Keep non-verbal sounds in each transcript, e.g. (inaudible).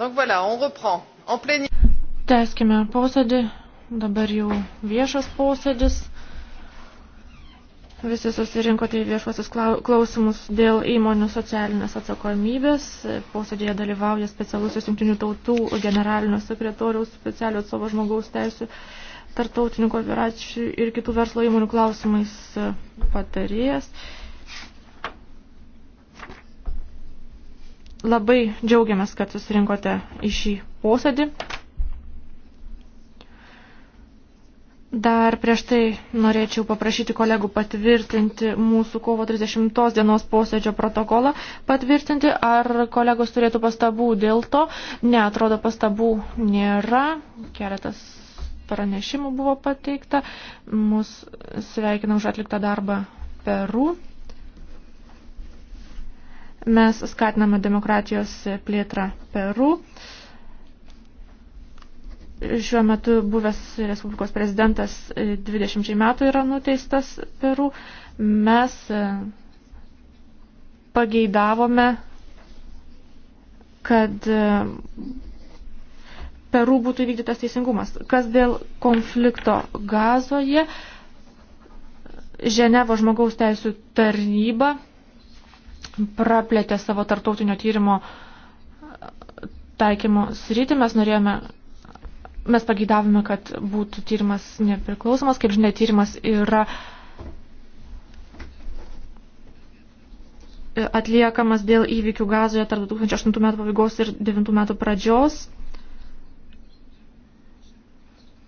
Donc voilà, on reprend. En plein... Tęskime posėdį. Dabar jau viešas posėdis. Visi susirinkote į viešuosius klausimus dėl įmonių socialinės atsakomybės. Posėdėje dalyvauja specialusis jungtinių tautų generalinio sekretoriaus specialio savo žmogaus teisų tartautinių kooperacijų ir kitų verslo įmonių klausimais patarėjas. Labai džiaugiamės, kad susirinkote į šį posėdį. Dar prieš tai norėčiau paprašyti kolegų patvirtinti mūsų kovo 30 dienos posėdžio protokolą, patvirtinti, ar kolegos turėtų pastabų dėl to. Ne, atrodo, pastabų nėra. Keletas pranešimų buvo pateikta. Mus sveikinam už atliktą darbą Peru. Mes skatiname demokratijos plėtrą Peru. Šiuo metu buvęs Respublikos prezidentas 20 metų yra nuteistas Peru. Mes e, pageidavome, kad e, Peru būtų įvykdytas teisingumas. Kas dėl konflikto gazoje, Ženevo žmogaus teisų tarnyba praplėtė savo tartautinio tyrimo e, taikymo sritį. Mes norėjome, mes pageidavome, kad būtų tyrimas nepriklausomas. Kaip žinia, tyrimas yra atliekamas dėl įvykių gazoje tarp 2008 metų pabaigos ir 2009 metų pradžios.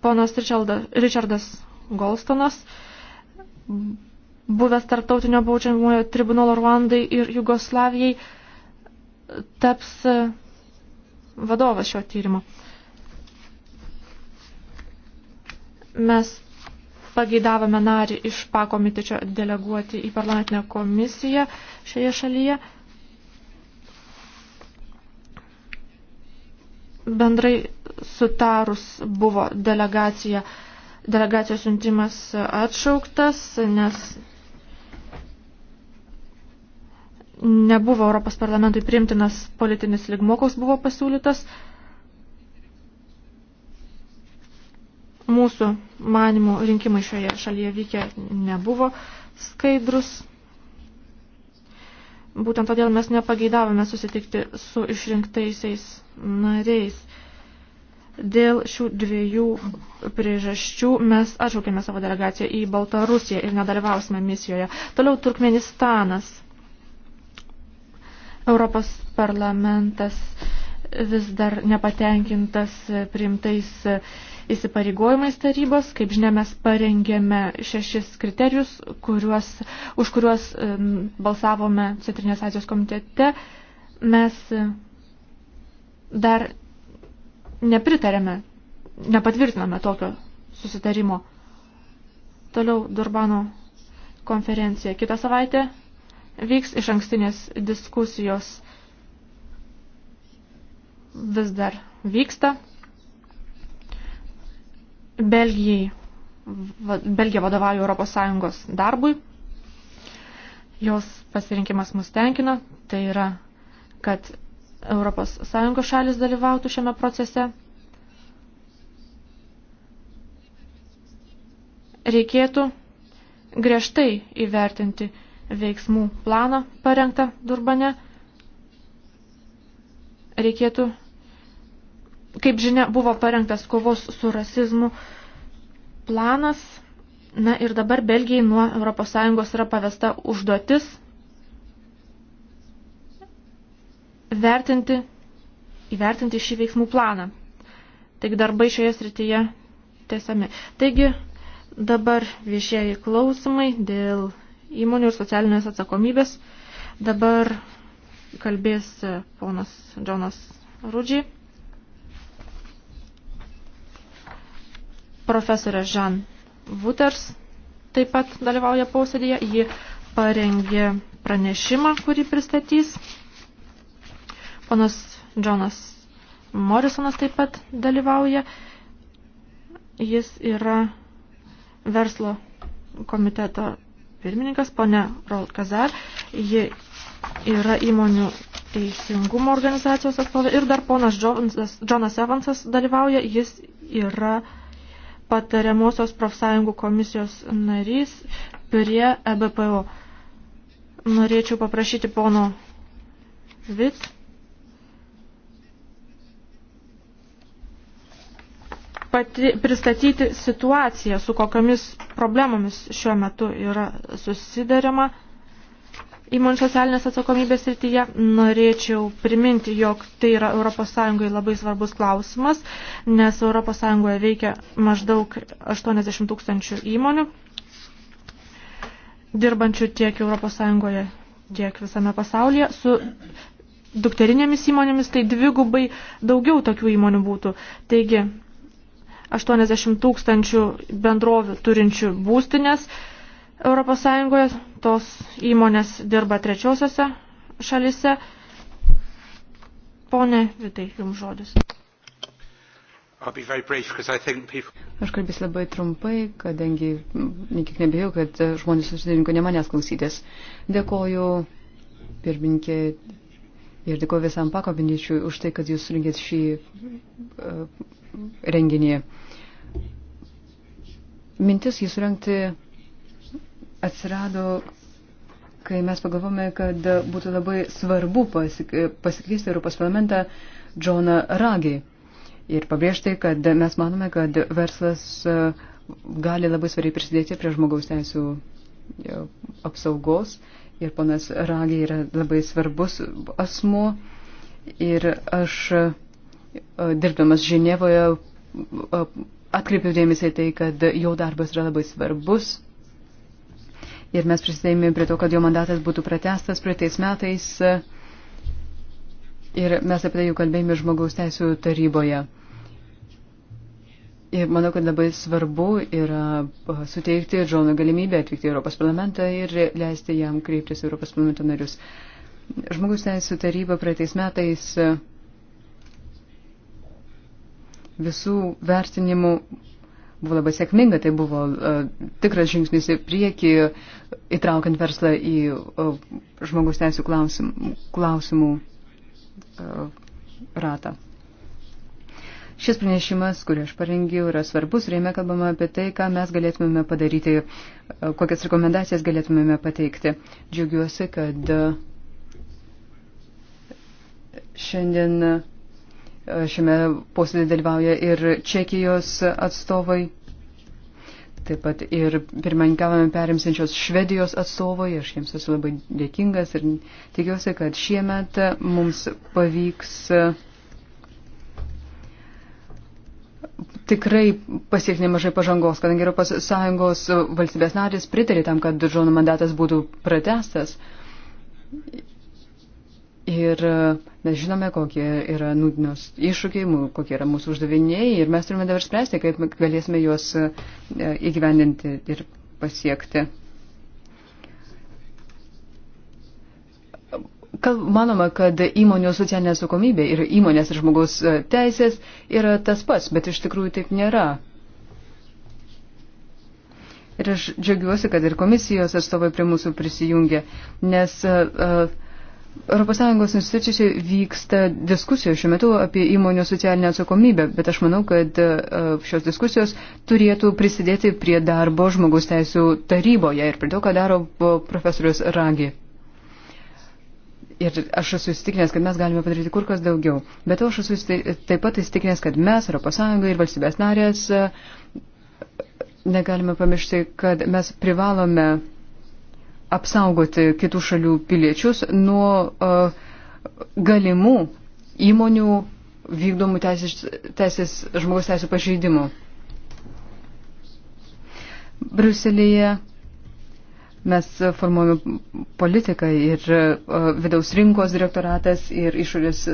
Ponas Richardas Golstonas buvęs tarptautinio baudžiamojo tribunolo Ruandai ir Jugoslavijai taps e, vadovas šio tyrimo. Mes pageidavome narį iš pakomitečio deleguoti į parlamentinę komisiją šioje šalyje. Bendrai sutarus buvo delegacija, delegacijos siuntimas atšauktas, nes nebuvo Europos parlamentui priimtinas politinis ligmokaus buvo pasiūlytas. Mūsų manimų rinkimai šioje šalyje vykę nebuvo skaidrus. Būtent todėl mes nepageidavome susitikti su išrinktaisiais nariais. Dėl šių dviejų priežasčių mes atšaukėme savo delegaciją į Baltarusiją ir nedalyvausime misijoje. Toliau Turkmenistanas. Europos parlamentas vis dar nepatenkintas priimtais įsipareigojimais tarybos. Kaip žinia, mes parengėme šešis kriterijus, kuriuos, už kuriuos balsavome Centrinės Azijos komitete. Mes dar nepritarėme, nepatvirtiname tokio susitarimo. Toliau Durbano konferencija kitą savaitę vyks iš ankstinės diskusijos vis dar vyksta. Belgijai, Belgija vadovauja Europos Sąjungos darbui. Jos pasirinkimas mus tenkina, tai yra, kad Europos Sąjungos šalis dalyvautų šiame procese. Reikėtų griežtai įvertinti veiksmų planą parengtą Durbane. Reikėtų, kaip žinia, buvo parengtas kovos su rasizmu planas. Na ir dabar Belgijai nuo ES yra pavesta užduotis vertinti, įvertinti šį veiksmų planą. Taigi darbai šioje srityje tiesiami. Taigi dabar viešieji klausimai dėl įmonių ir socialinės atsakomybės. Dabar kalbės ponas Džonas Rudžiai. Profesorė Žan Vuters taip pat dalyvauja posėdėje. Ji parengė pranešimą, kurį pristatys. Ponas Džonas Morisonas taip pat dalyvauja. Jis yra verslo komiteto pirmininkas, ponė Rolt Kazar. Ji yra įmonių teisingumo organizacijos atstovė ir dar ponas Jonas, Jonas Evansas dalyvauja. Jis yra patariamosios profsąjungų komisijos narys prie EBPO. Norėčiau paprašyti pono Vit pati, pristatyti situaciją, su kokiamis problemomis šiuo metu yra susidariama įmonių socialinės atsakomybės srityje. Norėčiau priminti, jog tai yra ES labai svarbus klausimas, nes ES veikia maždaug 80 tūkstančių įmonių, dirbančių tiek ES, tiek visame pasaulyje. Su dukterinėmis įmonėmis tai dvigubai daugiau tokių įmonių būtų. Taigi, 80 tūkstančių bendrovių turinčių būstinės ES, tos įmonės dirba trečiosiose šalise. Pone Vitai, jums žodis. Aš kalbės labai trumpai, kadangi niekiek nebėjau, kad žmonės susirinko ne manęs klausytis. Dėkoju pirmininkė ir dėkoju visam pakobiniečiui už tai, kad jūs surinkėt šį uh, renginį. Uh, Mintis jį surengti atsirado, kai mes pagalvome, kad būtų labai svarbu pasikviesti Europos parlamentą Džoną Ragį. Ir pabrėžti, kad mes manome, kad verslas e, gali labai svariai prisidėti prie žmogaus teisų e, apsaugos. Ir ponas Ragė yra labai svarbus asmuo. Ir aš e, dirbdamas Ženevoje atkreipiu dėmesį tai, kad jo darbas yra labai svarbus. Ir mes prisidėjome prie to, kad jo mandatas būtų pratestas praeitais metais. Ir mes apie tai jau kalbėjome žmogaus teisų taryboje. Ir manau, kad labai svarbu yra suteikti Džonui galimybę atvykti į Europos parlamentą ir leisti jam kreiptis į Europos parlamento narius. Žmogus teisų taryba praeitais metais visų vertinimų buvo labai sėkminga, tai buvo uh, tikras žingsnis į priekį, įtraukiant verslą į uh, e, žmogus teisų klausimų, klausimų e, uh, ratą. Šis pranešimas, kurį aš parengiau, yra svarbus ir jame kalbama apie tai, ką mes galėtumėme padaryti, uh, kokias rekomendacijas galėtumėme pateikti. Džiaugiuosi, kad uh, šiandien Šiame posėdėje dalyvauja ir Čekijos atstovai, taip pat ir pirmininkavame perimsinčios Švedijos atstovai. Aš jiems esu labai dėkingas ir tikiuosi, kad šiemet mums pavyks uh, tikrai pasiekti nemažai pažangos, kadangi Europos Sąjungos valstybės narės pritarė tam, kad Džono mandatas būtų pratestas. Ir uh, Mes žinome, kokie yra nūdienos iššūkiai, kokie yra mūsų uždaviniai ir mes turime dabar spręsti, kaip galėsime juos e, įgyvendinti ir pasiekti. Kal, manoma, kad įmonių socialinė atsakomybė ir įmonės ir žmogaus e, teisės yra tas pats, bet iš tikrųjų taip nėra. Ir aš džiaugiuosi, kad ir komisijos atstovai prie mūsų prisijungia, nes uh, ES institucijose vyksta diskusijos šiuo metu apie įmonių socialinę atsakomybę, bet aš manau, kad e, šios diskusijos turėtų prisidėti prie darbo žmogus teisų taryboje ir prie to, ką daro e, profesorius Ragi. Ir aš esu įsitikinęs, kad mes galime padaryti kur kas daugiau. Bet to aš esu taip pat įsitikinęs, kad mes, ES ir valstybės narės, e, negalime pamiršti, kad mes privalome apsaugoti kitų šalių piliečius nuo uh, galimų įmonių vykdomų teisės, teisės žmogaus teisų pažeidimų. Bruselėje mes formuojame politiką ir uh, vidaus rinkos direktoratas ir išorės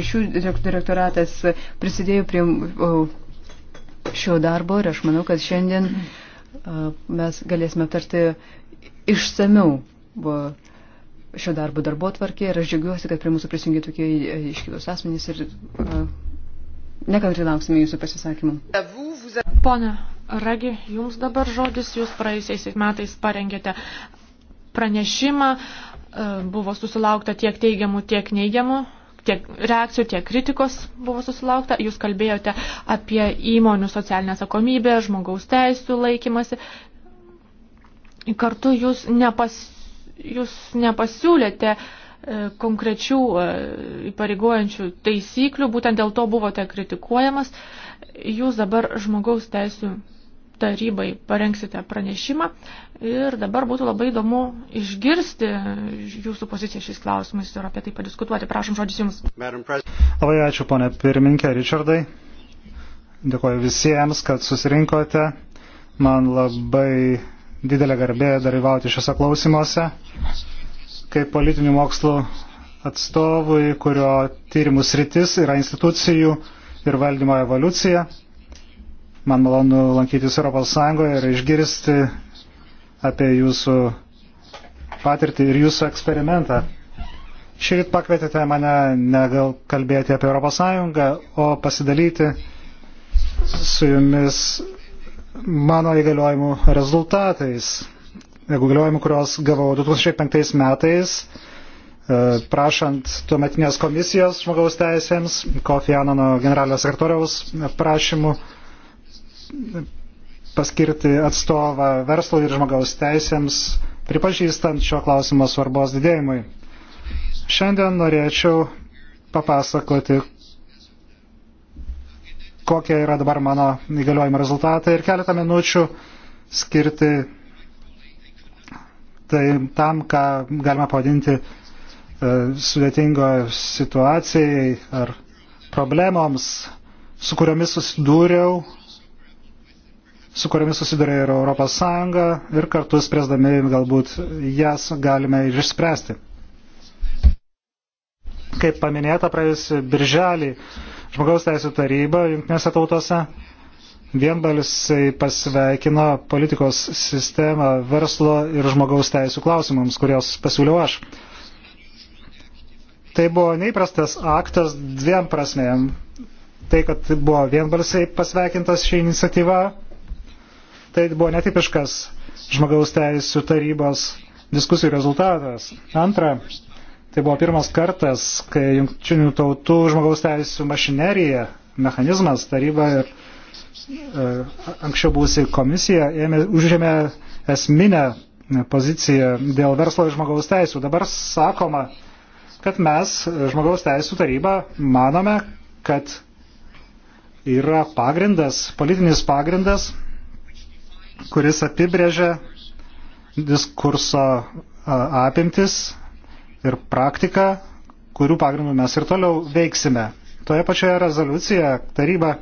ryšių direktoratas prisidėjo prie uh, šio darbo ir aš manau, kad šiandien uh, mes galėsime aptarti išsamiau šio darbo darbo tvarkė ir aš džiaugiuosi, kad prie mūsų prisijungė tokie e, iškilus asmenys ir uh, e, nekantrai lauksime jūsų pasisakymų. Pone Ragi, jums dabar žodis, jūs praėjusiais metais parengėte pranešimą, e, buvo susilaukta tiek teigiamų, tiek neigiamų tiek reakcijų, tiek kritikos buvo susilaukta. Jūs kalbėjote apie įmonių socialinę atsakomybę, žmogaus teisų laikymasi kartu jūs, nepas, jūs nepasiūlėte e, konkrečių e, įpareigojančių taisyklių, būtent dėl to buvote kritikuojamas. Jūs dabar žmogaus teisų tarybai parengsite pranešimą ir dabar būtų labai įdomu išgirsti jūsų poziciją šiais klausimais ir apie tai padiskutuoti. Prašom žodžius Jums. Labai ačiū, ponė pirminkė Richardai. Dėkuoju visiems, kad susirinkote. Man labai didelė garbė dalyvauti šiuose klausimuose. Kaip politinių mokslų atstovui, kurio tyrimų sritis yra institucijų ir valdymo evoliucija. Man malonu lankytis Europos Sąjungoje ir išgirsti apie jūsų patirtį ir jūsų eksperimentą. Šįryt pakvietėte mane ne gal kalbėti apie Europos Sąjungą, o pasidalyti su jumis mano įgaliojimų rezultatais. Įgaliojimų, kuriuos gavau 2005 metais, e, prašant tuometinės komisijos žmogaus teisėms, Kofi Anano generalinio sekretoriaus prašymų paskirti atstovą verslui ir žmogaus teisėms, pripažįstant šio klausimo svarbos didėjimui. Šiandien norėčiau papasakoti, kokie yra dabar mano įgaliojimo rezultatai ir keletą minučių skirti tai tam, ką galima pavadinti e, sudėtingo situacijai ar problemoms, su kuriomis susidūriau, su kuriomis susidūrė ir Europos Sąjunga ir kartu spręsdami galbūt jas galime ir išspręsti. Kaip paminėta praėjus birželį, Žmogaus teisų taryba jungtinėse tautose vienbalsiai pasveikino politikos sistemą verslo ir žmogaus teisų klausimams, kurios pasiūliau aš. Tai buvo neįprastas aktas dviem prasmėm. Tai, kad buvo vienbalsiai pasveikintas ši iniciatyva, tai buvo netipiškas žmogaus teisų tarybos diskusijų rezultatas. Antra, Tai buvo pirmas kartas, kai jungtinių tautų žmogaus teisų mašinerija, mechanizmas, taryba ir e, anksčiau būsi komisija ėmė, užėmė esminę poziciją dėl verslo ir žmogaus teisų. Dabar sakoma, kad mes, žmogaus teisų taryba, manome, kad yra pagrindas, politinis pagrindas, kuris apibrėžia diskurso apimtis ir praktiką, kurių pagrindų mes ir toliau veiksime. Toje pačioje rezoliucijoje taryba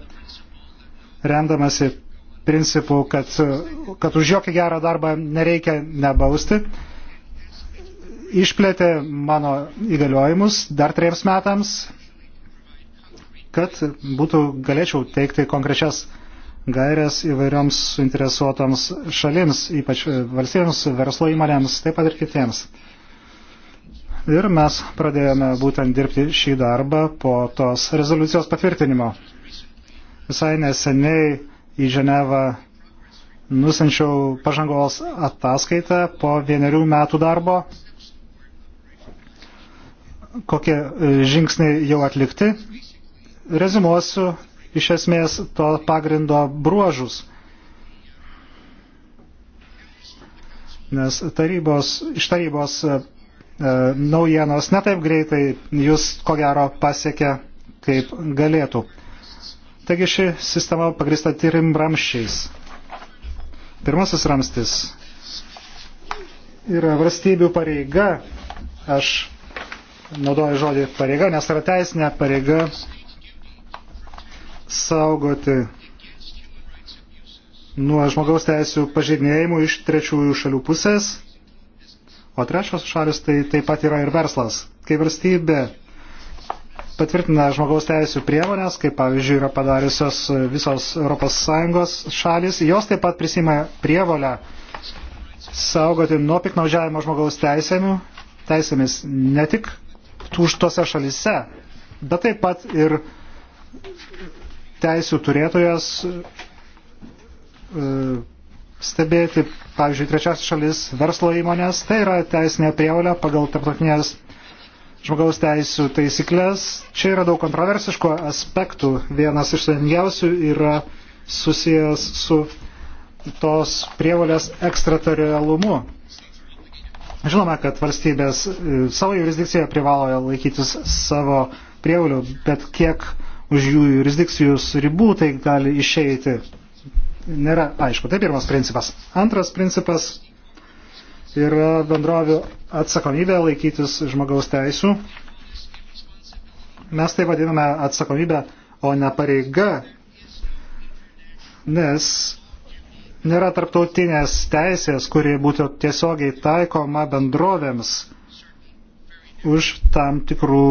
remdamasi principų, kad, kad už jokį gerą darbą nereikia nebausti, išplėtė mano įgaliojimus dar trejams metams, kad būtų galėčiau teikti konkrečias gairias įvairioms suinteresuotoms šalims, ypač valstybėms, verslo įmonėms, taip pat ir kitiems. Ir mes pradėjome būtent dirbti šį darbą po tos rezoliucijos patvirtinimo. Visai neseniai į Ženevą nusinčiau pažangos ataskaitą po vienerių metų darbo. Kokie e, žingsniai jau atlikti. Rezimuosiu iš esmės to pagrindo bruožus. Nes tarybos, iš tarybos e, E, naujienos netaip greitai jūs ko gero pasiekia, kaip galėtų. Taigi ši sistema pagrįsta tyrim ramščiais. Pirmasis ramstis yra valstybių pareiga, aš naudoju žodį pareiga, nes yra teisinė pareiga saugoti nuo žmogaus teisų pažeidinėjimų iš trečiųjų šalių pusės O trečios šalis tai taip pat yra ir verslas. Kai valstybė patvirtina žmogaus teisų priemonės, kaip pavyzdžiui yra padariusios visos ES šalis, jos taip pat prisima prievolę saugoti nuo piknaudžiavimo žmogaus teisėmių, teisėmis ne tik tuštose šalise, bet taip pat ir teisų turėtojas e, stebėti, pavyzdžiui, trečias šalis verslo įmonės. Tai yra teisinė prievalė pagal tarptautinės žmogaus teisų taisyklės. Čia yra daug kontroversiškų aspektų. Vienas iš sudėtingiausių yra susijęs su tos prievalės ekstraterialumu. Žinoma, kad valstybės e, savo jurisdikcijoje privalo laikytis savo prievalių, bet kiek už jų jurisdikcijos ribų tai gali išeiti nėra aišku. Tai pirmas principas. Antras principas yra bendrovių atsakomybė laikytis žmogaus teisų. Mes tai vadiname atsakomybę, o ne pareiga, nes nėra tarptautinės teisės, kuri būtų tiesiogiai taikoma bendrovėms už tam tikrų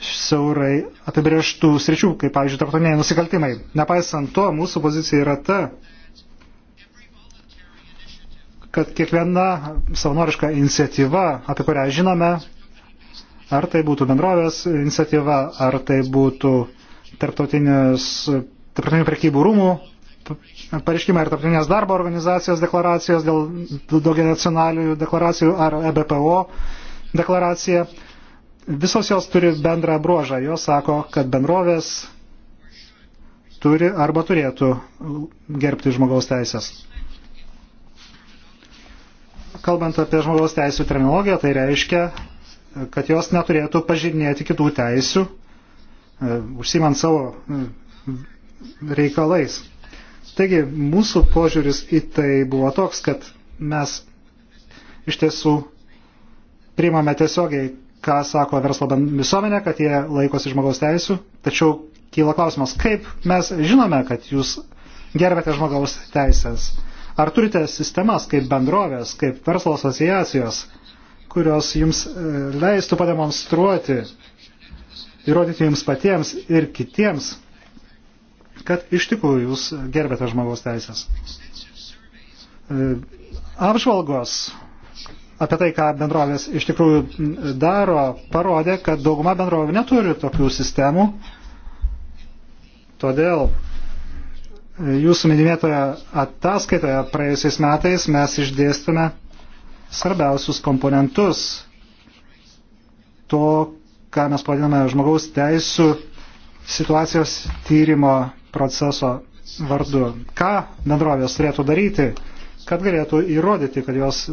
siaurai apibrieštų sričių, kaip, pavyzdžiui, tarptautiniai nusikaltimai. Nepaisant to, mūsų pozicija yra ta, kad kiekviena savanoriška iniciatyva, apie kurią žinome, ar tai būtų bendrovės iniciatyva, ar tai būtų tarptautinių prekybų rūmų pareiškimai ar tarptautinės darbo organizacijos deklaracijos dėl daugianacionalių deklaracijų ar EBPO deklaracija, visos jos turi bendrą bruožą. Jos sako, kad bendrovės turi arba turėtų gerbti žmogaus teisės. Kalbant apie žmogaus teisų terminologiją, tai reiškia, kad jos neturėtų pažinėti kitų teisių, e, užsimant savo e, reikalais. Taigi, mūsų požiūris į tai buvo toks, kad mes iš tiesų priimame tiesiogiai ką sako verslo visuomenė, kad jie laikosi žmogaus teisų, tačiau kyla klausimas, kaip mes žinome, kad jūs gerbėte žmogaus teisės. Ar turite sistemas kaip bendrovės, kaip verslo asociacijos, kurios jums e, leistų pademonstruoti, įrodyti jums patiems ir kitiems, kad iš tikrųjų jūs gerbėte žmogaus teisės. E, apžvalgos apie tai, ką bendrovės iš tikrųjų daro, parodė, kad dauguma bendrovė neturi tokių sistemų. Todėl jūsų minėtoje ataskaitoje praėjusiais metais mes išdėstume svarbiausius komponentus to, ką mes pavadiname žmogaus teisų situacijos tyrimo proceso vardu. Ką bendrovės turėtų daryti? kad galėtų įrodyti, kad jos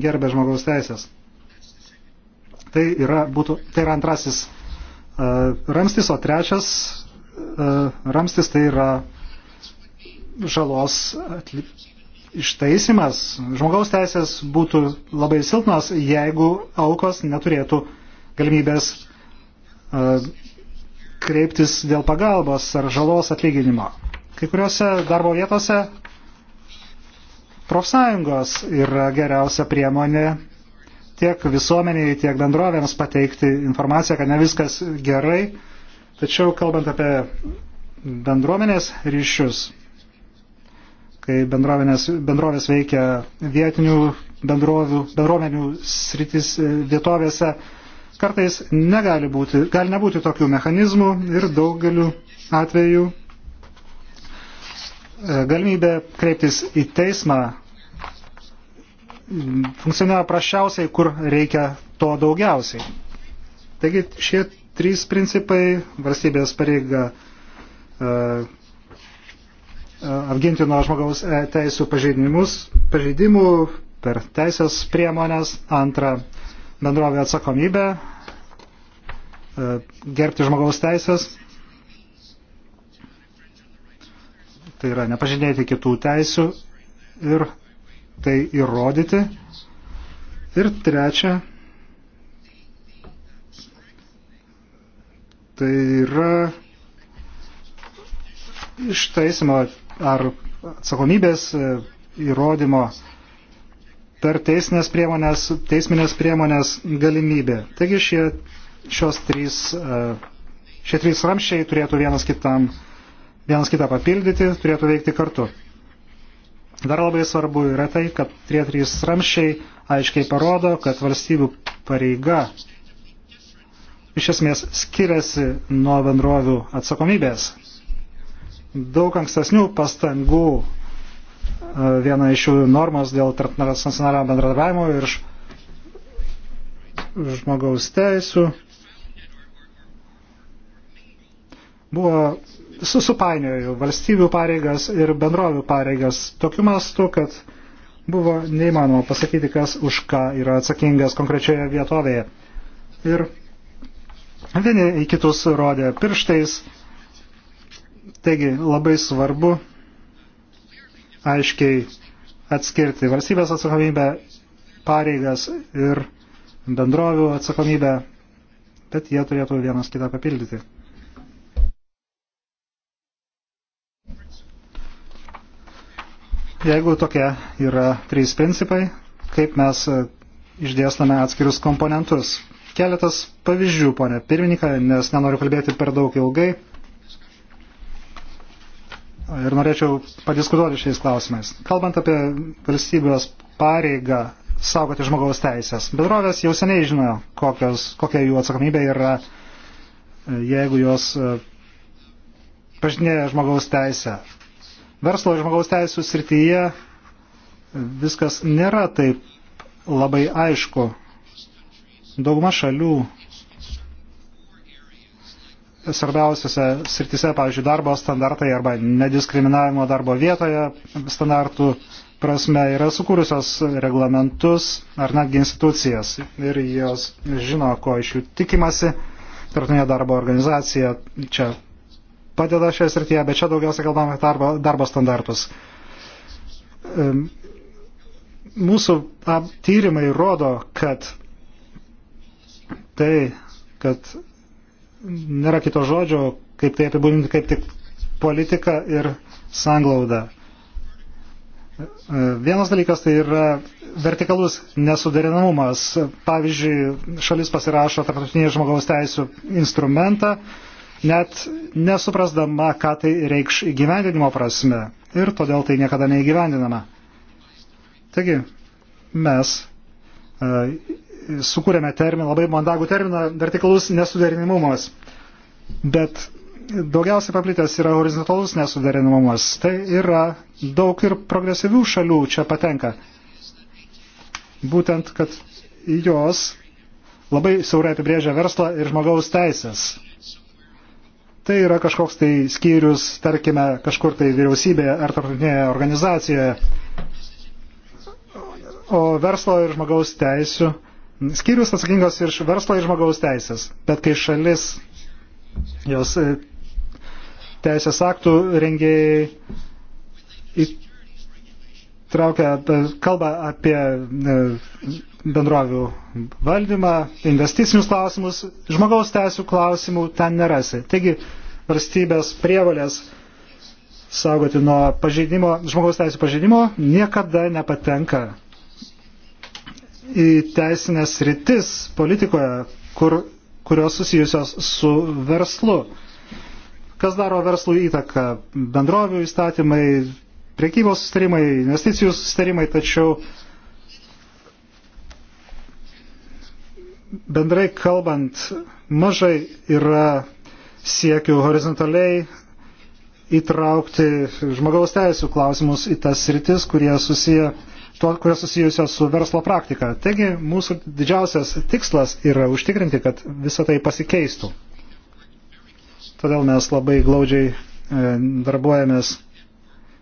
gerbė žmogaus teisės. Tai yra, būtų, tai yra antrasis uh, ramstis, o trečias uh, ramstis tai yra žalos atli... ištaisimas. Žmogaus teisės būtų labai silpnos, jeigu aukos neturėtų galimybės uh, kreiptis dėl pagalbos ar žalos atlyginimo. Kai kuriuose darbo vietose Profsąjungos yra geriausia priemonė tiek visuomeniai, tiek bendrovėms pateikti informaciją, kad ne viskas gerai. Tačiau kalbant apie bendruomenės ryšius, kai bendrovės veikia vietinių bendrovių, bendruomenių sritis e, vietovėse, kartais negali būti, gali nebūti tokių mechanizmų ir daugeliu atveju E, galimybė kreiptis į teismą funkcionuoja prašiausiai, kur reikia to daugiausiai. Taigi šie trys principai - valstybės pareiga e, e, apginti nuo žmogaus teisų pažeidimų per teisės priemonės, antra bendrovė atsakomybė gerbti žmogaus teisės tai yra nepažinėti kitų teisių ir tai įrodyti. Ir trečia, tai yra ištaisimo ar atsakomybės e, įrodymo per teisinės priemonės, teisminės priemonės galimybė. Taigi šie, šios trys, e, šie trys ramščiai turėtų vienas kitam vienas kitą papildyti, turėtų veikti kartu. Dar labai svarbu yra tai, kad tie trys ramščiai aiškiai parodo, kad valstybių pareiga iš esmės skiriasi nuo bendrovių atsakomybės. Daug ankstesnių pastangų e, viena iš šių normos dėl transnacionalinio bendradarbiavimo ir žmogaus teisų buvo susupainioju valstybių pareigas ir bendrovių pareigas tokiu mastu, kad buvo neįmanoma pasakyti, kas už ką yra atsakingas konkrečioje vietovėje. Ir vieni į kitus rodė pirštais. Taigi labai svarbu aiškiai atskirti valstybės atsakomybę, pareigas ir bendrovių atsakomybę, bet jie turėtų vienas kitą papildyti. Jeigu tokie yra trys principai, kaip mes e, išdėstame atskirius komponentus. Keletas pavyzdžių, ponė pirmininką, nes nenoriu kalbėti per daug ilgai. Ir norėčiau padiskutuoti šiais klausimais. Kalbant apie valstybės pareigą saugoti žmogaus teisės. Bendrovės jau seniai žino, kokios, kokia jų atsakomybė yra, e, jeigu jos e, pažinėja žmogaus teisę. Verslo žmogaus teisų srityje viskas nėra taip labai aišku. Dauguma šalių svarbiausiose srityse, pavyzdžiui, darbo standartai arba nediskriminavimo darbo vietoje standartų prasme yra sukūrusios reglamentus ar netgi institucijas ir jos žino, ko iš jų tikimasi. Tartinė darbo organizacija čia padeda šioje srityje, bet čia daugiausia kalbame apie darbo, darbo standartus. Mūsų tyrimai rodo, kad tai, kad nėra kito žodžio, kaip tai apibūdinti, kaip tik politika ir sanglauda. Vienas dalykas tai yra vertikalus nesuderinamumas. Pavyzdžiui, šalis pasirašo tarptautinį žmogaus teisų instrumentą, net nesuprasdama, ką tai reikš įgyvendinimo prasme ir todėl tai niekada neįgyvendinama. Taigi, mes e, sukūrėme terminą, labai mandagų terminą, vertikalus nesuderinimumas, bet daugiausiai paplitęs yra horizontalus nesuderinimumas. Tai yra daug ir progresyvių šalių čia patenka. Būtent, kad jos labai siaurai apibrėžia verslą ir žmogaus teisės tai yra kažkoks tai skyrius, tarkime, kažkur tai vyriausybėje ar tarptautinėje organizacijoje. O verslo ir žmogaus teisų. Skyrius atsakingas iš verslo ir žmogaus teisės. Bet kai šalis, jos e, teisės aktų rengėjai įtraukia e, kalbą apie e, bendrovių valdymą, investicinius klausimus, žmogaus teisų klausimų ten nerasi. Taigi valstybės prievalės saugoti nuo pažeidimo, žmogaus teisų pažeidimo niekada nepatenka į teisinės rytis politikoje, kur, kurios susijusios su verslu. Kas daro verslų įtaką? Bendrovių įstatymai, priekybos sustarimai, investicijų sustarimai, tačiau uh, bendrai kalbant, mažai yra siekių horizontaliai įtraukti žmogaus teisų klausimus į tas sritis, kurie susiję, to, kurie susijusios su verslo praktika. Taigi mūsų didžiausias tikslas yra užtikrinti, kad visą tai pasikeistų. Todėl mes labai glaudžiai e, darbuojamės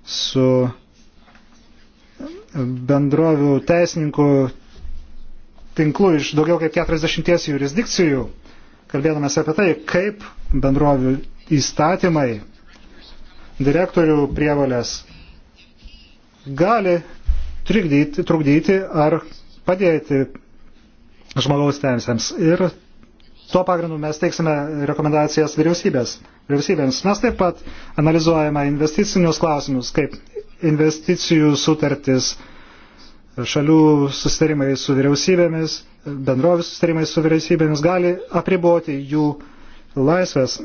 su bendrovių teisininkų tinklu iš daugiau kaip 40 jurisdikcijų, kalbėdamas apie tai, kaip bendrovių įstatymai, direktorių prievalės gali trikdyti, trukdyti ar padėti žmogaus teisėms. Ir tuo pagrindu mes teiksime rekomendacijas vyriausybės. vyriausybėms. Mes taip pat analizuojame investicinius klausimus, kaip investicijų sutartis, šalių sustarimai su vyriausybėmis, bendrovių sustarimai su vyriausybėmis gali apriboti jų laisvės,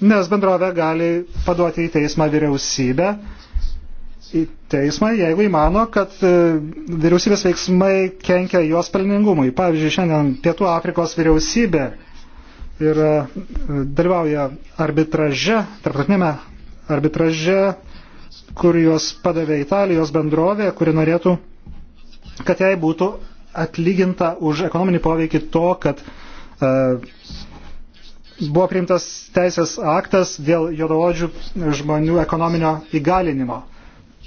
nes bendrovė gali paduoti į teismą vyriausybę, į teismą, jeigu įmano, kad e, vyriausybės veiksmai kenkia jos pelningumui. Pavyzdžiui, šiandien Pietų Afrikos vyriausybė ir e, dalyvauja arbitraže, tarptautinėme arbitraže kur juos padavė Italijos bendrovė, kuri norėtų, kad jai būtų atlyginta už ekonominį poveikį to, kad uh, buvo priimtas teisės aktas dėl juodaodžių žmonių ekonominio įgalinimo.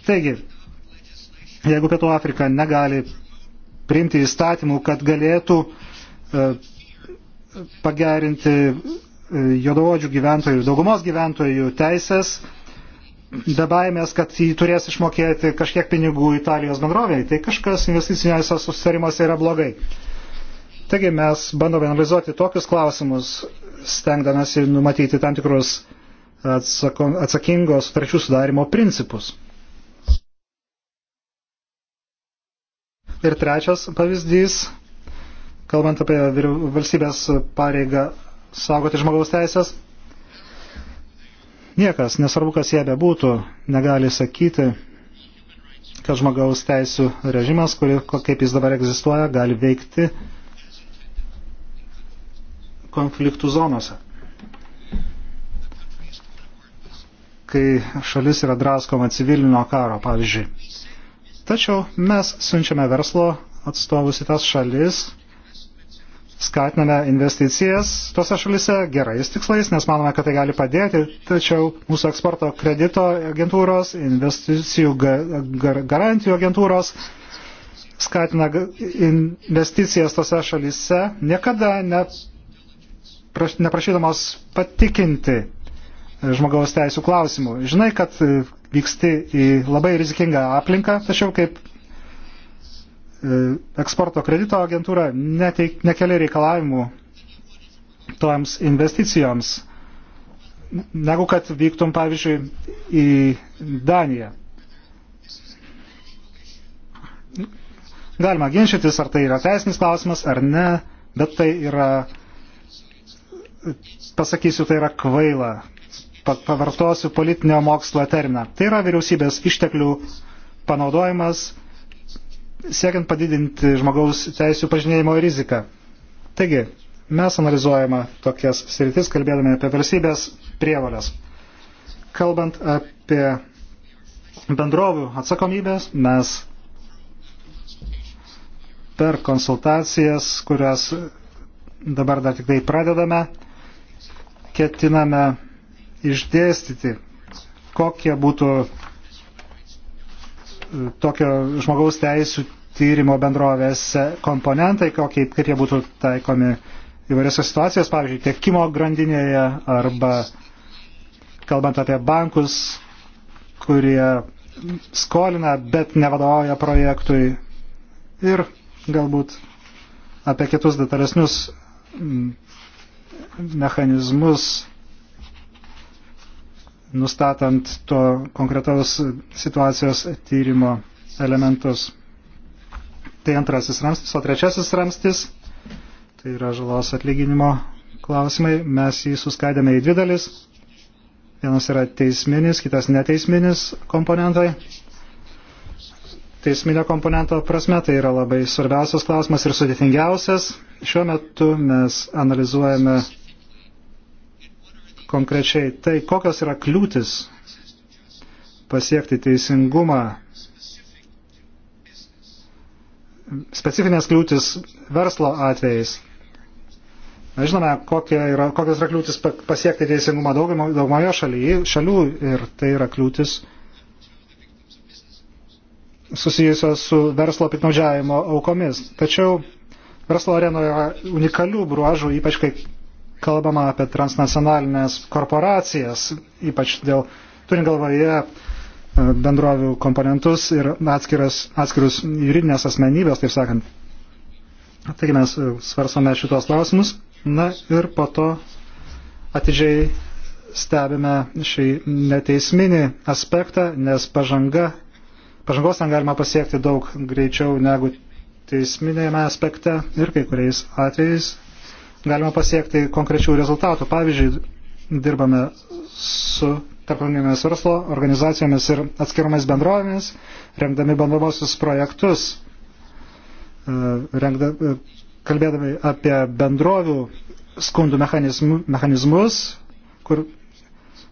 Taigi, jeigu Pietų Afrika negali priimti įstatymų, kad galėtų uh, pagerinti e, juodaodžių gyventojų, daugumos gyventojų teisės, uh, bebaimės, kad jį turės išmokėti kažkiek pinigų Italijos bendrovėje, tai kažkas investicinėse susitarimuose yra blogai. Taigi mes bandome analizuoti tokius klausimus, stengdamasi numatyti tam tikrus atsako, atsakingo sutarčių sudarimo principus. Ir trečias pavyzdys, kalbant apie valstybės pareigą saugoti žmogaus teisės, Niekas, nesvarbu kas jie bebūtų, negali sakyti, kad žmogaus teisų režimas, kuri, kaip jis dabar egzistuoja, gali veikti konfliktų zonose. Kai šalis yra draskoma civilinio karo, pavyzdžiui. Tačiau mes siunčiame verslo atstovus į tas šalis, skatiname investicijas tose šalise gerais tikslais, nes manome, kad tai gali padėti, tačiau mūsų eksporto kredito agentūros, investicijų garantijų agentūros skatina investicijas tose šalise, niekada neprašydamos patikinti e, žmogaus teisų klausimų. Žinai, kad e, vyksti į labai rizikingą aplinką, tačiau kaip E, eksporto kredito agentūra neteik, nekelia reikalavimų toms investicijoms, negu kad vyktum, pavyzdžiui, į Daniją. Galima ginčytis, ar tai yra teisinis klausimas, ar ne, bet tai yra, pasakysiu, tai yra kvaila. Pavartosiu politinio mokslo terminą. Tai yra vyriausybės išteklių panaudojimas siekiant padidinti žmogaus teisų pažinėjimo riziką. Taigi, mes analizuojame tokias sritis, kalbėdami apie valstybės prievalės. Kalbant apie bendrovių atsakomybės, mes per konsultacijas, kurias dabar dar tik tai pradedame, ketiname išdėstyti, kokie būtų tokio žmogaus teisų tyrimo bendrovės komponentai, kokie, kaip jie būtų taikomi įvairiose situacijose, pavyzdžiui, tiekimo grandinėje arba kalbant apie bankus, kurie skolina, bet nevadovauja projektui ir galbūt apie kitus detalesnius mm, mechanizmus nustatant to konkretaus situacijos tyrimo elementus. Tai antrasis ramstis, o trečiasis ramstis, tai yra žalos atlyginimo klausimai, mes jį suskaidėme į dvi dalis. Vienas yra teisminis, kitas neteisminis komponentai. Teisminio komponento prasme tai yra labai svarbiausias klausimas ir sudėtingiausias. Šiuo metu mes analizuojame konkrečiai tai, kokios yra kliūtis pasiekti teisingumą, specifinės kliūtis verslo atvejais. Mes žinome, yra, kokios yra kliūtis pasiekti teisingumą daugumoje šalių ir tai yra kliūtis susijusios su verslo piknaudžiavimo aukomis. Tačiau verslo arenoje yra unikalių bruožų, ypač kai kalbama apie transnacionalinės korporacijas, ypač dėl, turint galvoje e, bendrovių komponentus ir atskiras, atskirus juridinės asmenybės, taip sakant. Taigi mes e, svarsome šitos klausimus. Na ir po to atidžiai stebime šį neteisminį aspektą, nes pažanga, pažangos ten galima pasiekti daug greičiau negu teisminėme aspekte ir kai kuriais atvejais galima pasiekti konkrečių rezultatų. Pavyzdžiui, dirbame su tarptautinėmis verslo organizacijomis ir atskiromis bendrovėmis, rengdami bandomosius projektus, e, rengda, e, kalbėdami apie bendrovių skundų mechanizmus, kur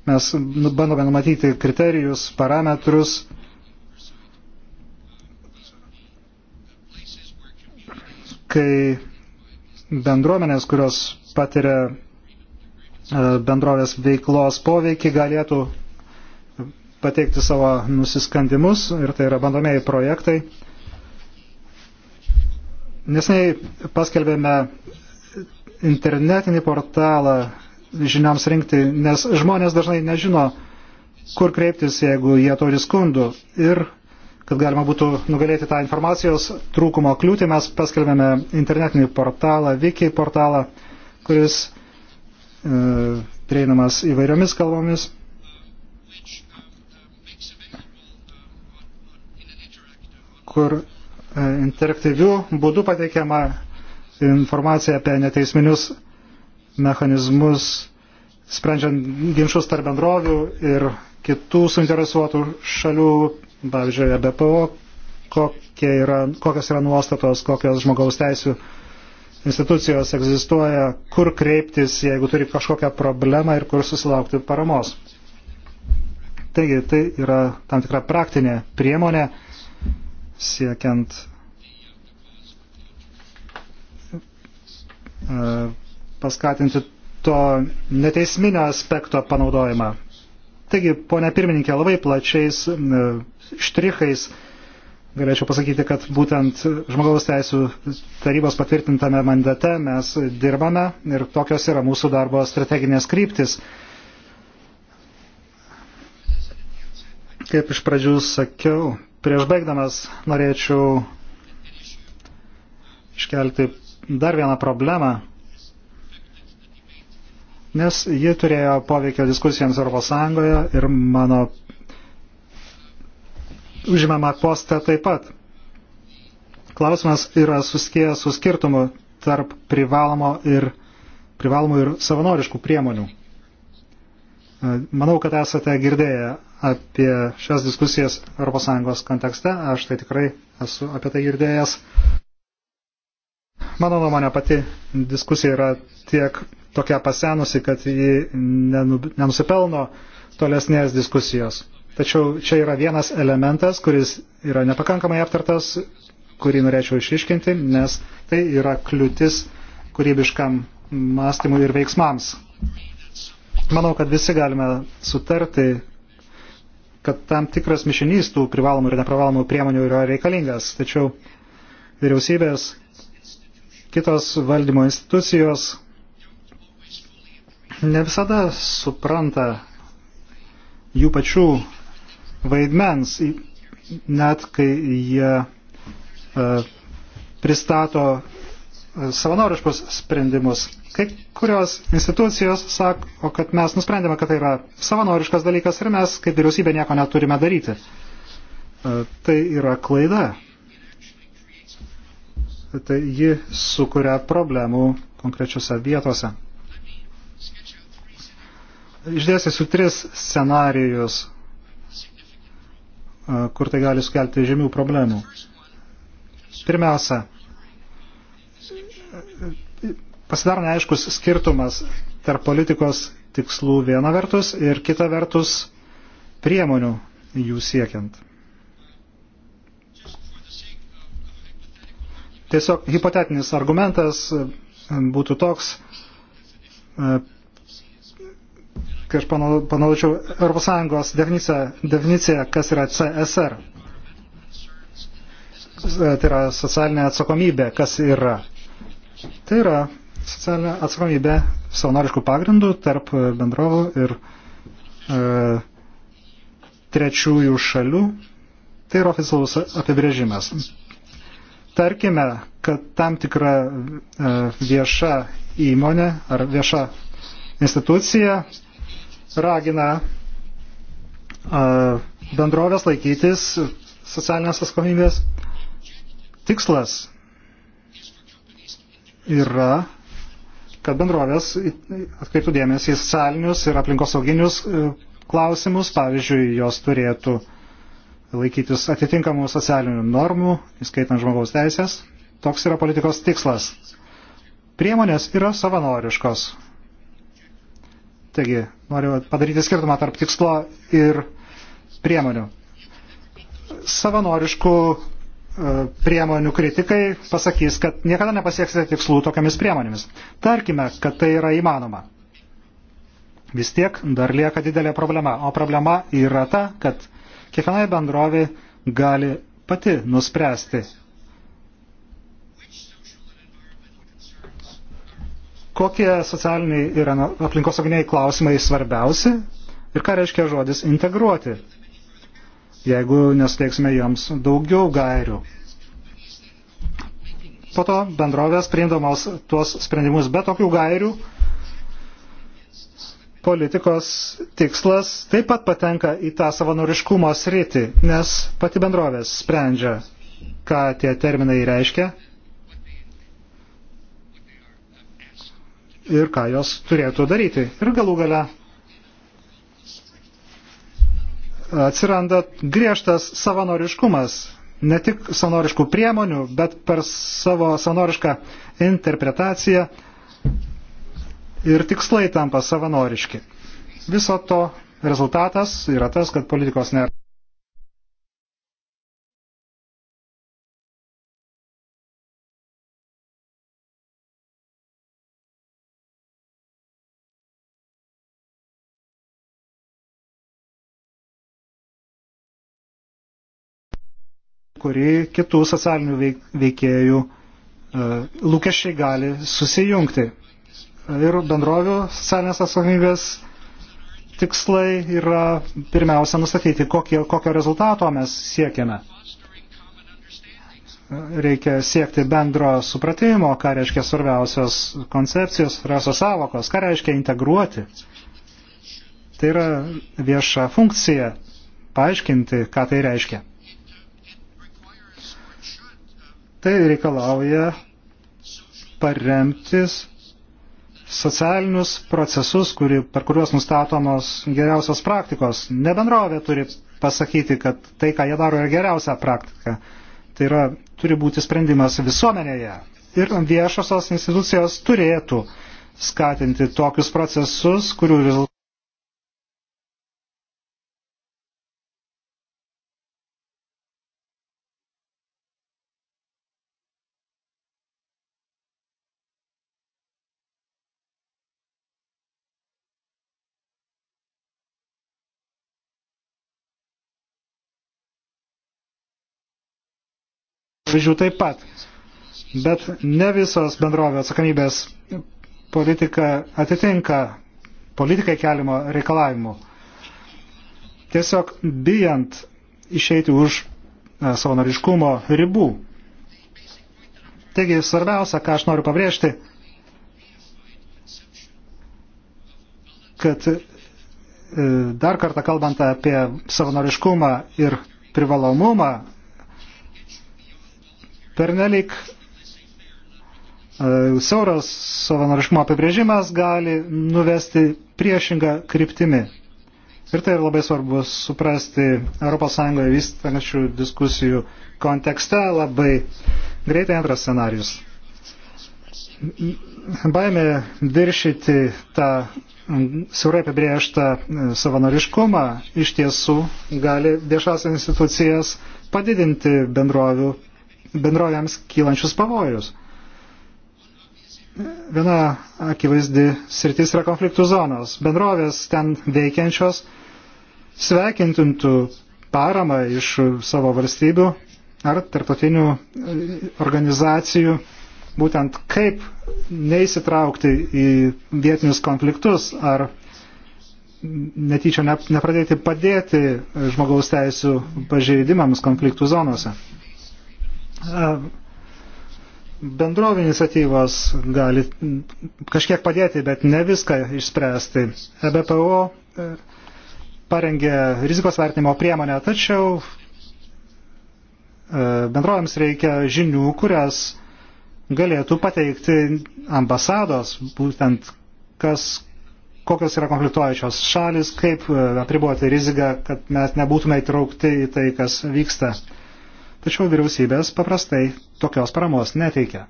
mes nu, bandome numatyti kriterijus, parametrus, kai bendruomenės, kurios patiria e, bendrovės veiklos poveikį, galėtų pateikti savo nusiskandimus ir tai yra bandomieji projektai. Nesnei paskelbėme internetinį portalą žinioms rinkti, nes žmonės dažnai nežino, kur kreiptis, jeigu jie turi skundų. Ir Kad galima būtų nugalėti tą informacijos trūkumo kliūtį, mes paskelbėme internetinį portalą, Wiki portalą, kuris e, prieinamas įvairiomis kalbomis. kur e, interaktyvių būdų pateikiama informacija apie neteisminius mechanizmus, sprendžiant ginčius tarp bendrovių ir kitų suinteresuotų šalių, pavyzdžiui, e BPO, kokie yra, kokios yra nuostatos, kokios žmogaus teisų institucijos egzistuoja, kur kreiptis, jeigu turi kažkokią problemą ir kur susilaukti paramos. Taigi tai yra tam tikra praktinė priemonė siekiant e, paskatinti to neteisminio aspekto panaudojimą. Taigi, ponia pirmininkė, labai plačiais e, štrichais galėčiau pasakyti, kad būtent žmogaus teisų tarybos patvirtintame mandate mes dirbame ir tokios yra mūsų darbo strateginės kryptis. Kaip iš pradžių sakiau, prieš baigdamas norėčiau iškelti dar vieną problemą, nes ji turėjo poveikio diskusijams ES ir mano užimama postą taip pat. Klausimas yra suskėjęs su skirtumu tarp privalomo ir, privalomų ir savanoriškų priemonių. Manau, kad esate girdėję apie šias diskusijas ES kontekste, aš tai tikrai esu apie tai girdėjęs. Mano nuomonė pati diskusija yra tiek tokia pasenusi, kad ji nenusipelno tolesnės diskusijos. Tačiau čia yra vienas elementas, kuris yra nepakankamai aptartas, kurį norėčiau išiškinti, nes tai yra kliūtis kūrybiškam mąstymui ir veiksmams. Manau, kad visi galime sutarti, kad tam tikras mišinys tų privalomų ir neprivalomų priemonių yra reikalingas. Tačiau vyriausybės, kitos valdymo institucijos ne visada supranta jų pačių vaidmens, net kai jie uh, pristato e, savanoriškus sprendimus. Kai kurios institucijos sako, kad mes nusprendėme, kad tai yra savanoriškas dalykas ir mes kaip vyriausybė nieko neturime daryti. Uh, tai yra klaida. Tai ji sukuria problemų konkrečiose vietose. Išdėsiu tris scenarijus, e, kur tai gali sukelti žemių problemų. Pirmiausia, e, pasidaro neaiškus skirtumas tarp politikos tikslų viena vertus ir kita vertus priemonių jų siekiant. Tiesiog hipotetinis argumentas būtų toks, e, kai aš panaudočiau ES definiciją, definiciją, kas yra CSR. Tai yra socialinė atsakomybė, kas yra. Tai yra socialinė atsakomybė savanoriškų pagrindų tarp bendrovų ir e, trečiųjų šalių. Tai yra oficialus apibrėžimas. Tarkime, kad tam tikra e, vieša įmonė ar vieša institucija ragina bendrovės laikytis socialinės atsakomybės. Tikslas yra, kad bendrovės atkreiptų dėmesį į socialinius ir aplinkosauginius e, klausimus. Pavyzdžiui, jos turėtų laikytis atitinkamų socialinių normų, įskaitant žmogaus teisės. Toks yra politikos tikslas. Priemonės yra savanoriškos. Taigi, noriu padaryti skirtumą tarp tikslo ir priemonių. Savanoriškų e, priemonių kritikai pasakys, kad niekada nepasieksite tikslų tokiamis priemonėmis. Tarkime, kad tai yra įmanoma. Vis tiek dar lieka didelė problema. O problema yra ta, kad kiekvienai bendrovė gali pati nuspręsti, kokie socialiniai ir aplinkosauginiai klausimai svarbiausi ir ką reiškia žodis integruoti, jeigu nesteiksime joms daugiau gairių. Po to bendrovės priimdamos tuos sprendimus be tokių gairių, politikos tikslas taip pat patenka į tą savanoriškumo sritį, nes pati bendrovės sprendžia, ką tie terminai reiškia ir ką jos turėtų daryti. Ir galų gale atsiranda griežtas savanoriškumas, ne tik savanoriškų priemonių, bet per savo savanorišką interpretaciją ir tikslai tampa savanoriški. Viso to rezultatas yra tas, kad politikos nėra. kuri kitų socialinių veikėjų e, lūkesčiai gali susijungti. Ir bendrovių socialinės atsakomybės tikslai yra pirmiausia nustatyti, kokie, kokio rezultato mes siekiame. Reikia siekti bendro supratimo, ką reiškia svarbiausios koncepcijos, svarbiausios savokos, ką reiškia integruoti. Tai yra vieša funkcija paaiškinti, ką tai reiškia. Tai reikalauja paremtis socialinius procesus, kuri, per kuriuos nustatomos geriausios praktikos. Ne bendrovė turi pasakyti, kad tai, ką jie daro, yra geriausia praktika. Tai yra, turi būti sprendimas visuomenėje. Ir viešosios institucijos turėtų skatinti tokius procesus, kurių rezultatai pavyzdžių taip pat. Bet ne visos bendrovio atsakomybės politika atitinka politikai keliamo reikalavimu. Tiesiog bijant išeiti už e, savanoriškumo ribų. Taigi svarbiausia, ką aš noriu pabrėžti, kad e, dar kartą kalbant apie savanoriškumą ir privalomumą, Pernelik e, siauras savanoriškumo apibrėžimas gali nuvesti priešingą kryptimį. Ir tai labai svarbu suprasti ES vystančių diskusijų kontekste labai greitai antras scenarius. Baimė viršyti tą siaurai apibrėžtą savanoriškumą iš tiesų gali viešas institucijas padidinti bendrovių bendrovėms kylančius pavojus. Viena akivaizdi sritis yra konfliktų zonos. Bendrovės ten veikiančios sveikintintų paramą iš savo valstybių ar tarptautinių e, organizacijų, būtent kaip neįsitraukti į vietinius konfliktus ar netyčia nepradėti padėti žmogaus teisų pažeidimams konfliktų zonose bendrovė iniciatyvos gali kažkiek padėti, bet ne viską išspręsti. EBPO e, parengė rizikos vertinimo priemonę, tačiau e, bendrovėms reikia žinių, kurias galėtų pateikti ambasados, būtent kas, kokios yra konfliktuojančios šalis, kaip e, apriboti riziką, kad mes nebūtume įtraukti į tai, kas vyksta. Tačiau vyriausybės paprastai tokios paramos neteikia.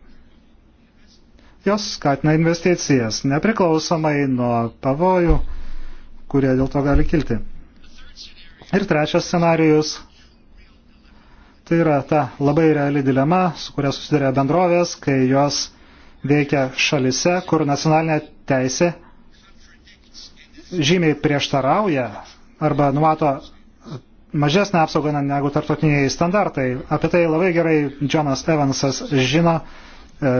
Jos skatina investicijas nepriklausomai nuo pavojų, kurie dėl to gali kilti. Ir trečias scenarijus tai yra ta labai reali dilema, su kuria susiduria bendrovės, kai jos veikia šalise, kur nacionalinė teisė žymiai prieštarauja arba numato mažesnę apsaugą negu tartutiniai standartai. Apie tai labai gerai Jonas Evansas žino e,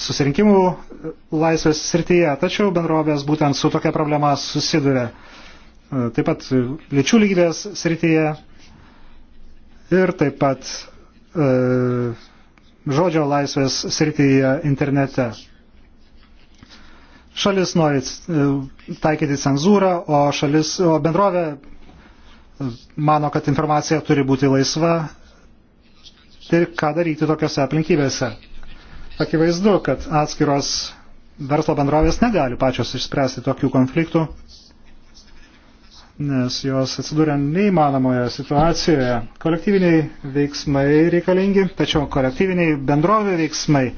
susirinkimų e, laisvės srityje, tačiau bendrovės būtent su tokia problema susiduria. E, taip pat lyčių lygybės srityje ir taip pat e, žodžio laisvės srityje internete. Šalis nori taikyti cenzūrą, o, šalis, o bendrovė mano, kad informacija turi būti laisva ir ką daryti tokiose aplinkybėse. Akivaizdu, kad atskiros verslo bendrovės negali pačios išspręsti tokių konfliktų, nes jos atsidūrė neįmanomoje situacijoje. Kolektyviniai veiksmai reikalingi, tačiau kolektyviniai bendrovė veiksmai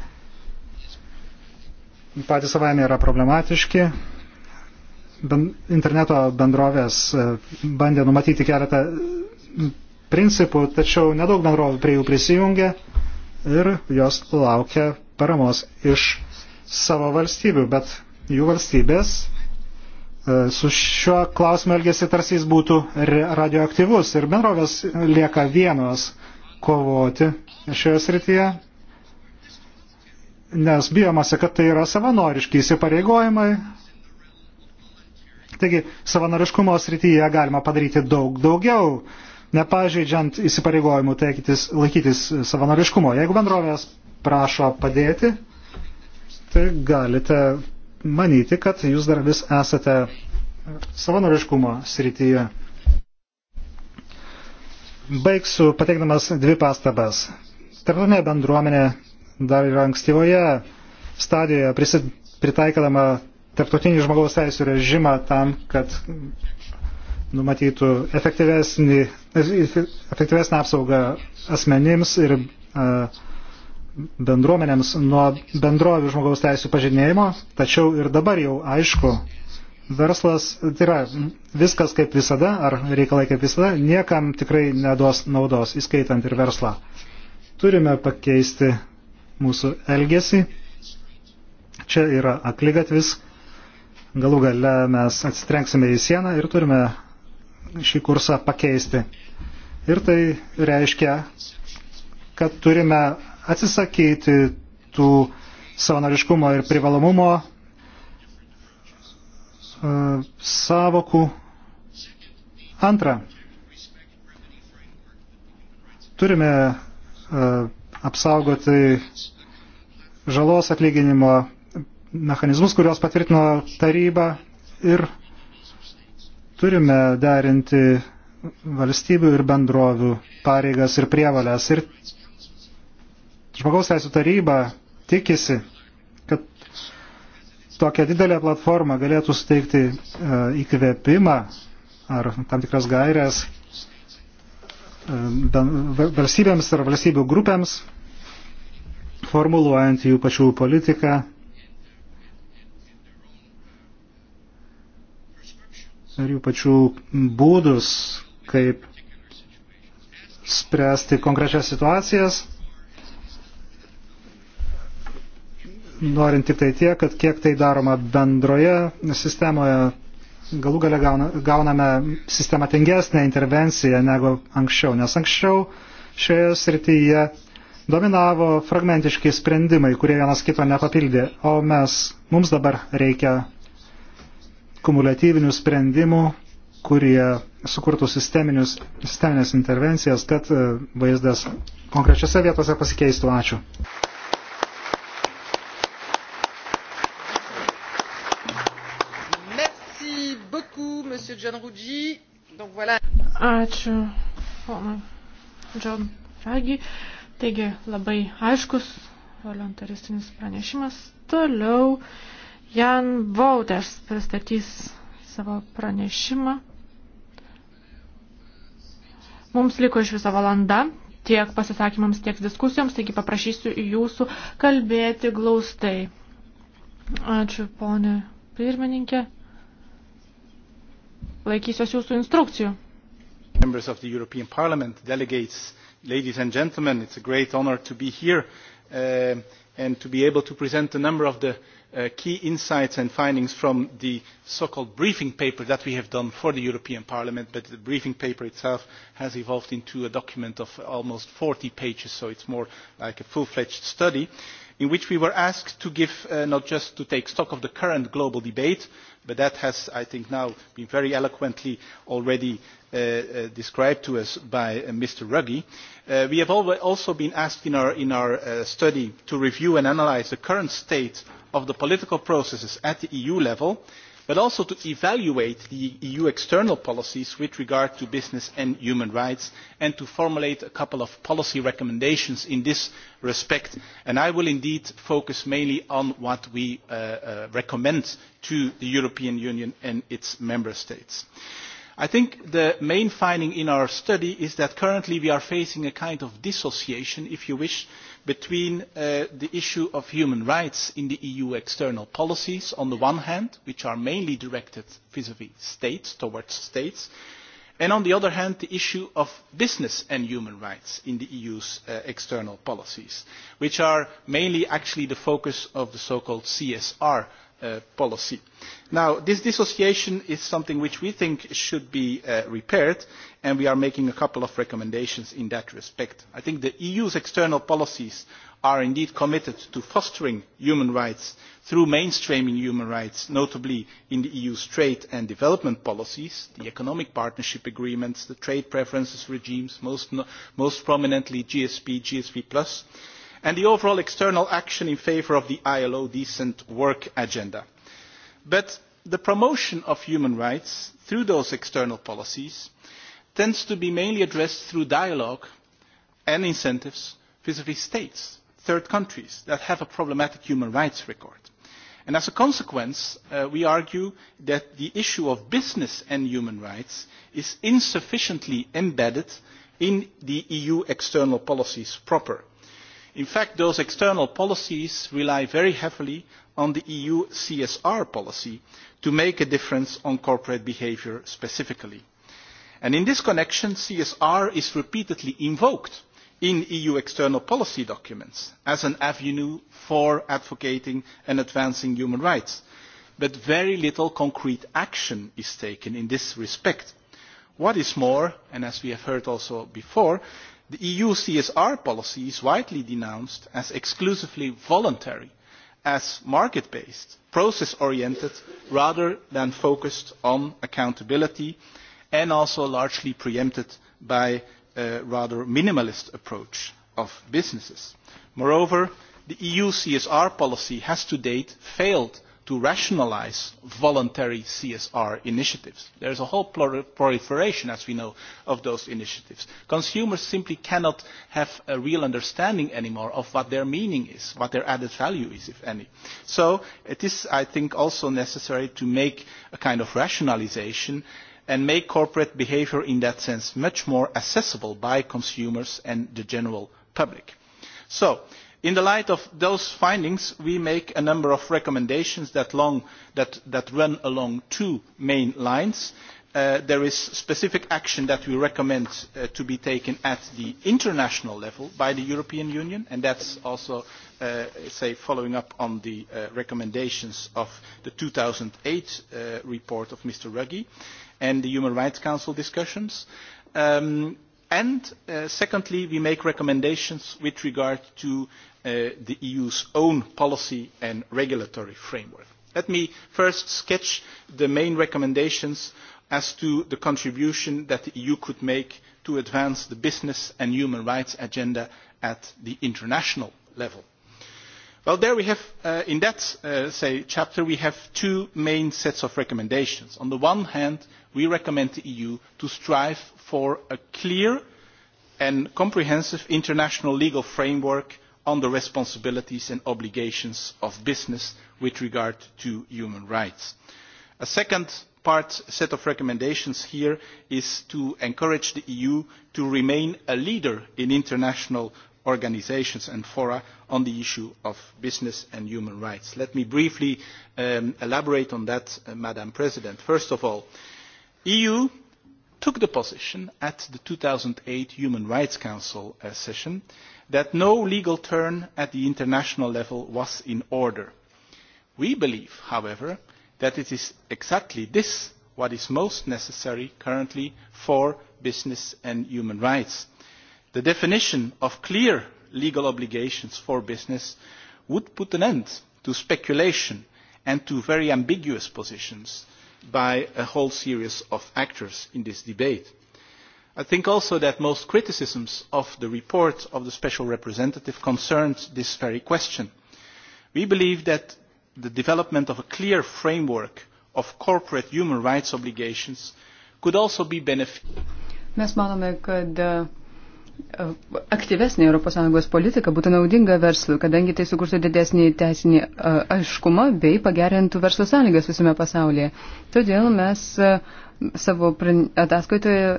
patys savaime yra problematiški, ben, interneto bendrovės e, bandė numatyti keletą principų, tačiau nedaug bendrovų prie jų prisijungė ir jos laukia paramos iš savo valstybių, bet jų valstybės e, su šiuo klausimu elgesi tarsi jis būtų radioaktyvus ir bendrovės lieka vienos kovoti šioje srityje, nes bijomasi, kad tai yra savanoriški įsipareigojimai, Taigi, savanoriškumo srityje galima padaryti daug daugiau, nepažeidžiant įsipareigojimų taikytis, laikytis savanoriškumo. Jeigu bendrovės prašo padėti, tai galite manyti, kad jūs dar vis esate savanoriškumo srityje. Baigsiu pateikdamas dvi pastabas. Tarptautinė bendruomenė dar yra ankstyvoje stadijoje pritaikydama tarptautinį žmogaus teisų režimą tam, kad numatytų efektyvesnę apsaugą asmenims ir bendruomenėms nuo bendrovių žmogaus teisų pažinėjimo, tačiau ir dabar jau aišku, verslas, tai yra viskas kaip visada, ar reikalai kaip visada, niekam tikrai neduos naudos, įskaitant ir verslą. Turime pakeisti mūsų elgesį. Čia yra akligatvis galų gale mes atsitrenksime į sieną ir turime šį kursą pakeisti. Ir tai reiškia, kad turime atsisakyti tų savanoriškumo ir privalomumo e, savokų. Antra, turime e, apsaugoti žalos atlyginimo mechanizmus, kuriuos patvirtino taryba ir turime derinti valstybių ir bendrovių pareigas ir prievalės. Ir žmogaus teisų taryba tikisi, kad tokia didelė platforma galėtų suteikti e, įkvėpimą ar tam tikras gairias e, valstybėms ar valstybių grupėms, formuluojant jų pačių politiką ir jų pačių būdus, kaip spręsti konkrečias situacijas. Norint tik tai tiek, kad kiek tai daroma bendroje sistemoje, galų gale gauname sistematingesnę intervenciją negu anksčiau, nes anksčiau šioje srityje dominavo fragmentiški sprendimai, kurie vienas kito nepapildė, o mes, mums dabar reikia kumuliatyvinių sprendimų, kurie sukurtų sisteminės intervencijas, kad e, vaizdas konkrečiose vietose pasikeistų. Ačiū. Merci beaucoup, monsieur John Ruggie. Donc voilà. Ačiū, ponai John Ruggie. Taigi, labai aiškus voluntaristinis pranešimas. Toliau. Jan Vauters pristatys savo pranešimą. Mums liko iš viso valanda tiek pasisakymams, tiek diskusijoms, taigi paprašysiu jūsų kalbėti glaustai. Ačiū, ponė pirmininkė. Laikysiuos jūsų instrukcijų. Members of the European Parliament, delegates, ladies and gentlemen, it's a great honor to be here uh, and to be able to present a number of the uh, uh, key insights and findings from the so called briefing paper that we have done for the european parliament but the briefing paper itself has evolved into a document of almost forty pages so it is more like a full fledged study in which we were asked to give uh, not just to take stock of the current global debate but that has i think now been very eloquently already uh, uh, described to us by uh, mr ruggie uh, we have also been asked in our, in our uh, study to review and analyse the current state of the political processes at the eu level but also to evaluate the eu external policies with regard to business and human rights and to formulate a couple of policy recommendations in this respect and i will indeed focus mainly on what we uh, uh, recommend to the european union and its member states i think the main finding in our study is that currently we are facing a kind of dissociation if you wish between uh, the issue of human rights in the eu external policies on the one hand which are mainly directed vis vis states towards states and on the other hand the issue of business and human rights in the eu's uh, external policies which are mainly actually the focus of the so called csr uh, policy. Now, this dissociation is something which we think should be uh, repaired, and we are making a couple of recommendations in that respect. I think the EU's external policies are indeed committed to fostering human rights through mainstreaming human rights, notably in the EU's trade and development policies, the economic partnership agreements, the trade preferences regimes, most, most prominently GSP, GSP+, and the overall external action in favour of the ilo decent work agenda. but the promotion of human rights through those external policies tends to be mainly addressed through dialogue and incentives vis vis states third countries that have a problematic human rights record. And as a consequence uh, we argue that the issue of business and human rights is insufficiently embedded in the eu external policies proper in fact those external policies rely very heavily on the eu csr policy to make a difference on corporate behaviour specifically. And in this connection csr is repeatedly invoked in eu external policy documents as an avenue for advocating and advancing human rights but very little concrete action is taken in this respect. what is more and as we have heard also before the eu csr policy is widely denounced as exclusively voluntary as market based process oriented rather than focused on accountability and also largely pre empted by a rather minimalist approach of businesses. moreover the eu csr policy has to date failed to rationalise voluntary CSR initiatives. There is a whole proliferation, as we know, of those initiatives. Consumers simply cannot have a real understanding anymore of what their meaning is, what their added value is, if any. So it is, I think, also necessary to make a kind of rationalisation and make corporate behaviour in that sense much more accessible by consumers and the general public. So, uh, in the light of those findings we make a number of recommendations that, long, that, that run along two main lines. Uh, there is specific action that we recommend uh, to be taken at the international level by the european union and that is also uh, say, following up on the uh, recommendations of the two thousand and eight uh, report of mr ruggie and the human rights council discussions. Um, and uh, secondly we make recommendations with regard to uh, the EU's own policy and regulatory framework. Let me first sketch the main recommendations as to the contribution that the EU could make to advance the business and human rights agenda at the international level. Well, there we have, uh, in that uh, say, chapter, we have two main sets of recommendations. On the one hand, we recommend the EU to strive for a clear and comprehensive international legal framework on the responsibilities and obligations of business with regard to human rights. a second part, set of recommendations here is to encourage the eu to remain a leader in international organisations and fora on the issue of business and human rights. let me briefly um, elaborate on that uh, madam president. first of all eu took the position at the two thousand and eight human rights council uh, session that no legal turn at the international level was in order. we believe however that it is exactly this that is most necessary currently for business and human rights. the definition of clear legal obligations for business would put an end to speculation and to very ambiguous positions by a whole series of actors in this debate. I think also that most criticisms of the report of the Special Representative concerned this very question. We believe that the development of a clear framework of corporate human rights obligations could also be beneficial. Mes manome, kad uh, aktyvesnė ES politika būtų naudinga verslui, kadangi tai sukurtų didesnį teisinį aiškumą bei pagerintų verslo sąlygas visame pasaulyje. Todėl mes savo ataskaitoje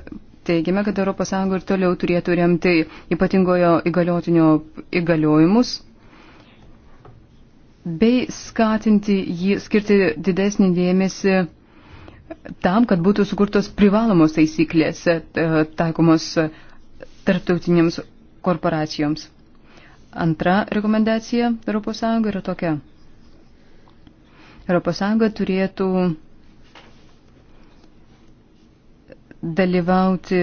teigiame, kad ES ir toliau turėtų remti ypatingojo įgaliotinio įgaliojimus bei skatinti jį skirti didesnį dėmesį tam, kad būtų sukurtos privalomos taisyklės taikomos tarptautinėms korporacijoms. Antra rekomendacija ES yra tokia. ES turėtų dalyvauti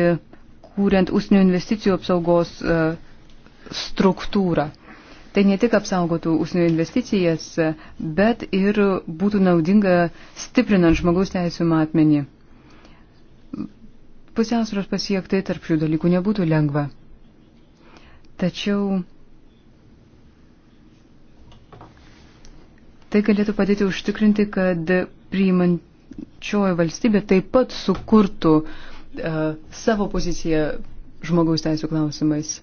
kūrent užsienio investicijų apsaugos e, struktūrą. Tai ne tik apsaugotų užsienio investicijas, bet ir būtų naudinga stiprinant žmogaus teisų matmenį. Pusiausvėros pasiekti tarp šių dalykų nebūtų lengva. Tačiau tai galėtų padėti užtikrinti, kad priimančioji valstybė taip pat sukurtų uh, savo poziciją žmogaus teisų klausimais.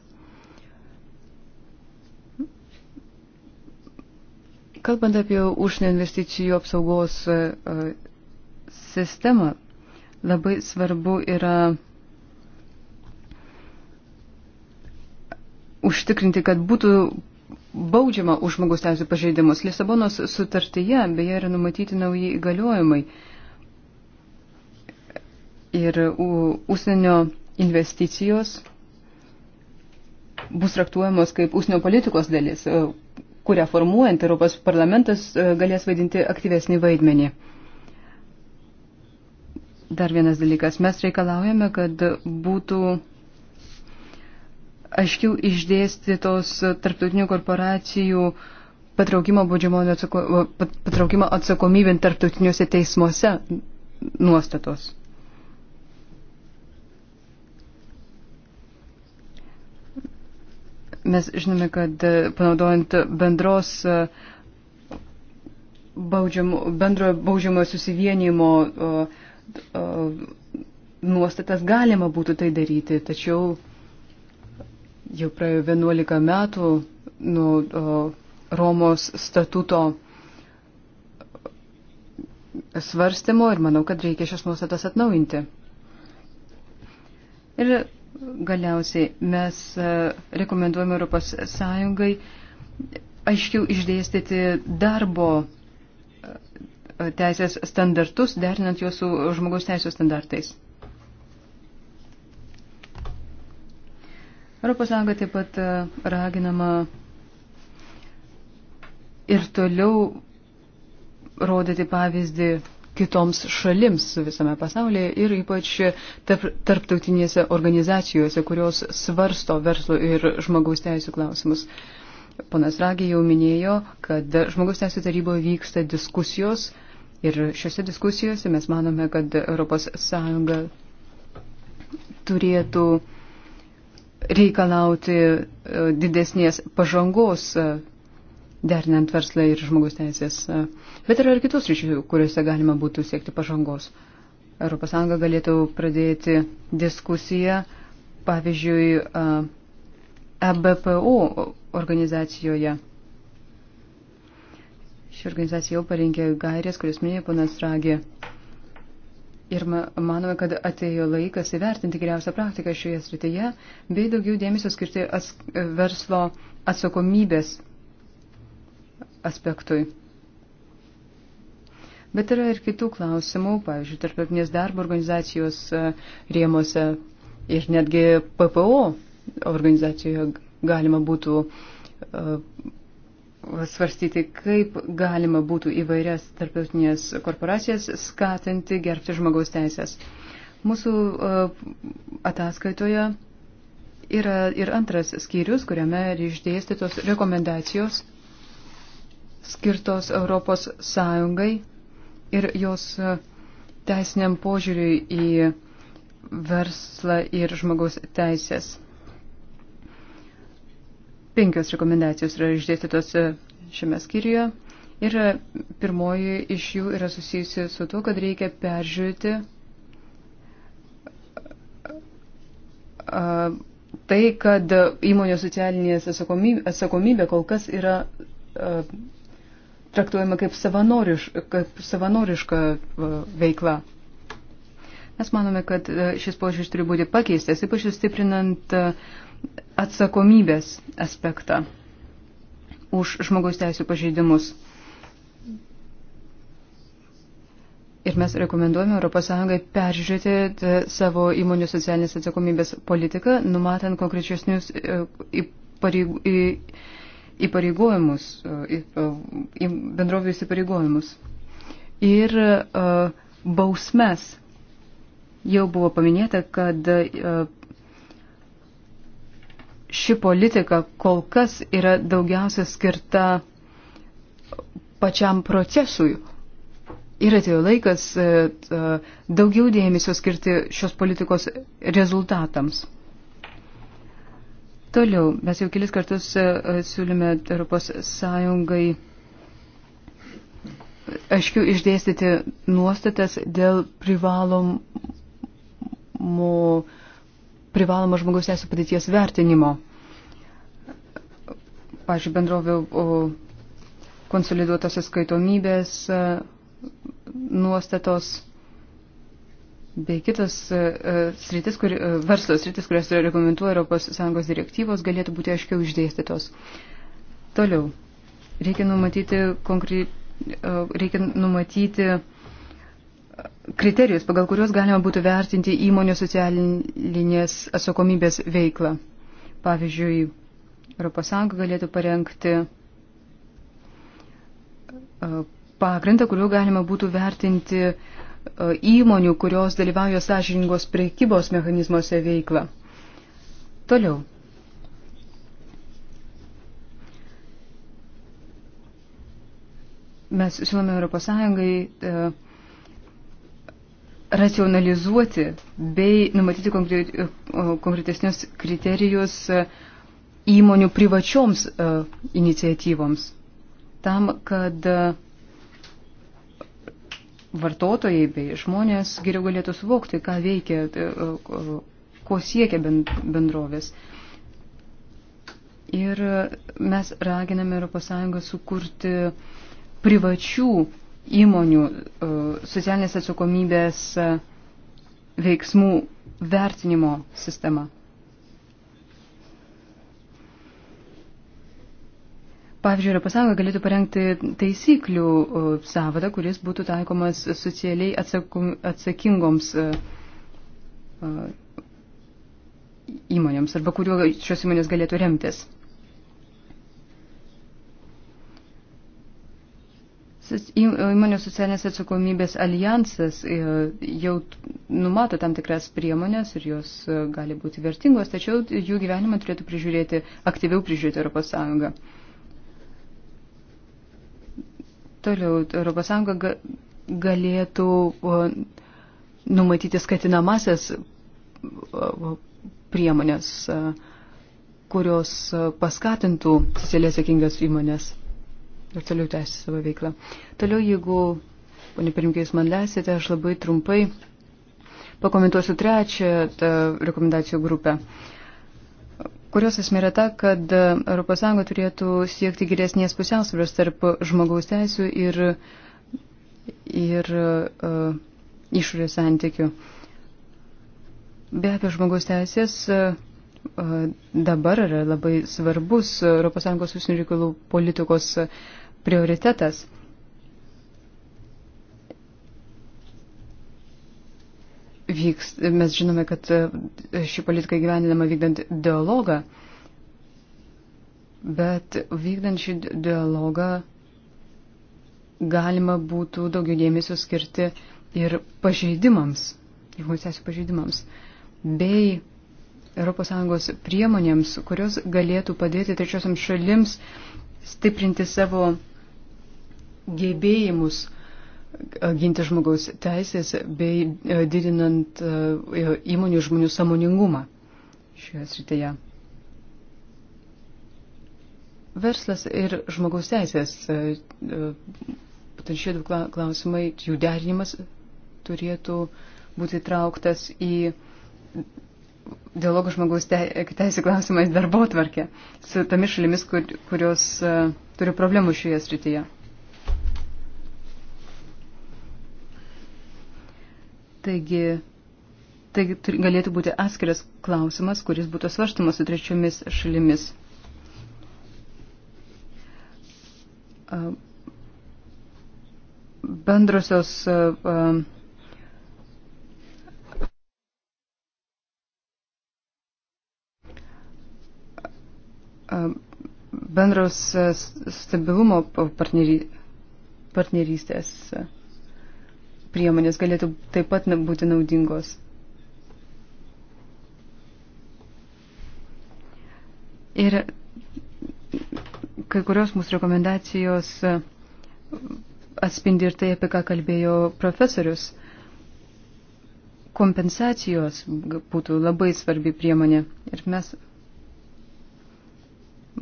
Kalbant apie užsienio investicijų apsaugos e, sistemą, Labai svarbu yra užtikrinti, kad būtų baudžiama už žmogus teisų pažeidimus. Lisabonos sutartyje beje yra numatyti nauji įgaliojimai. Ir užsienio investicijos bus traktuojamos kaip užsienio politikos dalis, e, kurią formuojant Europos parlamentas e, galės vaidinti aktyvesnį vaidmenį. Dar vienas dalykas. Mes reikalaujame, kad būtų aiškiau išdėstytos tarptautinių korporacijų patraukimo, atsako, patraukimo atsakomybėn tarptautiniuose teismuose nuostatos. Mes žinome, kad e, panaudojant bendros e, baudžiamo, bendrojo baudžiamo susivienimo uh, E, nuostatas galima būtų tai daryti, tačiau jau praėjo 11 metų nuo e, Romos statuto svarstymo ir manau, kad reikia šias nuostatas atnaujinti. Ir galiausiai mes e, rekomenduojame Europos Sąjungai aiškiau išdėstyti darbo teisės standartus, derinant juos su žmogaus teisės standartais. Europos Sąjunga taip pat e, raginama ir toliau rodyti pavyzdį kitoms šalims visame pasaulyje ir ypač tarptautinėse organizacijose, kurios svarsto verslo ir žmogaus teisų klausimus. Ponas Ragė jau minėjo, kad žmogaus teisų taryboje vyksta diskusijos, uh, Ir šiuose diskusijose mes manome, kad ES turėtų reikalauti e, didesnės pažangos e, derinant verslą ir žmogus teisės. E, bet yra ir kitus ryšių, kuriuose galima būtų siekti pažangos. ES galėtų pradėti diskusiją, pavyzdžiui, EBPO organizacijoje Ši organizacija jau parinkė gairės, kuris minėjo ponas Ragė. Ir manome, kad atėjo laikas įvertinti geriausią praktiką šioje srityje, bei daugiau dėmesio skirti as, verslo atsakomybės aspektui. Bet yra ir kitų klausimų, pavyzdžiui, tarptautinės darbo organizacijos e, rėmose ir netgi PPO organizacijoje galima būtų e, svarstyti, kaip galima būtų įvairias tarptautinės korporacijas skatinti gerbti žmogaus teisės. Mūsų e, ataskaitoje yra ir antras skyrius, kuriame išdėstytos rekomendacijos skirtos Europos Sąjungai ir jos teisiniam požiūriui į verslą ir žmogaus teisės. Penkios rekomendacijos yra išdėstytos e, šiame skyriuje ir e, pirmoji iš jų yra susijusi su to, kad reikia peržiūrėti e, tai, kad įmonių socialinės atsakomybė, atsakomybė kol kas yra traktuojama kaip, savanoriš, kaip savanoriška veikla. Mes manome, kad šis požiūris turi būti pakeistas, ypač sustiprinant uh, atsakomybės aspektą už žmogaus teisų pažeidimus. Ir mes rekomenduojame ES peržiūrėti e, savo įmonių socialinės atsakomybės politiką, numatant konkrečiosnius e, įpareigojimus, e, bendrovių įsipareigojimus. Ir bausmes. Jau buvo paminėta, kad ši politika kol kas yra daugiausia skirta pačiam procesui. Ir atėjo laikas e, e, daugiau dėmesio skirti šios politikos rezultatams. Toliau, mes jau kelis kartus e, siūlėme Europos Sąjungai aiškiau išdėstyti nuostatas dėl privalomų privalomą žmogaus teisų padėties vertinimo. Pavyzdžiui, bendrovių konsoliduotos atskaitomybės e, nuostatos bei kitas e, e, sritis, kur, verslo sritis, kurias reglamentuoja ES direktyvos, galėtų būti aiškiau išdėstytos. Toliau, reikia numatyti, konkre... reikia numatyti kriterijus, pagal kuriuos galima būtų vertinti įmonių socialinės atsakomybės veiklą. Pavyzdžiui, ES galėtų parengti e, pagrindą, kuriuo galima būtų vertinti e, įmonių, kurios dalyvauja sąžiningos priekybos mechanizmuose veiklą. Toliau. Mes siūlome ES racionalizuoti bei numatyti e, konkretesnius kriterijus e, įmonių privačioms e, iniciatyvoms, tam, kad vartotojai bei žmonės geriau galėtų suvokti, ką veikia, ko siekia bendrovės. Ir mes raginame ES sukurti privačių įmonių e, socialinės atsakomybės e, veiksmų vertinimo sistema. Pavyzdžiui, Europos Sąjunga galėtų parengti taisyklių e, savadą, kuris būtų taikomas socialiai atsakum, atsakingoms įmonėms arba kuriuo šios įmonės galėtų remtis. Įmonių socialinės atsakomybės alijansas e, jau numato tam tikras priemonės ir jos e, gali būti vertingos, tačiau jų gyvenimą turėtų prižiūrėti, aktyviau prižiūrėti Europos Sąjunga. Toliau, Europos Sąjunga galėtų numatyti skatinamasias priemonės, e, kurios paskatintų socialiai atsakingas įmonės ir toliau tęsti savo veiklą. Toliau, jeigu, ponė pirmininkė, jūs man leisite, aš labai trumpai pakomentuosiu trečią rekomendacijų grupę, kurios esmė yra ta, kad ES turėtų siekti geresnės pusiausvėros tarp žmogaus teisų ir, ir uh, išorės santykių. Be abejo, žmogaus teisės uh, dabar yra labai svarbus ES užsienio reikalų politikos uh, prioritetas. Vyks, mes žinome, kad e, ši politika gyveninama vykdant dialogą, bet vykdant šį dialogą galima būtų daugiau dėmesio skirti ir pažeidimams, žmogaus teisų pažeidimams, bei ES priemonėms, kurios galėtų padėti trečiosiams šalims stiprinti savo gebėjimus ginti žmogaus teisės bei e, didinant e, e, įmonių žmonių samoningumą šioje srityje. Verslas ir žmogaus teisės, būtent šie du klausimai, jų derinimas turėtų būti trauktas į dialogų žmogaus teisų klausimais darbo tvarkę su tomis šalimis, kur, kurios turi problemų šioje srityje. Taigi, tai galėtų būti atskiras klausimas, kuris būtų svarstamas su trečiomis šalimis. Bendrosios bendros stabilumo partnerystės. Partnery, priemonės galėtų taip pat būti naudingos. Ir kai kurios mūsų rekomendacijos atspindi ir tai, apie ką kalbėjo profesorius. Kompensacijos būtų labai svarbi priemonė. Ir mes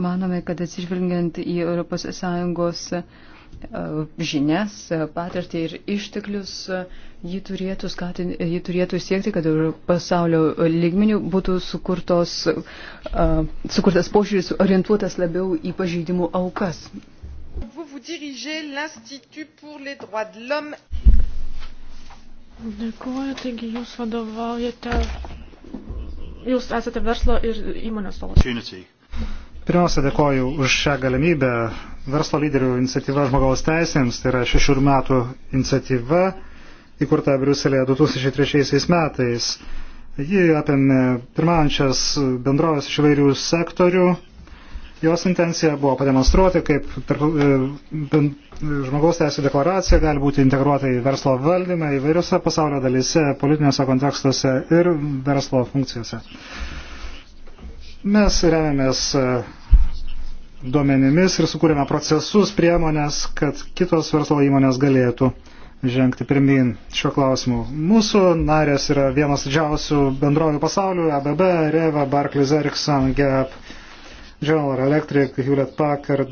manome, kad atsižvelgiant į ES E, žinias, e, patirtį ir išteklius, e, ji turėtų, skatin, ji turėtų siekti, kad pasaulio lygmenių būtų sukurtos, uh, sukurtas požiūris orientuotas labiau į pažeidimų aukas. Dėkuoju, taigi jūs vadovaujate, jūs esate verslo ir įmonės atstovas. Pirmiausia, dėkoju už šią galimybę. Verslo lyderių iniciatyva žmogaus teisėms, tai yra šešių metų iniciatyva, įkurta Briuselėje 2003 metais. Ji apėmė pirmaujančias bendrovės iš įvairių sektorių. Jos intencija buvo pademonstruoti, kaip tarp, e, ben, žmogaus teisų deklaracija gali būti integruota į verslo valdymą įvairiose pasaulio dalyse, politinėse kontekstuose ir verslo funkcijose. Mes remiamės e, duomenimis ir sukūrėme procesus, priemonės, kad kitos verslo įmonės galėtų žengti pirmin šiuo klausimu. Mūsų narės yra vienas didžiausių bendrovių pasaulių - ABB, Reva, Barclays, Ericsson, Gap, General Electric, Hewlett Packard,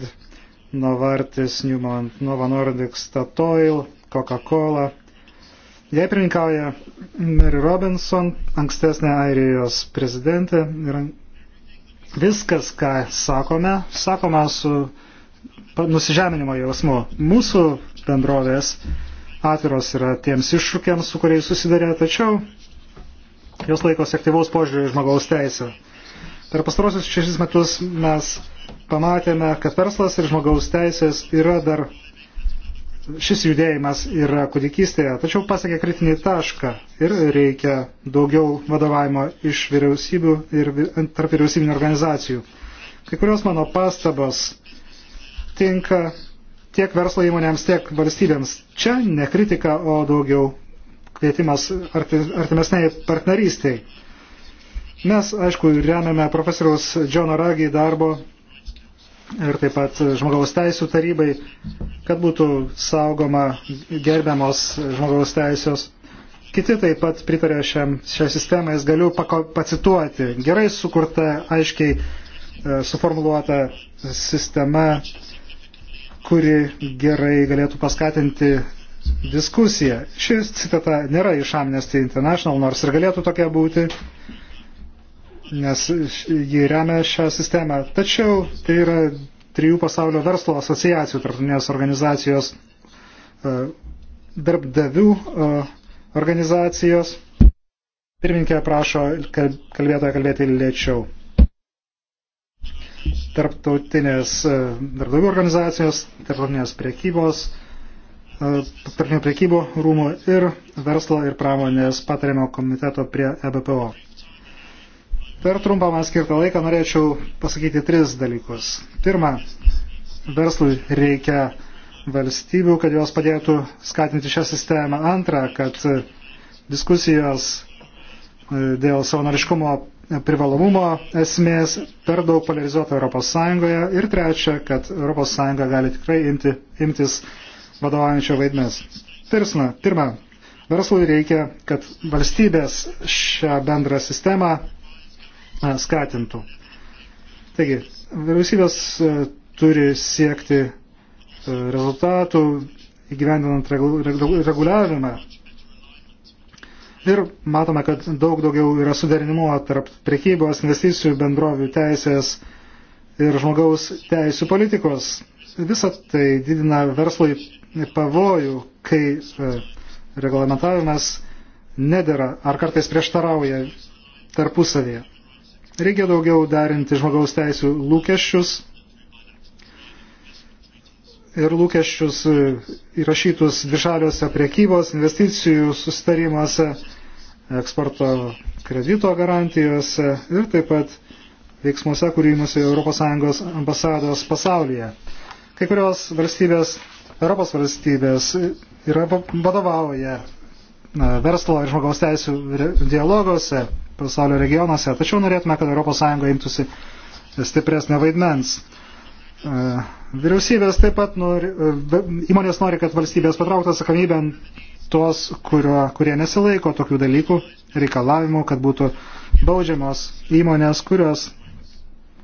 Novartis, Newman, Nova Nordic, Statoil, Coca-Cola. Jai pirmininkauja Mary Robinson, ankstesnė Airijos prezidentė ir Viskas, ką sakome, sakoma su nusižeminimo jausmu. Mūsų bendrovės atviros yra tiems iššūkiams, su kuriais susidarė, tačiau jos laikosi aktyvaus požiūrį į žmogaus teisę. Per pastarosius šešis metus mes pamatėme, kad verslas ir žmogaus teisės yra dar šis judėjimas yra kūdikystėje, tačiau pasiekė kritinį tašką ir reikia daugiau vadovavimo iš vyriausybių ir tarp vyriausybinių organizacijų. Kai kurios mano pastabos tinka tiek verslo įmonėms, tiek valstybėms. Čia ne kritika, o daugiau kvietimas arti, artimesniai partnerystiai. Mes, aišku, remiame profesoriaus Džono Ragį darbo ir taip pat žmogaus teisų tarybai, kad būtų saugoma gerbiamos žmogaus teisės. Kiti taip pat pritarė šiam, šią sistemą, jis galiu pako, pacituoti. Gerai sukurta, aiškiai e, suformuluota sistema, kuri gerai galėtų paskatinti diskusiją. Šis citata nėra iš Amnesty International, nors ir galėtų tokia būti nes jį remia šią sistemą. Tačiau tai yra trijų pasaulio verslo asociacijų, tarptautinės organizacijos, e, darbdavių e, organizacijos. Pirminkė prašo kalbėtoje kalbėti lėčiau. Tarptautinės e, darbdavių organizacijos, tarptautinės priekybos, tarptautinių priekybų rūmų ir verslo ir pramonės patarimo komiteto prie EBPO. Per trumpą man skirtą laiką norėčiau pasakyti tris dalykus. Pirma, verslui reikia valstybių, kad jos padėtų skatinti šią sistemą. Antra, kad diskusijos e, dėl savanoriškumo privalomumo esmės per daug polarizuota Europos Sąjungoje. Ir trečia, kad Europos Sąjunga gali tikrai imti, imtis vadovaujančio vaidmės. Pirsna, pirma, verslui reikia, kad valstybės šią bendrą sistemą skatintų. Taigi, vyriausybės turi siekti rezultatų įgyvendinant reguliavimą. Ir matome, kad daug daugiau yra suderinimo tarp prekybos, investicijų, bendrovių teisės ir žmogaus teisų politikos. Visą tai didina verslui pavojų, kai reglamentavimas nedėra ar kartais prieštarauja tarpusavėje. Reikia daugiau darinti žmogaus teisų lūkesčius ir lūkesčius įrašytus dvišaliuose priekybos, investicijų sustarimuose, eksporto kredito garantijose ir taip pat veiksmuose, kurį įmusi ES ambasados pasaulyje. Kai kurios valstybės, Europos valstybės yra vadovauja verslo ir žmogaus teisų dialogose pasaulio regionuose, tačiau norėtume, kad ES imtųsi stipresnio vaidmens. E, vyriausybės taip pat nori, e, įmonės nori, kad valstybės patrauktų atsakomybę tuos, kurio, kurie nesilaiko tokių dalykų, reikalavimų, kad būtų baudžiamos įmonės, kurios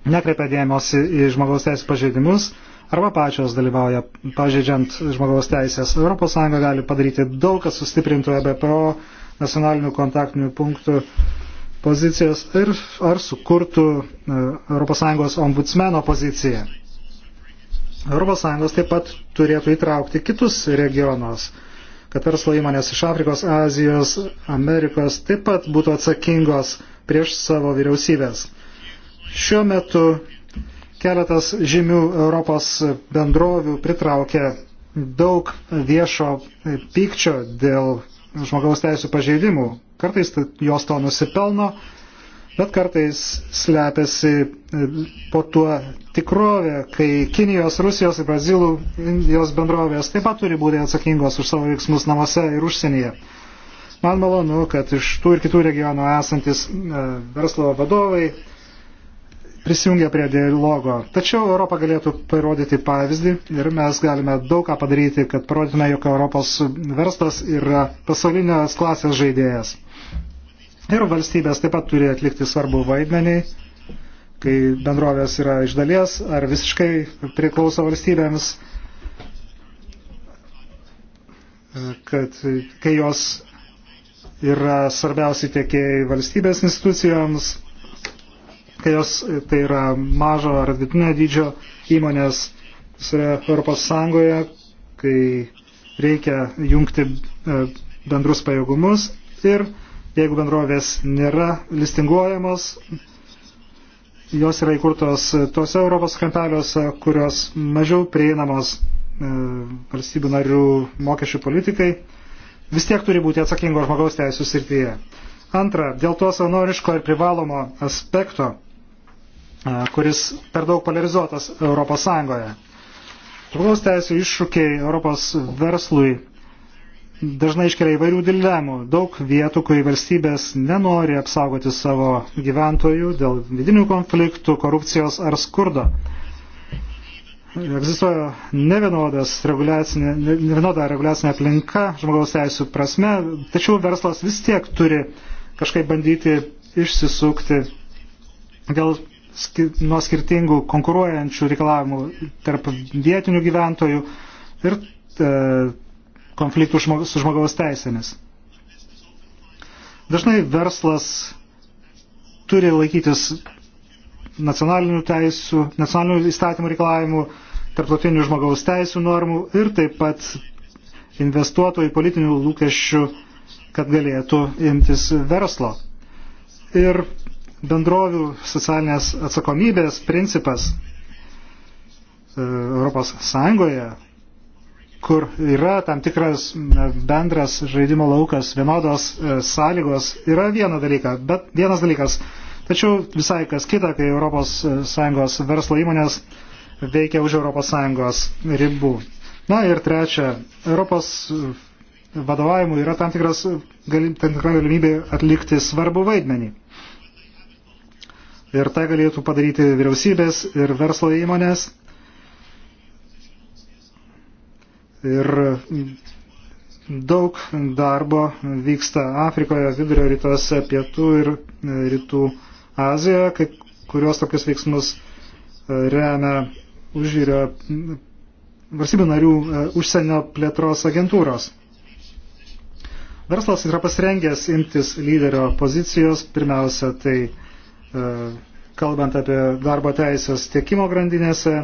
nekreipia dėmesį į žmogaus teisų pažeidimus arba pačios dalyvauja pažeidžiant žmogaus teisės. ES gali padaryti daug, kad sustiprintų EBPO nacionalinių kontaktinių punktų pozicijas ir ar sukurtų ES ombudsmeno poziciją. ES taip pat turėtų įtraukti kitus regionus, kad verslo įmonės iš Afrikos, Azijos, Amerikos taip pat būtų atsakingos prieš savo vyriausybės. Šiuo metu keletas žymių Europos bendrovių pritraukė daug viešo pykčio dėl žmogaus teisų pažeidimų, Kartais tai jos to nusipelno, bet kartais slepiasi e, po tuo tikrovė, kai Kinijos, Rusijos ir Brazilų Indijos bendrovės taip pat turi būti atsakingos už savo veiksmus namuose ir užsienyje. Man malonu, kad iš tų ir kitų regionų esantis e, verslo vadovai prisijungia prie dialogo. Tačiau Europa galėtų parodyti pavyzdį ir mes galime daug ką padaryti, kad parodytume, jog Europos verslas yra pasaulinės klasės žaidėjas. Ir valstybės taip pat turi atlikti svarbu vaidmenį, kai bendrovės yra iš dalies ar visiškai priklauso valstybėms, kad kai jos yra svarbiausi tiekėjai valstybės institucijoms, kai jos tai yra mažo ar vidutinio dydžio įmonės visoje Europos Sąjungoje, kai reikia jungti e, bendrus pajėgumus ir Jeigu bendrovės nėra listinguojamos, jos yra įkurtos tose Europos kampeliuose, kurios mažiau prieinamos e, valstybių narių mokesčių politikai, vis tiek turi būti atsakingo žmogaus teisų srityje. Antra, dėl to savanoriško ir privalomo aspekto, e, kuris per daug polarizuotas Europos Sąjungoje. Žmogaus teisų iššūkiai Europos verslui dažnai iškelia įvairių dilemų. Daug vietų, kai valstybės nenori apsaugoti savo gyventojų dėl vidinių konfliktų, korupcijos ar skurdo. Egzistuoja nevienodas reguliacinė, nevienoda reguliacinė aplinka žmogaus teisų prasme, tačiau verslas vis tiek turi kažkaip bandyti išsisukti dėl nuo skirtingų konkuruojančių reikalavimų tarp vietinių gyventojų ir e, konfliktų su žmogaus teisėmis. Dažnai verslas turi laikytis nacionalinių teisų, nacionalinių įstatymų reikalavimų, tarptautinių žmogaus teisų normų ir taip pat investuotojų politinių lūkesčių, kad galėtų imtis verslo. Ir bendrovių socialinės atsakomybės principas e, Europos Sąjungoje kur yra tam tikras bendras žaidimo laukas, vienodos e, sąlygos, yra viena dalyka, bet vienas dalykas. Tačiau visai kas kita, kai ES e, verslo įmonės veikia už ES ribų. Na ir trečia, Europos vadovavimui yra tam, tikras, tam tikra galimybė atlikti svarbų vaidmenį. Ir tai galėtų padaryti vyriausybės ir verslo įmonės Ir daug darbo vyksta Afrikoje, vidurio rytuose, pietų ir e, rytų Azijoje, kai kurios tokius veiksmus e, remia užvyrio valstybių narių e, užsienio plėtros agentūros. Verslas yra pasirengęs imtis lyderio pozicijos, pirmiausia, tai kalbant apie darbo teisės tiekimo grandinėse,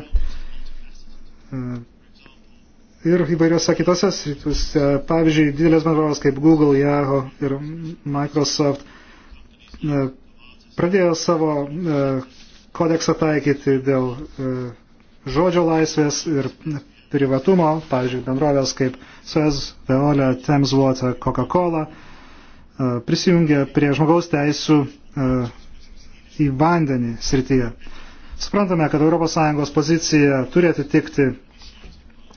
ir įvairiose kitose srityse. Pavyzdžiui, didelės bendrovės kaip Google, Yahoo ir Microsoft e, pradėjo savo e, kodeksą taikyti dėl e, žodžio laisvės ir privatumo, pavyzdžiui, bendrovės kaip Suez, Veolia, Thames Water, Coca-Cola prisijungė prie žmogaus teisų į vandenį srityje. Suprantame, kad ES pozicija turi atitikti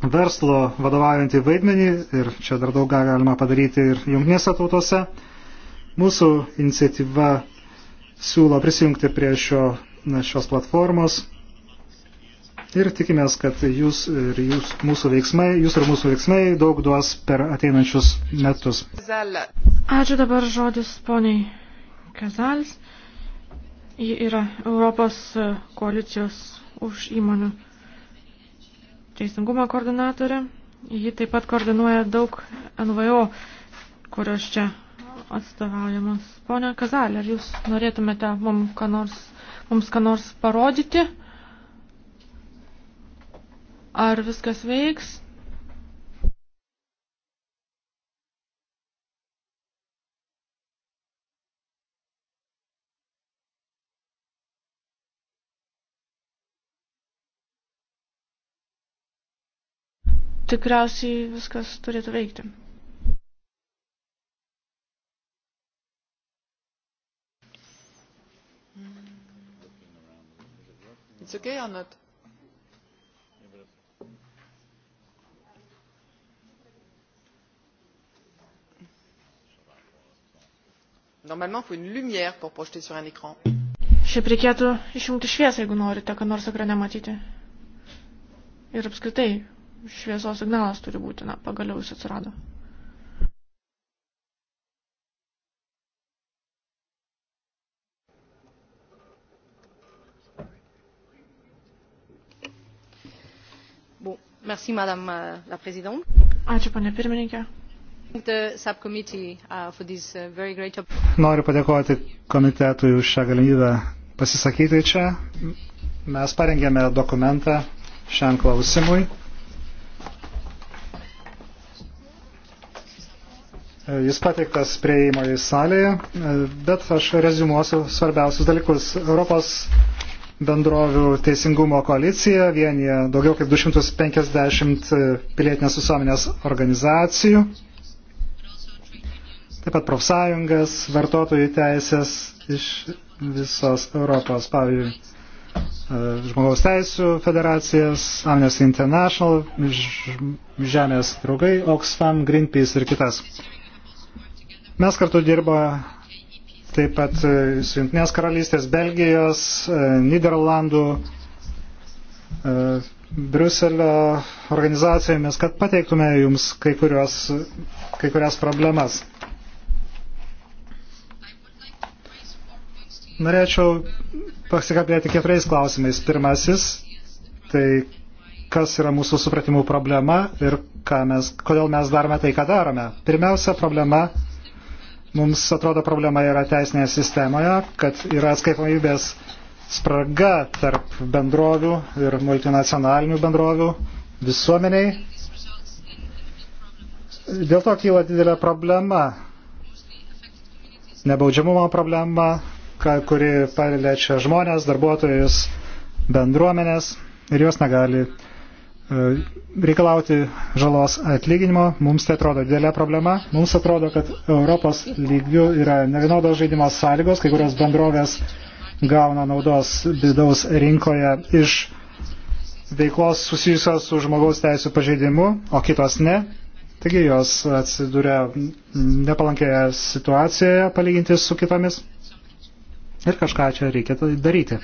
verslo vadovaujantį vaidmenį ir čia dar daug galima padaryti ir jungtinėse tautose. Mūsų iniciatyva siūlo prisijungti prie šio, šios platformos ir tikimės, kad jūs ir jūs, mūsų veiksmai, jūs ir mūsų veiksmai daug duos per ateinančius metus. Ačiū dabar žodis poniai Kazalis. Ji yra Europos koalicijos už įmonių teisingumo koordinatorė. Ji taip pat koordinuoja daug NVO, kurios čia atstovaujamos. Pone Kazalė, ar jūs norėtumėte mums ką nors, mums ką nors parodyti? Ar viskas veiks? tikriausiai viskas turėtų veikti. It's okay or not? Normalement, il faut une lumière pour projeter sur un écran. Šiaip reikėtų išjungti šviesą, jeigu norite, ką nors ekrane matyti. Ir apskritai, šviesos signalas turi būti, na, pagaliau jis atsirado. Bon, merci, Madame euh, la Présidente. Ačiū, ponė pirmininkė. Uh, uh, Noriu padėkoti komitetui už šią galimybę pasisakyti čia. Mes parengėme dokumentą šiam klausimui. Jis pateiktas prieimo į salėje, bet aš rezumuosiu svarbiausius dalykus. Europos bendrovių teisingumo koalicija vienyje daugiau kaip 250 pilietinės visuomenės organizacijų, taip pat profsąjungas, vartotojų teisės iš visos Europos, pavyzdžiui, žmogaus teisų federacijas, Amnesty International, Žemės draugai, Oxfam, Greenpeace ir kitas. Mes kartu dirba taip pat e, su Junktinės karalystės, Belgijos, e, Niderlandų, e, Briuselio organizacijomis, kad pateiktume jums kai, kurios, kai kurias problemas. Norėčiau pasikalbėti keturiais klausimais. Pirmasis, tai kas yra mūsų supratimų problema ir mes, kodėl mes darome tai, ką darome. Pirmiausia problema Mums atrodo problema yra teisinėje sistemoje, kad yra atskaitomybės spraga tarp bendrovių ir multinacionalinių bendrovių visuomeniai. Dėl to kyla didelė problema, nebaudžiamumo problema, kuri paliečia žmonės, darbuotojus, bendruomenės ir jos negali E, reikalauti žalos atlyginimo, mums tai atrodo didelė problema. Mums atrodo, kad Europos lygių yra nevienodos žaidimo sąlygos, kai kurios bendrovės gauna naudos vidaus rinkoje iš veiklos susijusios su žmogaus teisų pažeidimu, o kitos ne. Taigi jos atsiduria nepalankėje situacijoje palyginti su kitomis. Ir kažką čia reikia tai daryti.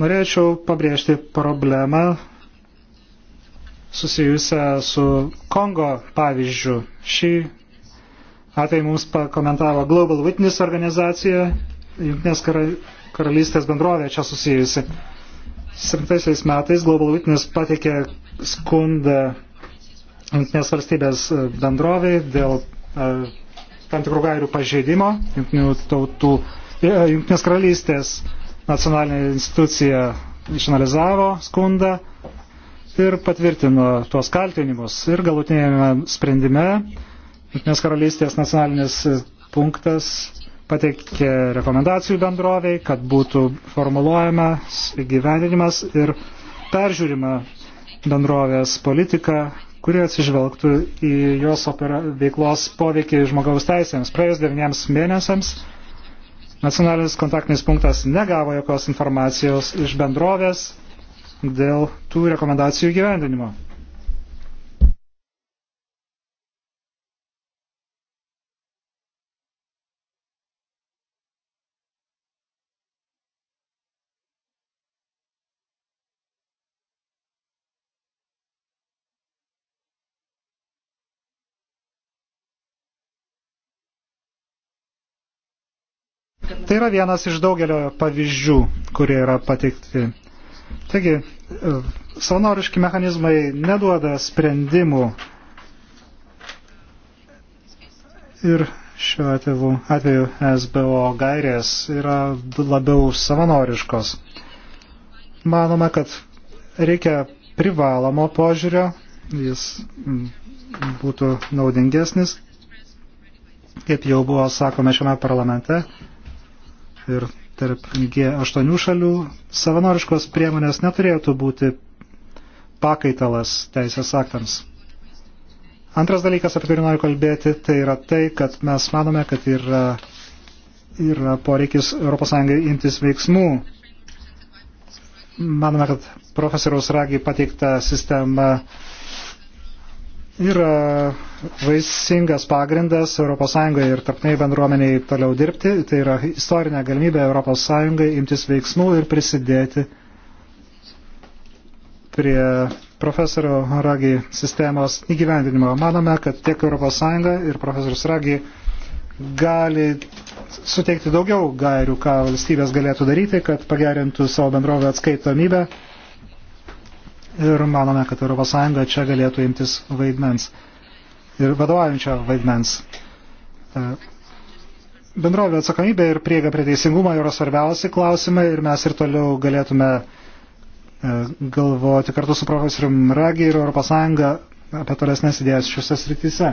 Norėčiau pabrėžti problemą susijusią su Kongo pavyzdžiu. Šį atvejį tai mums pakomentavo Global Witness organizacija, Junktinės karalystės bendrovė čia susijusi. 7 metais Global Witness patikė skundą Junktinės valstybės e, bendroviai dėl e, tam tikrų gairių pažeidimo Junktinių tautų, e, Junktinės karalystės nacionalinė institucija išanalizavo skundą ir patvirtino tuos kaltinimus. Ir galutinėme sprendime Junktinės karalystės nacionalinis punktas pateikė rekomendacijų bendroviai, kad būtų formuluojamas įgyvendinimas ir peržiūrima bendrovės politika, kuri atsižvelgtų į jos opera, veiklos poveikį žmogaus teisėms. Praėjus devyniems mėnesiams nacionalinis kontaktinis punktas negavo jokios informacijos iš bendrovės dėl tų rekomendacijų gyvendinimo. Tai yra vienas iš daugelio pavyzdžių, kurie yra pateikti. Taigi, e, savanoriški mechanizmai neduoda sprendimų ir šiuo atveju, atveju SBO gairės yra labiau savanoriškos. Manoma, kad reikia privalomo požiūrio, jis būtų naudingesnis, kaip jau buvo sakome šiame parlamente ir tarp G8 šalių, savanoriškos priemonės neturėtų būti pakaitalas teisės aktams. Antras dalykas, apie kurį noriu kalbėti, tai yra tai, kad mes manome, kad yra, yra poreikis ES imtis veiksmų. Manome, kad profesoriaus Ragi pateikta sistema uh, yra vaisingas pagrindas ES ir tarptautiniai bendruomeniai toliau dirbti. Tai yra istorinė galimybė ES imtis veiksmų ir prisidėti prie profesorių Ragi sistemos įgyvendinimo. Manome, kad tiek ES ir profesorius Ragi gali suteikti daugiau gairių, ką valstybės galėtų daryti, kad pagerintų savo bendrovę atskaitomybę ir manome, kad ES čia galėtų imtis vaidmens ir vadovaujančio vaidmens. E, bendrovė atsakomybė ir prieiga prie teisingumo yra svarbiausi klausimai ir mes ir toliau galėtume e, galvoti kartu su profesorium Ragi ir ES apie tolesnės idėjas šiuose srityse.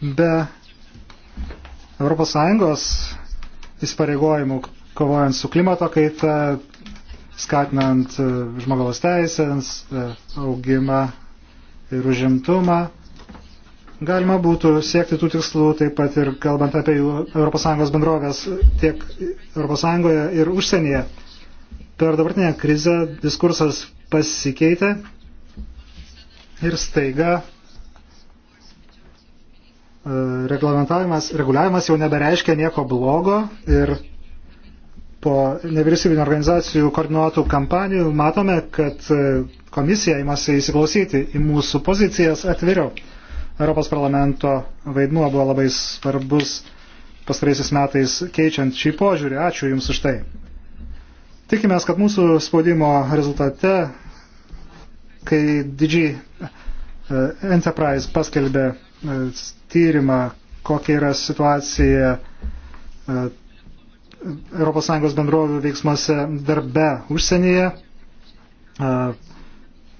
Be ES įsipareigojimų kovojant su klimato kaita, skatinant e, žmogaus teisės, e, augimą ir užimtumą. Galima būtų siekti tų tikslų taip pat ir kalbant apie ES bendrovės tiek ES ir užsienyje. Per dabartinę krizę diskursas pasikeitė ir staiga e, reglamentavimas, reguliavimas jau nebereiškia nieko blogo ir po nevyriausybinio organizacijų koordinuotų kampanijų matome, kad e, komisija įmasi įsiklausyti į mūsų pozicijas atviriau. Europos parlamento vaidmuo buvo labai svarbus pastaraisiais metais keičiant šį požiūrį. Ačiū Jums už tai. Tikimės, kad mūsų spaudimo rezultate, kai didžiai e, Enterprise paskelbė e, tyrimą, kokia yra situacija ES bendrovių veiksmuose darbe užsienyje.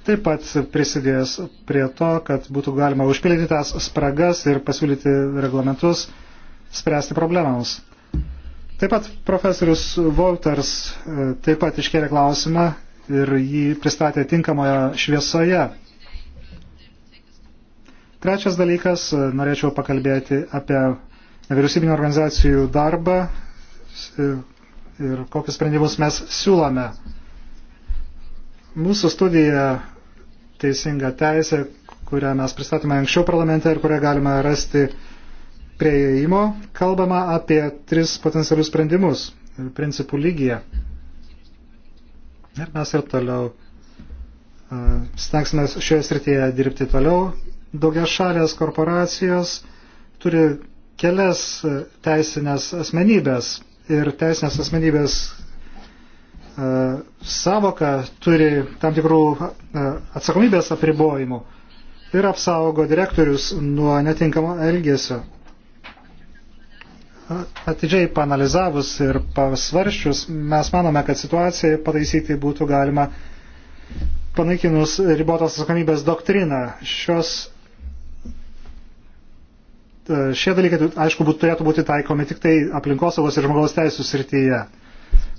Taip pat prisidės prie to, kad būtų galima užpildyti tas spragas ir pasiūlyti reglamentus, spręsti problemams. Taip pat profesorius Wolters e, taip pat iškėlė klausimą ir jį pristatė tinkamoje šviesoje. Trečias dalykas, e, norėčiau pakalbėti apie nevyriausybinio organizacijų darbą ir kokius sprendimus mes siūlome. Mūsų studija Teisinga teisė, kurią mes pristatėme anksčiau parlamente ir kurią galime rasti prieėjimo, kalbama apie tris potencialius sprendimus principų lygyje. Ir mes ir toliau stengsime šioje srityje dirbti toliau. Daugia šalės korporacijos turi kelias teisinės asmenybės ir teisinės asmenybės e, savoka turi tam tikrų e, atsakomybės apribojimų ir apsaugo direktorius nuo netinkamo elgesio. Atidžiai panalizavus ir pasvarščius, mes manome, kad situaciją pataisyti būtų galima panaikinus ribotos atsakomybės doktriną. Šios E, šie dalykai, aišku, būt, turėtų būti taikomi tik tai aplinkosaugos ir žmogaus teisų srityje.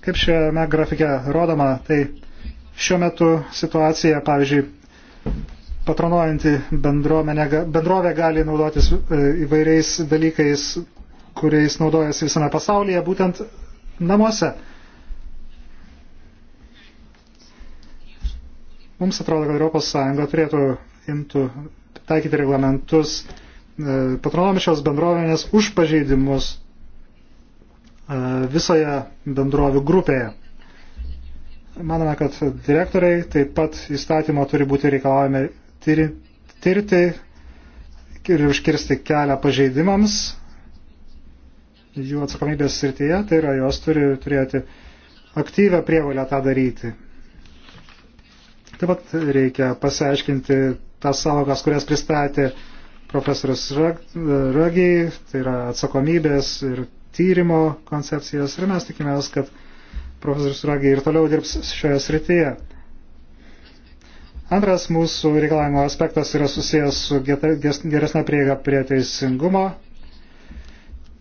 Kaip šiame grafike rodoma, tai šiuo metu situacija, pavyzdžiui, patronuojanti bendrovė gali naudotis e, įvairiais dalykais, kuriais naudojasi visame pasaulyje, būtent namuose. Mums atrodo, kad ES turėtų imtų taikyti reglamentus E, patronomišios bendrovės už pažeidimus e, visoje bendrovių grupėje. Manome, kad direktoriai taip pat įstatymo turi būti reikalavime tirti ir užkirsti kelią pažeidimams jų atsakomybės srityje, tai yra jos turi turėti aktyvę prievalę tą daryti. Taip pat reikia pasiaiškinti tas savokas, kurias pristatė uh, profesorius Ragiai, tai yra atsakomybės ir tyrimo koncepcijas ir mes tikimės, kad profesorius Ragiai ir toliau dirbs šioje srityje. Antras mūsų reikalavimo aspektas yra susijęs su geresnė prieiga prie teisingumo.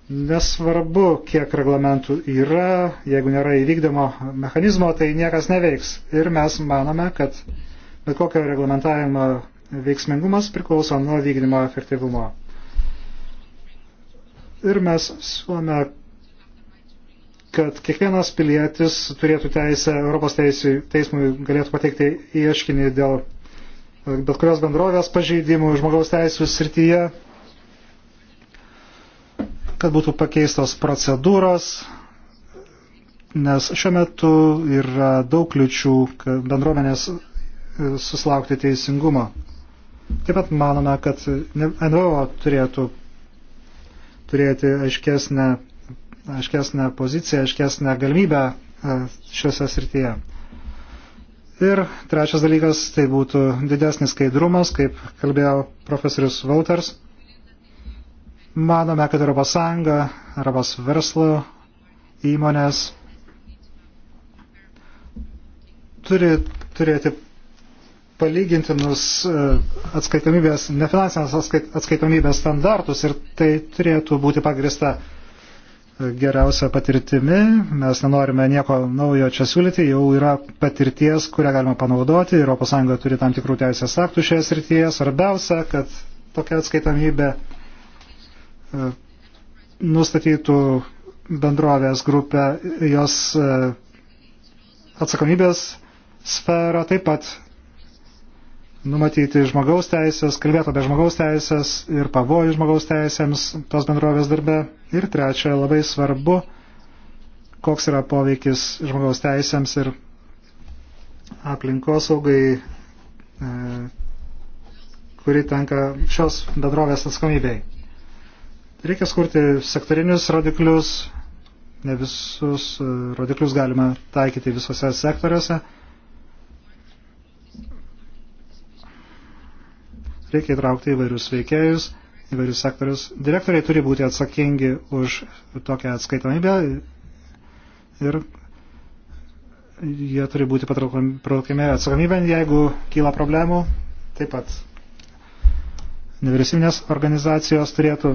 Nesvarbu, kiek reglamentų yra, jeigu nėra įvykdymo mechanizmo, tai niekas neveiks. Ir mes manome, kad bet kokio reglamentavimo veiksmingumas priklauso nuo vykdymo efektyvumo. Ir mes siūlome, kad kiekvienas pilietis turėtų teisę Europos teisui, teismui galėtų pateikti ieškinį dėl bet kurios bendrovės pažeidimų žmogaus teisų srityje, kad būtų pakeistos procedūros, nes šiuo metu yra daug kliučių bendruomenės e, susilaukti teisingumo. Taip pat manome, kad NVO turėtų turėti aiškesnę, aiškesnę poziciją, aiškesnę galimybę e, šiuose srityje. Ir trečias dalykas tai būtų didesnis skaidrumas, kaip kalbėjo profesorius Vauters. Manome, kad ES, ES verslo įmonės turi turėti palygintinus e, atskaitomybės, nefinansinės atskait, atskaitomybės standartus ir tai turėtų būti pagrista e, geriausia patirtimi. Mes nenorime nieko naujo čia siūlyti, jau yra patirties, kurią galima panaudoti. ES turi tam tikrų teisės aktų šioje srityje. Svarbiausia, kad tokia atskaitomybė e, nustatytų bendrovės grupę, jos atsakomybės sferą, taip pat numatyti žmogaus teisės, kalbėti apie žmogaus teisės ir pavojų žmogaus teisėms tos bendrovės darbe. Ir trečia, labai svarbu, koks yra poveikis žmogaus teisėms ir aplinkosaugai, e, kuri tenka šios bendrovės atsakomybei. Reikia skurti sektorinius rodiklius, ne visus e, rodiklius galima taikyti visose sektoriuose Reikia įtraukti įvairius veikėjus, įvairius sektorius. Direktoriai turi būti atsakingi už tokią atskaitomybę ir jie turi būti patraukiami atsakomybę, jeigu kyla problemų. Taip pat nevyriausybinės organizacijos turėtų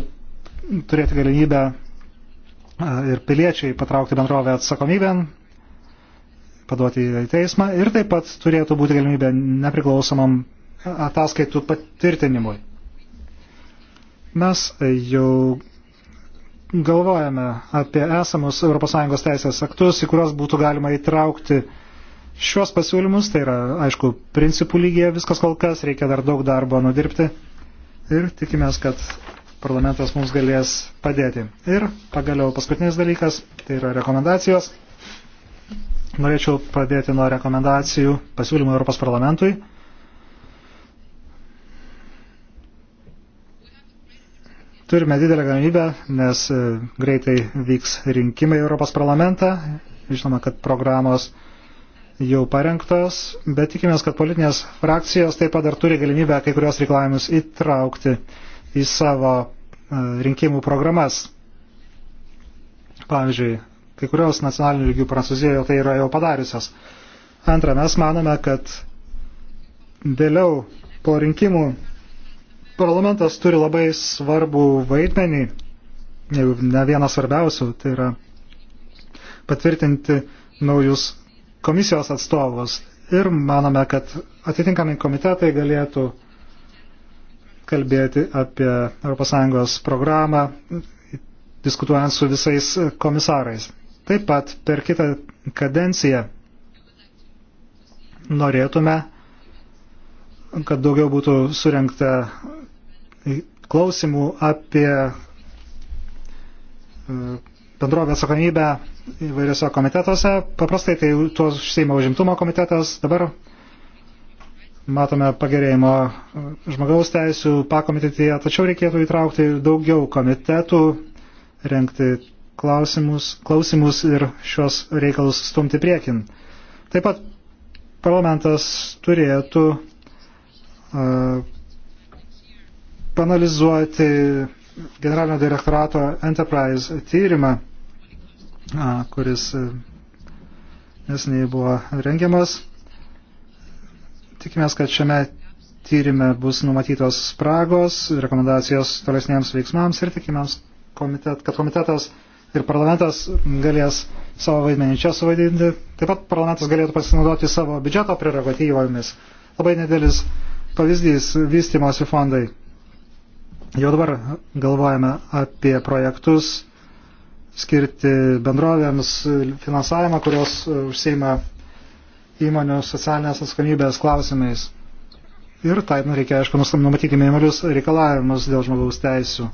turėti galimybę ir piliečiai patraukti bendrovę atsakomybėn, paduoti į teismą ir taip pat turėtų būti galimybė nepriklausomam ataskaitų patvirtinimui. Mes jau galvojame apie esamus ES teisės aktus, į kuriuos būtų galima įtraukti šios pasiūlymus. Tai yra, aišku, principų lygiai viskas kol kas, reikia dar daug darbo nudirbti ir tikimės, kad parlamentas mums galės padėti. Ir pagaliau paskutinis dalykas, tai yra rekomendacijos. Norėčiau pradėti nuo rekomendacijų pasiūlymų Europos parlamentui. turime didelę galimybę, nes e, greitai vyks rinkimai Europos parlamentą. Žinoma, kad programos jau parengtos, bet tikimės, kad politinės frakcijos taip pat dar turi galimybę kai kurios reikalavimus įtraukti į savo e, rinkimų programas. Pavyzdžiui, kai kurios nacionalinių lygių Prancūzijoje tai yra jau padariusios. Antra, mes manome, kad vėliau po rinkimų Parlamentas turi labai svarbų vaidmenį, ne vieną svarbiausių, tai yra patvirtinti naujus komisijos atstovus. Ir manome, kad atitinkami komitetai galėtų kalbėti apie ES programą, diskutuojant su visais komisarais. Taip pat per kitą kadenciją norėtume, kad daugiau būtų surinkta klausimų apie e, bendrovės atsakomybę įvairiose komitetuose. Paprastai tai tuos užsieima užimtumo komitetas. Dabar matome pagerėjimo e, žmogaus teisų pakomitetyje, tačiau reikėtų įtraukti daugiau komitetų, renkti klausimus, klausimus ir šios reikalus stumti priekin. Taip pat parlamentas turėtų uh, panalizuoti generalinio direktorato Enterprise tyrimą, kuris e, nesiniai buvo rengiamas. Tikimės, kad šiame tyrime bus numatytos spragos, rekomendacijos tolesniems veiksmams ir tikimės, komitet, kad komitetas ir parlamentas galės savo vaidmenį čia suvaidinti. Taip pat parlamentas galėtų pasinaudoti savo biudžeto prerogatyvomis. Labai nedėlis pavyzdys vystimosi fondai. Jau dabar galvojame apie projektus skirti bendrovėms finansavimą, kurios e, užseima įmonių socialinės atskomybės klausimais. Ir tai nu, reikia, aišku, numatyti minimalius reikalavimus dėl žmogaus teisų.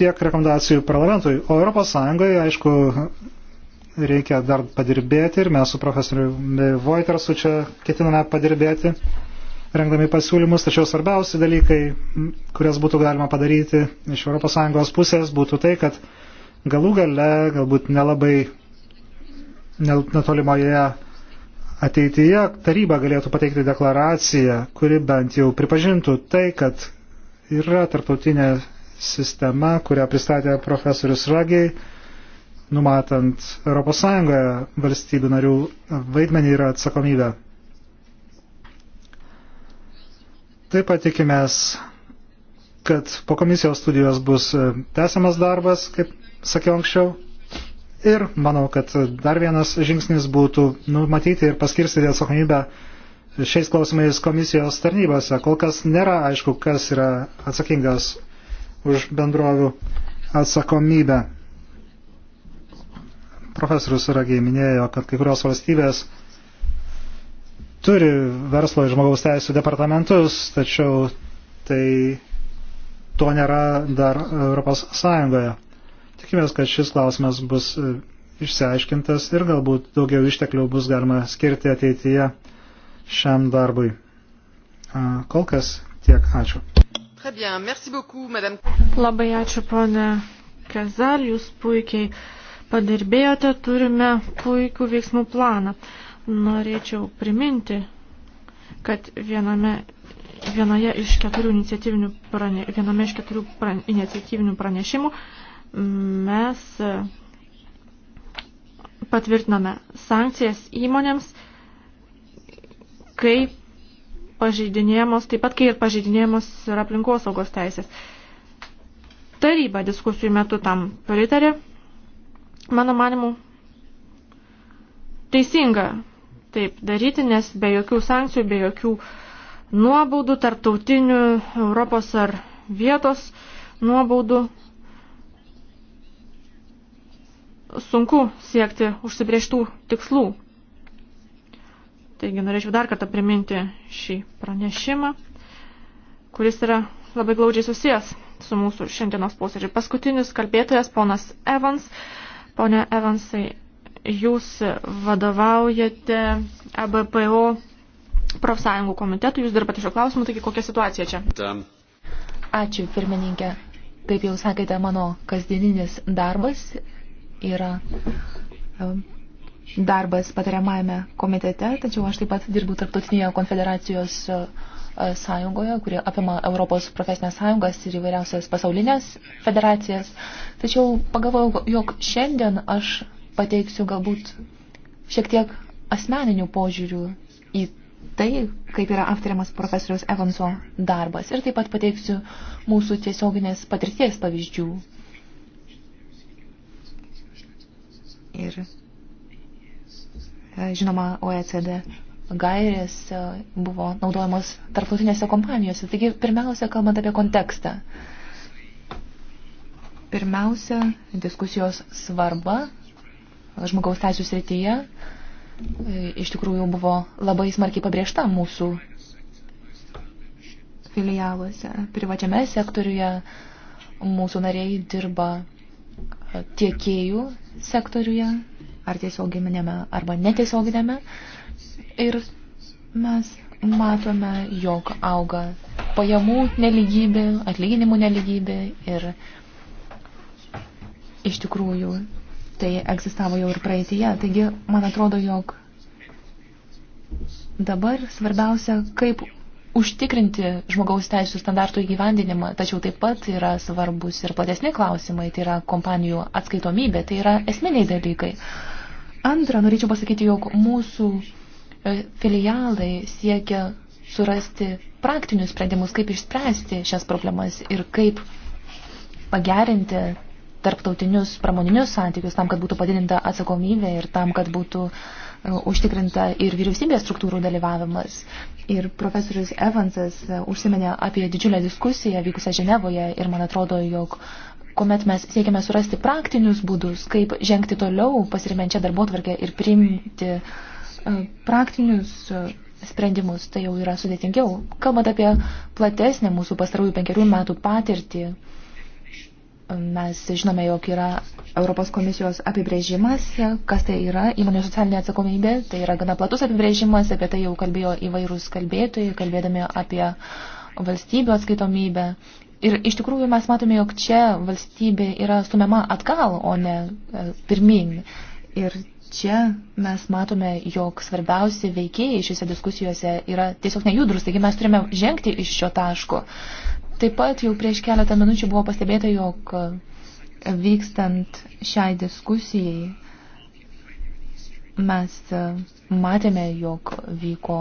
Tiek rekomendacijų parlamentui, o Europos Sąjungoje, aišku, reikia dar padirbėti ir mes su profesoriu Vojtersu čia ketiname padirbėti rengdami pasiūlymus, tačiau svarbiausi dalykai, kurias būtų galima padaryti iš ES pusės, būtų tai, kad galų gale, galbūt nelabai netolimoje ateityje taryba galėtų pateikti deklaraciją, kuri bent jau pripažintų tai, kad yra tarptautinė sistema, kurią pristatė profesorius Ragiai, numatant ES valstybių narių vaidmenį ir atsakomybę. Taip pat tikimės, kad po komisijos studijos bus e, tęsiamas darbas, kaip sakiau anksčiau. Ir manau, kad dar vienas žingsnis būtų numatyti ir paskirstyti atsakomybę šiais klausimais komisijos tarnybose. Kol kas nėra aišku, kas yra atsakingas už bendrovių atsakomybę. Profesorius Ragiai minėjo, kad kai kurios valstybės turi verslo ir žmogaus teisų departamentus, tačiau tai to nėra dar Europos Sąjungoje. Tikimės, kad šis klausimas bus e, išsiaiškintas ir galbūt daugiau išteklių bus galima skirti ateityje šiam darbui. Kol kas tiek. Ačiū. Labai ačiū, ponė Kazar, jūs puikiai padirbėjote, turime puikų veiksmų planą. Norėčiau priminti, kad viename, vienoje iš keturių iniciatyvinių, prane, viename iš keturių prane, iniciatyvinių pranešimų mes e, patvirtiname sankcijas įmonėms, kai pažeidinėjamos, taip pat kai ir pažeidinėjamos yra aplinkosaugos teisės. Taryba diskusijų metu tam pritarė, mano manimu, teisinga taip daryti, nes be jokių sankcijų, be jokių nuobaudų, tarptautinių, Europos ar vietos nuobaudų sunku siekti užsibrieštų tikslų. Taigi norėčiau dar kartą priminti šį pranešimą, kuris yra labai glaudžiai susijęs su mūsų šiandienos posėdžiu. Paskutinis kalbėtojas, ponas Evans. Pone Evansai, jūs vadovaujate ABPO profsąjungų komitetui, jūs dirbate šio klausimu, taigi kokia situacija čia? Tam. Ačiū, pirmininkė. Kaip jau sakėte, mano kasdieninis darbas yra darbas patariamajame komitete, tačiau aš taip pat dirbu tarptautinėje konfederacijos e, sąjungoje, kuri apima Europos profesinės sąjungas ir įvairiausias pasaulinės federacijas. Tačiau pagalvojau, jog šiandien aš pateiksiu galbūt šiek tiek asmeninių požiūrių į tai, kaip yra aptariamas profesoriaus Evanso darbas. Ir taip pat pateiksiu mūsų tiesioginės patirties pavyzdžių. Ir e, žinoma, OECD gairės e, buvo naudojamos tarptautinėse kompanijose. Taigi, pirmiausia, kalbant apie kontekstą. Pirmiausia, diskusijos svarba žmogaus teisų srityje e, iš tikrųjų buvo labai smarkiai pabrėžta mūsų filialuose, privačiame sektoriuje. Mūsų nariai dirba e, tiekėjų sektoriuje, ar tiesioginėme, arba netiesioginėme. Ir mes matome, jog auga pajamų neligybė, atlyginimų neligybė ir iš tikrųjų Tai egzistavo jau ir praeityje. Taigi, man atrodo, jog dabar svarbiausia, kaip užtikrinti žmogaus teisų standartų įgyvendinimą, tačiau taip pat yra svarbus ir platesni klausimai, tai yra kompanijų atskaitomybė, tai yra esminiai dalykai. Antra, norėčiau pasakyti, jog mūsų e, filialai siekia surasti praktinius sprendimus, kaip išspręsti šias problemas ir kaip pagerinti tarptautinius pramoninius santykius, tam, kad būtų padidinta atsakomybė ir tam, kad būtų e, užtikrinta ir vyriausybės struktūrų dalyvavimas. Ir profesorius Evansas e, užsiminė apie didžiulę diskusiją vykusią Ženevoje ir man atrodo, jog kuomet mes siekiame surasti praktinius būdus, kaip žengti toliau pasirimenčią darbo tvarkę ir priimti e, praktinius sprendimus, tai jau yra sudėtingiau. Kalbant apie platesnę mūsų pastarųjų penkerių metų patirtį, Mes žinome, jog yra Europos komisijos apibrėžimas, kas tai yra įmonė socialinė atsakomybė. Tai yra gana platus apibrėžimas, apie tai jau kalbėjo įvairūs kalbėtojai, kalbėdami apie valstybių atskaitomybę. Ir iš tikrųjų mes matome, jog čia valstybė yra stumiama atgal, o ne e, pirmin. Ir čia mes matome, jog svarbiausi veikėjai šiuose diskusijose yra tiesiog nejudrus, taigi mes turime žengti iš šio taško. Taip pat jau prieš keletą minučių buvo pastebėta, jog e, vykstant šiai diskusijai mes e, matėme, jog vyko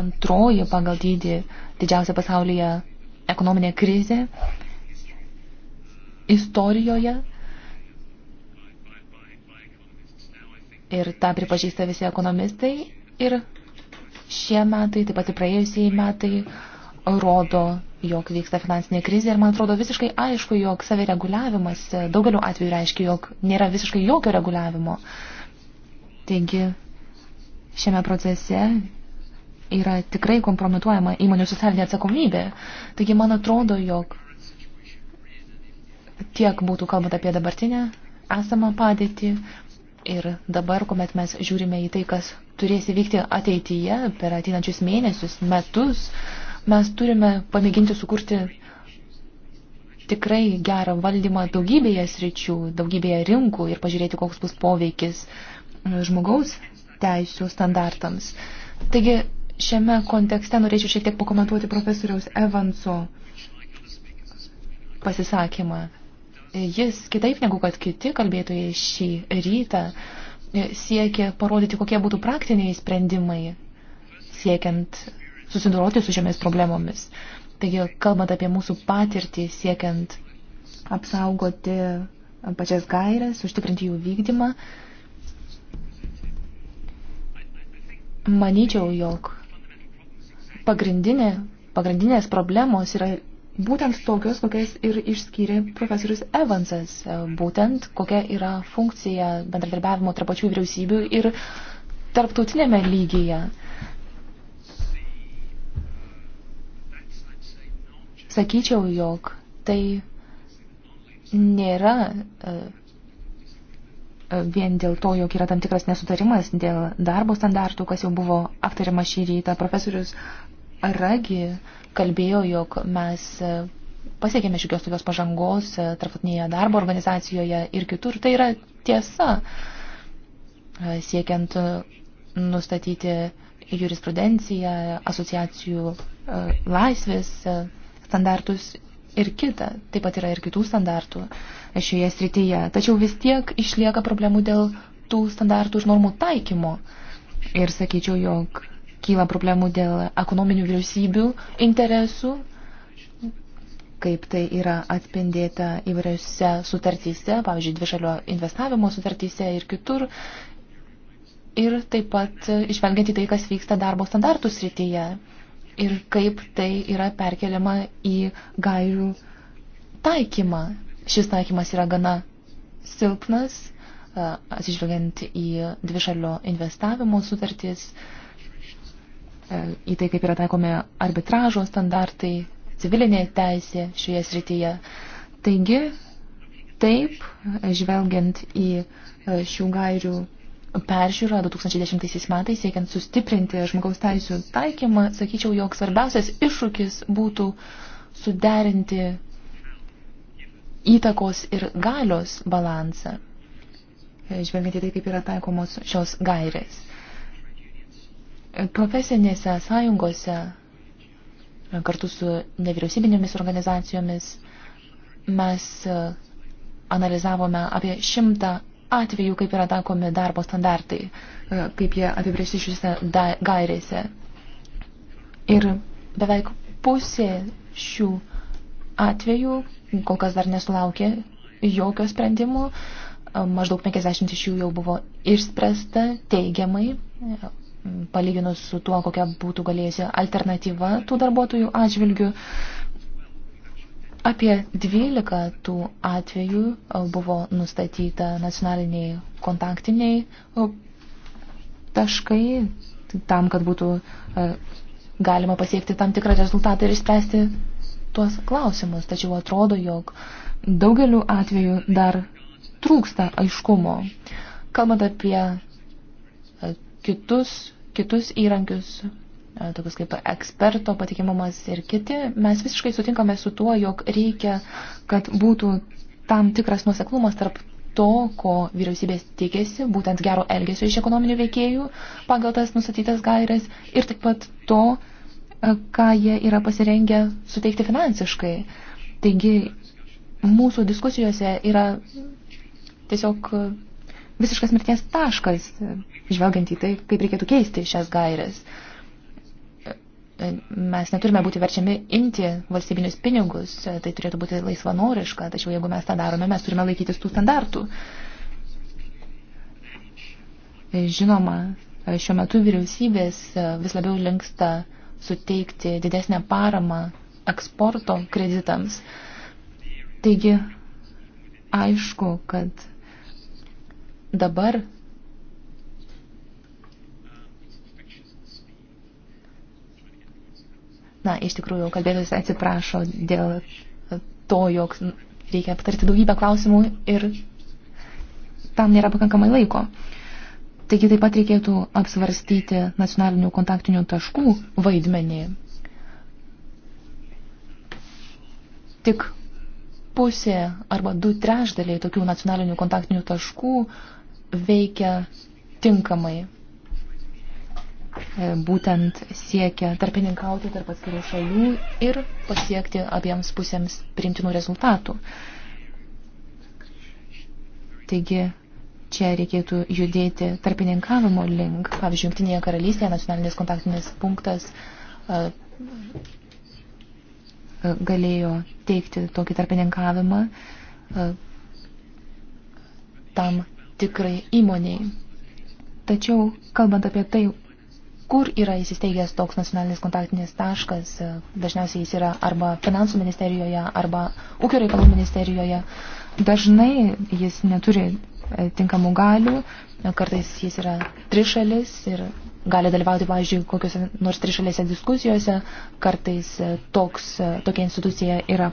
antroji pagal dydį didžiausia pasaulyje ekonominė krizė istorijoje. Ir tą pripažįsta visi ekonomistai. Ir šie metai, taip pat ir praėjusieji metai rodo, jog vyksta finansinė krizė ir man atrodo visiškai aišku, jog savireguliavimas e, daugeliu atveju reiškia, jog nėra visiškai jokio reguliavimo. Taigi šiame procese yra tikrai kompromituojama įmonių socialinė atsakomybė. Taigi man atrodo, jog tiek būtų kalbant apie dabartinę esamą padėtį ir dabar, kuomet mes žiūrime į tai, kas turės įvykti ateityje per ateinančius mėnesius, metus, Mes turime pamėginti sukurti tikrai gerą valdymą daugybėje sričių, daugybėje rinkų ir pažiūrėti, koks bus poveikis žmogaus teisų standartams. Taigi šiame kontekste norėčiau šiek tiek pakomentuoti profesoriaus Evanso pasisakymą. Jis kitaip negu kad kiti kalbėtojai šį rytą siekia parodyti, kokie būtų praktiniai sprendimai siekiant susidoroti su šiomis problemomis. Taigi, kalbant apie mūsų patirtį siekiant apsaugoti pačias gairias, užtikrinti jų vykdymą, manyčiau, jog pagrindinė, pagrindinės problemos yra būtent tokios, kokias ir išskyrė profesorius Evansas, būtent kokia yra funkcija bendradarbiavimo tarp pačių vyriausybių ir tarptautinėme lygyje. Sakyčiau, jog tai nėra e, e, vien dėl to, jog yra tam tikras nesutarimas dėl darbo standartų, kas jau buvo aptariama šį rytą. Profesorius Ragi kalbėjo, jog mes e, pasiekėme šiokios tokios pažangos tarptautinėje darbo organizacijoje ir kitur. Tai yra tiesa, siekiant nustatyti jurisprudenciją, asociacijų laisvės standartus ir kitą. Taip pat yra ir kitų standartų šioje srityje. Tačiau vis tiek išlieka problemų dėl tų standartų ir normų taikymo. Ir sakyčiau, jog kyla problemų dėl ekonominių vyriausybių interesų, kaip tai yra atspindėta įvairiose sutartyse, pavyzdžiui, dvišalio investavimo sutartyse ir kitur. Ir taip pat išvelgiant į tai, kas vyksta darbo standartų srityje ir kaip tai yra perkeliama į gairių taikymą. Šis taikymas yra gana silpnas, atsižvelgiant į dvišalio investavimo sutartys, į tai, kaip yra taikomi arbitražo standartai, civilinė teisė šioje srityje. Taigi, taip, žvelgiant į šių gairių peržiūrą 2010 metais, siekiant sustiprinti žmogaus teisų taikymą, sakyčiau, jog svarbiausias iššūkis būtų suderinti įtakos ir galios balansą, e, žvelgiant į tai, kaip yra taikomos šios gairės. E, profesinėse sąjungose e, kartu su nevyriausybinėmis organizacijomis mes analizavome apie šimtą atveju, kaip yra taikomi darbo standartai, e, kaip jie apibriežti šiuose gairėse. Ir beveik pusė šių atvejų kol kas dar nesulaukė jokio sprendimo. E, maždaug 50 iš jų jau buvo išspręsta teigiamai, e, palyginus su tuo, kokia būtų galėjusi alternatyva tų darbuotojų atžvilgių. Uh, Apie 12 tų atvejų e, buvo nustatyta nacionaliniai kontaktiniai e, taškai tam, kad būtų e, galima pasiekti tam tikrą rezultatą ir išspręsti tuos klausimus. Tačiau atrodo, jog daugeliu atveju dar trūksta aiškumo. Kalbant apie kitus, kitus įrankius, E, tokius kaip eksperto patikimumas ir kiti, mes visiškai sutinkame su tuo, jog reikia, kad būtų tam tikras nuoseklumas tarp to, ko vyriausybės tikėsi, būtent gero elgesio iš ekonominių veikėjų pagal tas nustatytas gairės ir taip pat to, e, ką jie yra pasirengę suteikti finansiškai. Taigi mūsų diskusijose yra tiesiog visiškas mirties taškas, žvelgiant į tai, kaip reikėtų keisti šias gairės. Uh, mes neturime būti verčiami imti valstybinius pinigus, tai turėtų būti laisvanoriška, tačiau jeigu mes tą darome, mes turime laikytis tų standartų. Žinoma, šiuo metu vyriausybės vis labiau linksta suteikti didesnę paramą eksporto kreditams. Taigi, aišku, kad dabar Na, iš tikrųjų, kalbėtojas atsiprašo dėl to, jog reikia aptarti daugybę klausimų ir tam nėra pakankamai laiko. Taigi taip pat reikėtų apsvarstyti nacionalinių kontaktinių taškų vaidmenį. Tik pusė arba du trešdaliai tokių nacionalinių kontaktinių taškų veikia tinkamai. E, būtent siekia tarpininkauti tarp atskirų šalių ir pasiekti abiems pusėms primtinų rezultatų. Taigi čia reikėtų judėti tarpininkavimo link. Pavyzdžiui, Junktinėje karalystėje nacionalinis kontaktinis punktas e, e, galėjo teikti tokį tarpininkavimą tam tikrai įmoniai. Tačiau, kalbant apie tai, kur yra įsisteigęs toks nacionalinis kontaktinis taškas. Dažniausiai jis yra arba finansų ministerijoje, arba ūkio reikalų ministerijoje. Dažnai jis neturi e, tinkamų galių, kartais jis yra trišalis ir gali dalyvauti, pavyzdžiui, kokiuose nors trišalėse diskusijose, kartais e, toks, e, tokia institucija yra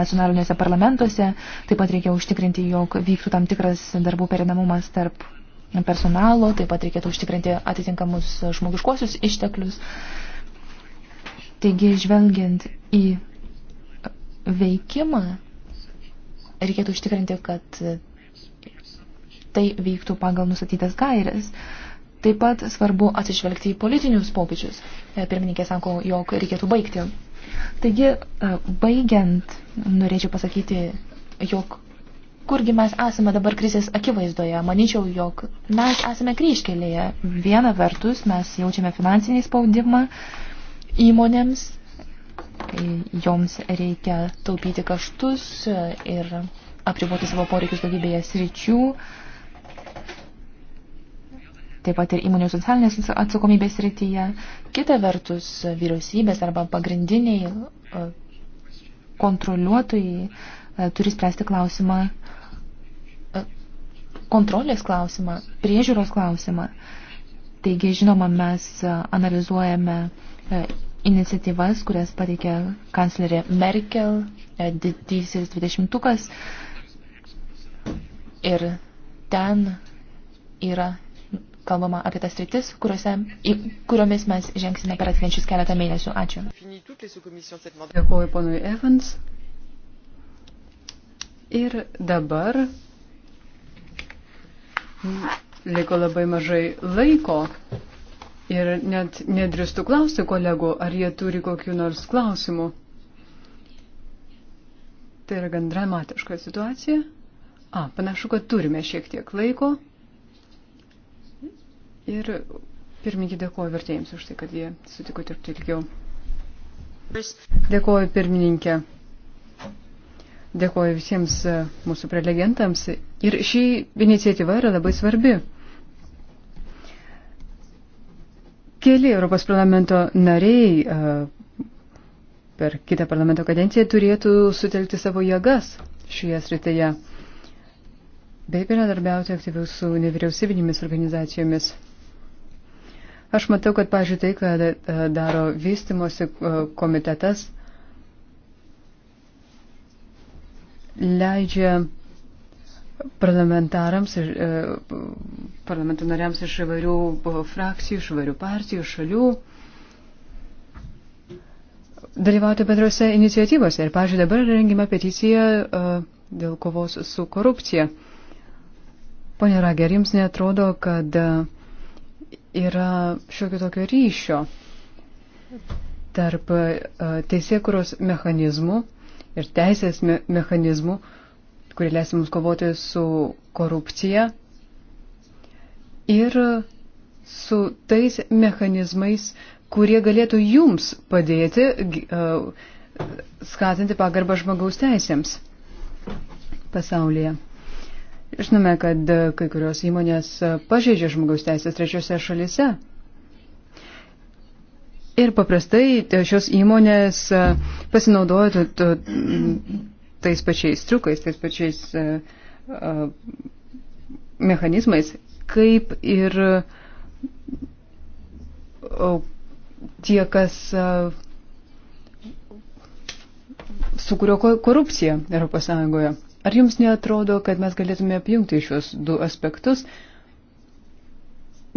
nacionaliniuose parlamentuose, taip pat reikia užtikrinti, jog vyktų tam tikras darbų perinamumas tarp personalo, taip pat reikėtų užtikrinti atitinkamus žmogiškuosius išteklius. Taigi, žvelgiant į veikimą, reikėtų užtikrinti, kad tai vyktų pagal nustatytas gairias. Taip pat svarbu atsižvelgti į politinius pokyčius. E, pirmininkė sako, jog reikėtų baigti. Taigi, e, baigiant, norėčiau pasakyti, jog kurgi mes esame dabar krizės akivaizdoje. Manyčiau, jog mes esame kryškelėje. Viena vertus mes jaučiame finansinį spaudimą įmonėms, joms reikia taupyti kaštus ir apriboti savo poreikius daugybėje sričių. Taip pat ir įmonių socialinės atsakomybės srityje. Kita vertus, vyriausybės arba pagrindiniai e, kontroliuotojai e, turi spręsti klausimą kontrolės klausimą, priežiūros klausimą. Taigi, žinoma, mes e, analizuojame e, iniciatyvas, kurias pateikė kanclerė Merkel, e, didysis dvidešimtukas. Ir ten yra kalbama apie tas rytis, kuriuose, į, kuriomis mes žengsime per atvenčius keletą mėnesių. Ačiū. Dėkuoju ponui Evans. Ir dabar liko labai mažai laiko ir net nedrįstu klausti kolegų, ar jie turi kokiu nors klausimu. Tai yra gan dramatiška situacija. A, panašu, kad turime šiek tiek laiko. Ir pirmininkį dėkoju vertėjams už tai, kad jie sutiko dirbti ilgiau. Dėkoju pirmininkė. Dėkoju visiems e, mūsų prelegentams. Ir ši iniciatyva yra labai svarbi. Keli Europos parlamento nariai e, per kitą parlamento kadenciją turėtų sutelkti savo jėgas šioje srityje, bei bendradarbiauti aktyviau su nevyriausybinėmis organizacijomis. Aš matau, kad, pažiūrėjau, tai, ką e, daro vystimosi komitetas leidžia parlamentarams, e, parlamento nariams iš įvairių e, frakcijų, iš įvairių partijų, šalių dalyvauti bendrose iniciatyvose. Ir, pažiūrėjau, dabar rengime peticiją e, dėl kovos su korupcija. Pone Rager, jums netrodo, kad yra šiokio tokio ryšio tarp teisėkuros mechanizmų ir teisės me mechanizmų, kurie leis mums kovoti su korupcija ir su tais mechanizmais, kurie galėtų jums padėti uh, skatinti pagarbą žmogaus teisėms pasaulyje. Žinome, kad kai kurios įmonės pažeidžia žmogaus teisės trečiose šalise. Ir paprastai e, šios įmonės e, pasinaudoja tais pačiais triukais, tais pačiais e, mechanizmais, kaip ir tie, kas sukūrė korupciją ES. Ar jums netrodo, kad mes galėtume apjungti šios du aspektus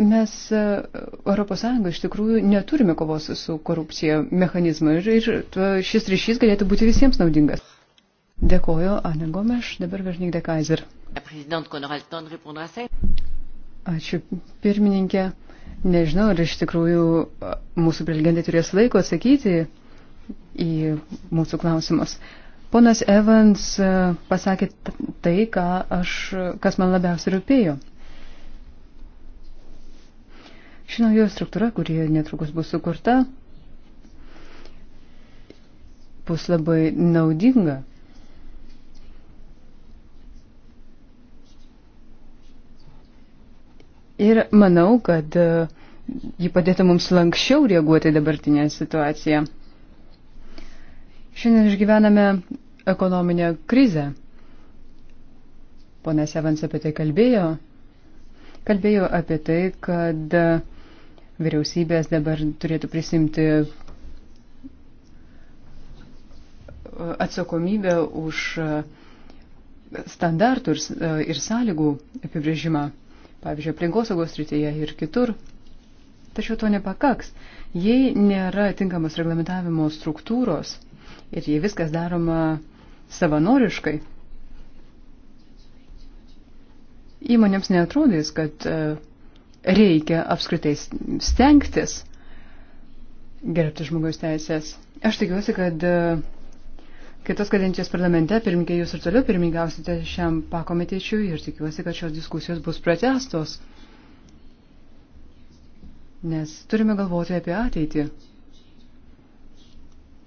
Mes ES iš tikrųjų neturime kovos su korupcija mechanizmą ir, ir e, šis ryšys galėtų būti visiems naudingas. Dėkoju, Ana Gomeš, dabar Vernik de Kaiser. Ačiū, pirmininkė. Nežinau, ar iš tikrųjų e, mūsų prelegentai turės laiko atsakyti į mūsų klausimus. Ponas Evans e, pasakė tai, ką aš, kas man labiausiai rūpėjo. Ši nauja struktūra, kuri netrukus bus sukurta, bus labai naudinga. Ir manau, kad e, ji padėtų mums lankščiau reaguoti dabartinę situaciją. Šiandien išgyvename ekonominę krizę. Ponas Evans apie tai kalbėjo. Kalbėjo apie tai, kad Vyriausybės dabar turėtų prisimti e, atsakomybę už e, standartų ir, e, ir sąlygų apibrėžimą, pavyzdžiui, aplinkosaugos rytyje ir kitur. Tačiau to nepakaks. Jei nėra tinkamos reglamentavimo struktūros ir jei viskas daroma savanoriškai, įmonėms netrodys, kad uh, reikia apskritai stengtis gerbti žmogaus teisės. Aš tikiuosi, kad e, kitos kadencijos parlamente pirmininkė jūs ir toliau pirmininkausite šiam pakomitečiui ir tikiuosi, kad šios diskusijos bus pratestos. Nes turime galvoti apie ateitį.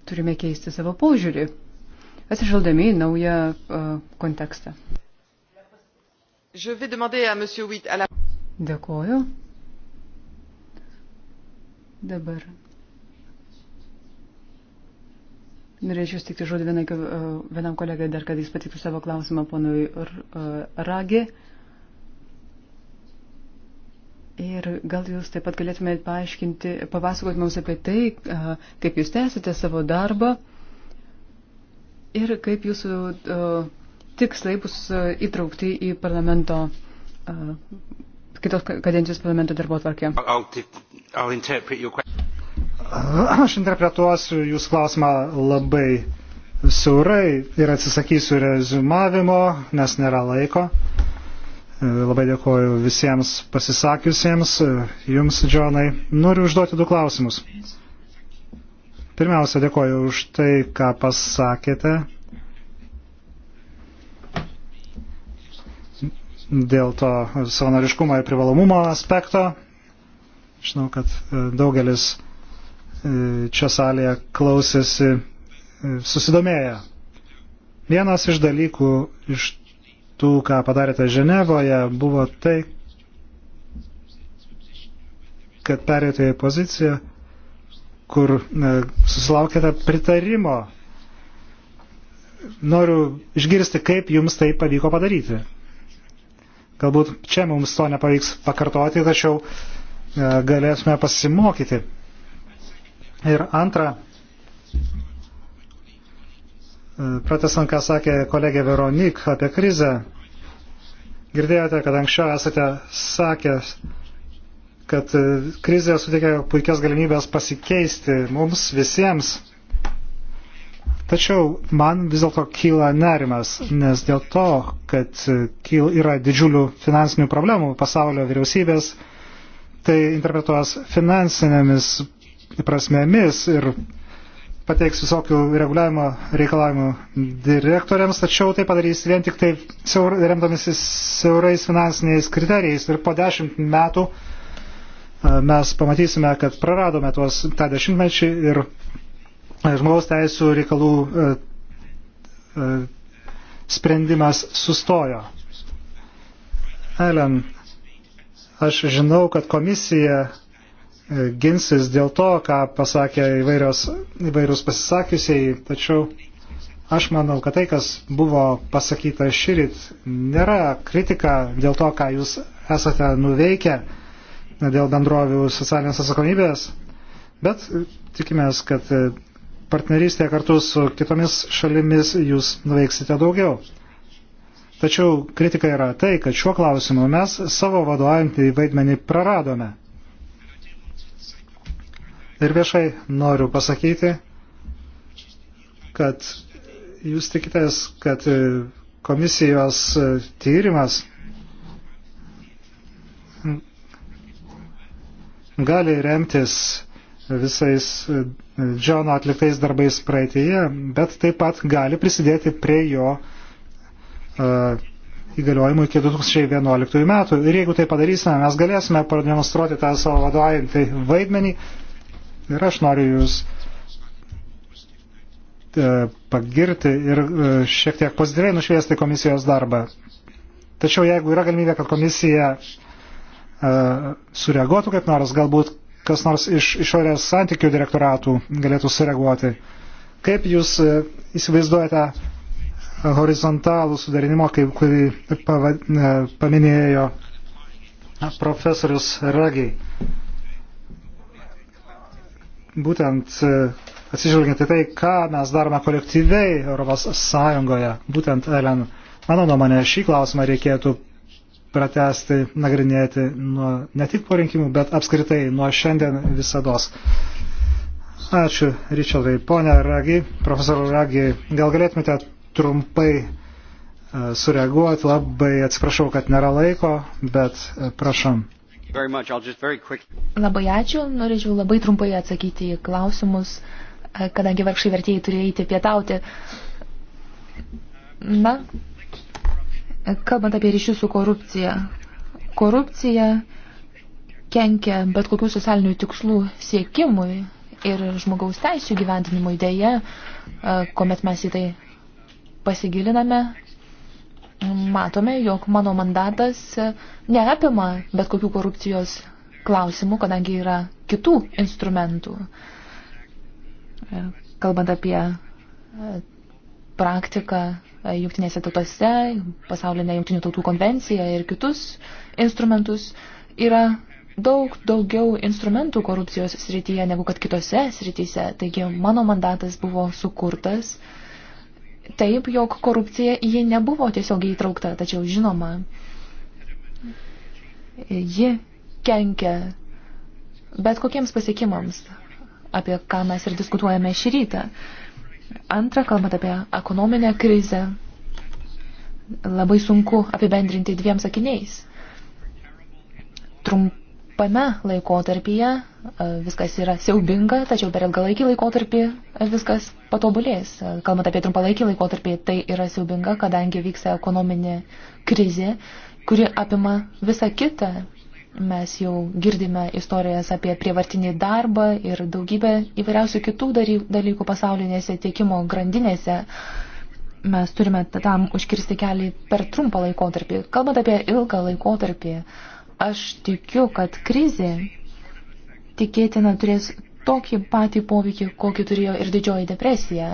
Turime keisti savo požiūrį, atsižaldami į naują uh, kontekstą. Je vais demander à M. Witt à la... Dėkoju. Dabar. Norėčiau stikti žodį vienai, e, vienam kolegai dar, kad jis patiktų savo klausimą ponui e, Ragi. Ir gal jūs taip pat galėtumėte paaiškinti, papasakoti mums apie tai, e, kaip jūs tęsite savo darbą ir kaip jūsų tikslai bus įtraukti į parlamento kitos kadencijos parlamento darbo atvarkė. (clears throat) Aš interpretuosiu jūsų klausimą labai siaurai ir atsisakysiu rezumavimo, nes nėra laiko. E, labai dėkoju visiems pasisakiusiems, e, jums, Džonai. Noriu užduoti du klausimus. Pirmiausia, dėkoju už tai, ką pasakėte dėl to savanoriškumo ir privalomumo aspekto. Žinau, kad e, daugelis e, čia salėje klausėsi e, susidomėję. Vienas iš dalykų iš tų, ką padarėte Ženevoje, buvo tai, kad perėjote į poziciją, kur susilaukėte pritarimo. Noriu išgirsti, kaip jums tai pavyko padaryti. Galbūt čia mums to nepavyks pakartoti, tačiau e, galėsime pasimokyti. Ir antra, e, pratesant, ką sakė kolegė Veronik apie krizę, girdėjote, kad anksčiau esate sakęs, kad e, krizė suteikia puikias galimybės pasikeisti mums visiems Tačiau man vis dėlto kyla nerimas, nes dėl to, kad e, kyla, yra didžiulių finansinių problemų pasaulio vyriausybės, tai interpretuos finansinėmis prasmėmis ir pateiks visokių reguliavimo reikalavimų direktoriams, tačiau tai padarys vien tik tai siaur, remdamėsi siaurais finansiniais kriterijais ir po dešimt metų e, mes pamatysime, kad praradome tuos tą dešimtmečių ir žmogaus teisų reikalų e, e, sprendimas sustojo. Elen, aš žinau, kad komisija e, ginsis dėl to, ką pasakė įvairios, įvairūs pasisakiusiai, tačiau aš manau, kad tai, kas buvo pasakyta šyrit, nėra kritika dėl to, ką jūs esate nuveikę dėl bendrovių socialinės atsakomybės, bet tikimės, kad partnerystėje kartu su kitomis šalimis jūs nuveiksite daugiau. Tačiau kritika yra tai, kad šiuo klausimu mes savo vadovaujantį vaidmenį praradome. Ir viešai noriu pasakyti, kad jūs tikitės, kad komisijos tyrimas gali remtis visais e, Džono atliktais darbais praeitėje, bet taip pat gali prisidėti prie jo uh, įgaliojimų iki 2011 metų. Ir jeigu tai padarysime, mes galėsime pademonstruoti tą savo vadovaujantį vaidmenį. Ir aš noriu Jūs e, pagirti ir šiek tiek pozityviai nušviesti komisijos darbą. Tačiau jeigu yra galimybė, kad komisija sureaguotų kaip nors, galbūt kas nors iš išorės santykių direktoratų galėtų sureaguoti. Kaip Jūs e, įsivaizduojate horizontalų sudarinimo, kaip kurį e, paminėjo profesorius Ragiai? Būtent e, atsižvelgiant į tai, ką mes darome kolektyviai Europos Sąjungoje, būtent Elen, mano nuomonė, šį klausimą reikėtų pratesti, nagrinėti nuo, ne tik po rinkimų, bet apskritai nuo šiandien visados. Ačiū, Ričardai. Pone Ragi, profesoriu Ragi, gal galėtumėte trumpai e, sureaguoti, labai atsiprašau, kad nėra laiko, bet e, prašom. Labai ačiū, norėčiau labai trumpai atsakyti į klausimus, e, kadangi vargšai vertėjai turėjo eiti pietauti. Na, Kalbant apie ryšius su korupcija. Korupcija kenkia bet kokių socialinių tikslų siekimui ir žmogaus teisų gyvendinimui dėje, kuomet mes į tai pasigiliname, matome, jog mano mandatas neapima bet kokių korupcijos klausimų, kadangi yra kitų instrumentų. E, kalbant apie e, praktiką jungtinėse tautose, pasaulinę jungtinių tautų konvenciją ir kitus instrumentus, yra daug daugiau instrumentų korupcijos srityje negu kad kitose srityse. Taigi mano mandatas buvo sukurtas taip, jog korupcija ji nebuvo tiesiogiai įtraukta, tačiau žinoma, ji kenkia bet kokiems pasiekimams, apie ką mes ir diskutuojame šį rytą. Antra, kalbant apie ekonominę krizę, labai sunku apibendrinti dviem sakiniais. Trumpame laikotarpyje e, viskas yra siaubinga, tačiau per ilgalaikį laikotarpį e, viskas patobulės. E, kalbant apie trumpalaikį laikotarpį, tai yra siaubinga, kadangi vyksta ekonominė krizė, kuri apima visą kitą Mes jau girdime istorijas apie prievartinį darbą ir daugybę įvairiausių kitų dalykų pasaulinėse tiekimo grandinėse. Mes turime tam užkirsti kelią per trumpą laikotarpį. Kalbant apie ilgą laikotarpį, aš tikiu, kad krizė tikėtina turės tokį patį poveikį, kokį turėjo ir didžioji depresija,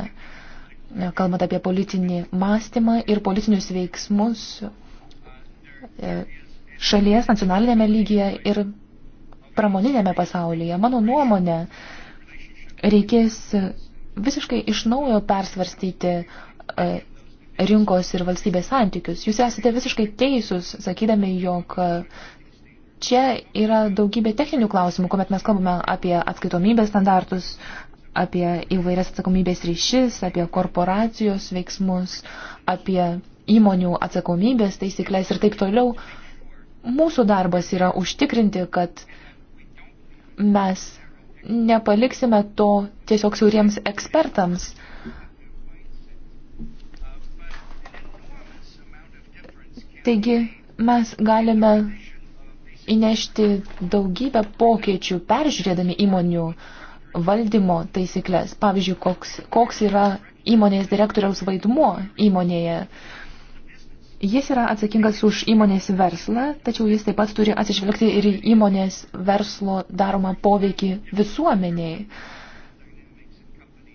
kalbant apie politinį mąstymą ir politinius veiksmus e, šalies nacionalinėme lygyje ir pramoninėme pasaulyje. Mano nuomonė, reikės visiškai iš naujo persvarstyti e, rinkos ir valstybės santykius. Jūs esate visiškai teisūs, sakydami, jog čia yra daugybė techninių klausimų, kuomet mes kalbame apie atskaitomybės standartus, apie įvairias atsakomybės ryšis, apie korporacijos veiksmus, apie įmonių atsakomybės taisyklės ir taip toliau. Mūsų darbas yra užtikrinti, kad mes nepaliksime to tiesiog siauriems ekspertams. Taigi mes galime įnešti daugybę pokyčių, peržiūrėdami įmonių valdymo taisyklės. Pavyzdžiui, koks, koks yra įmonės direktoriaus vaidmuo įmonėje. Uh, Jis yra atsakingas už įmonės verslą, tačiau jis taip pat turi atsižvelgti ir įmonės verslo daromą poveikį visuomeniai.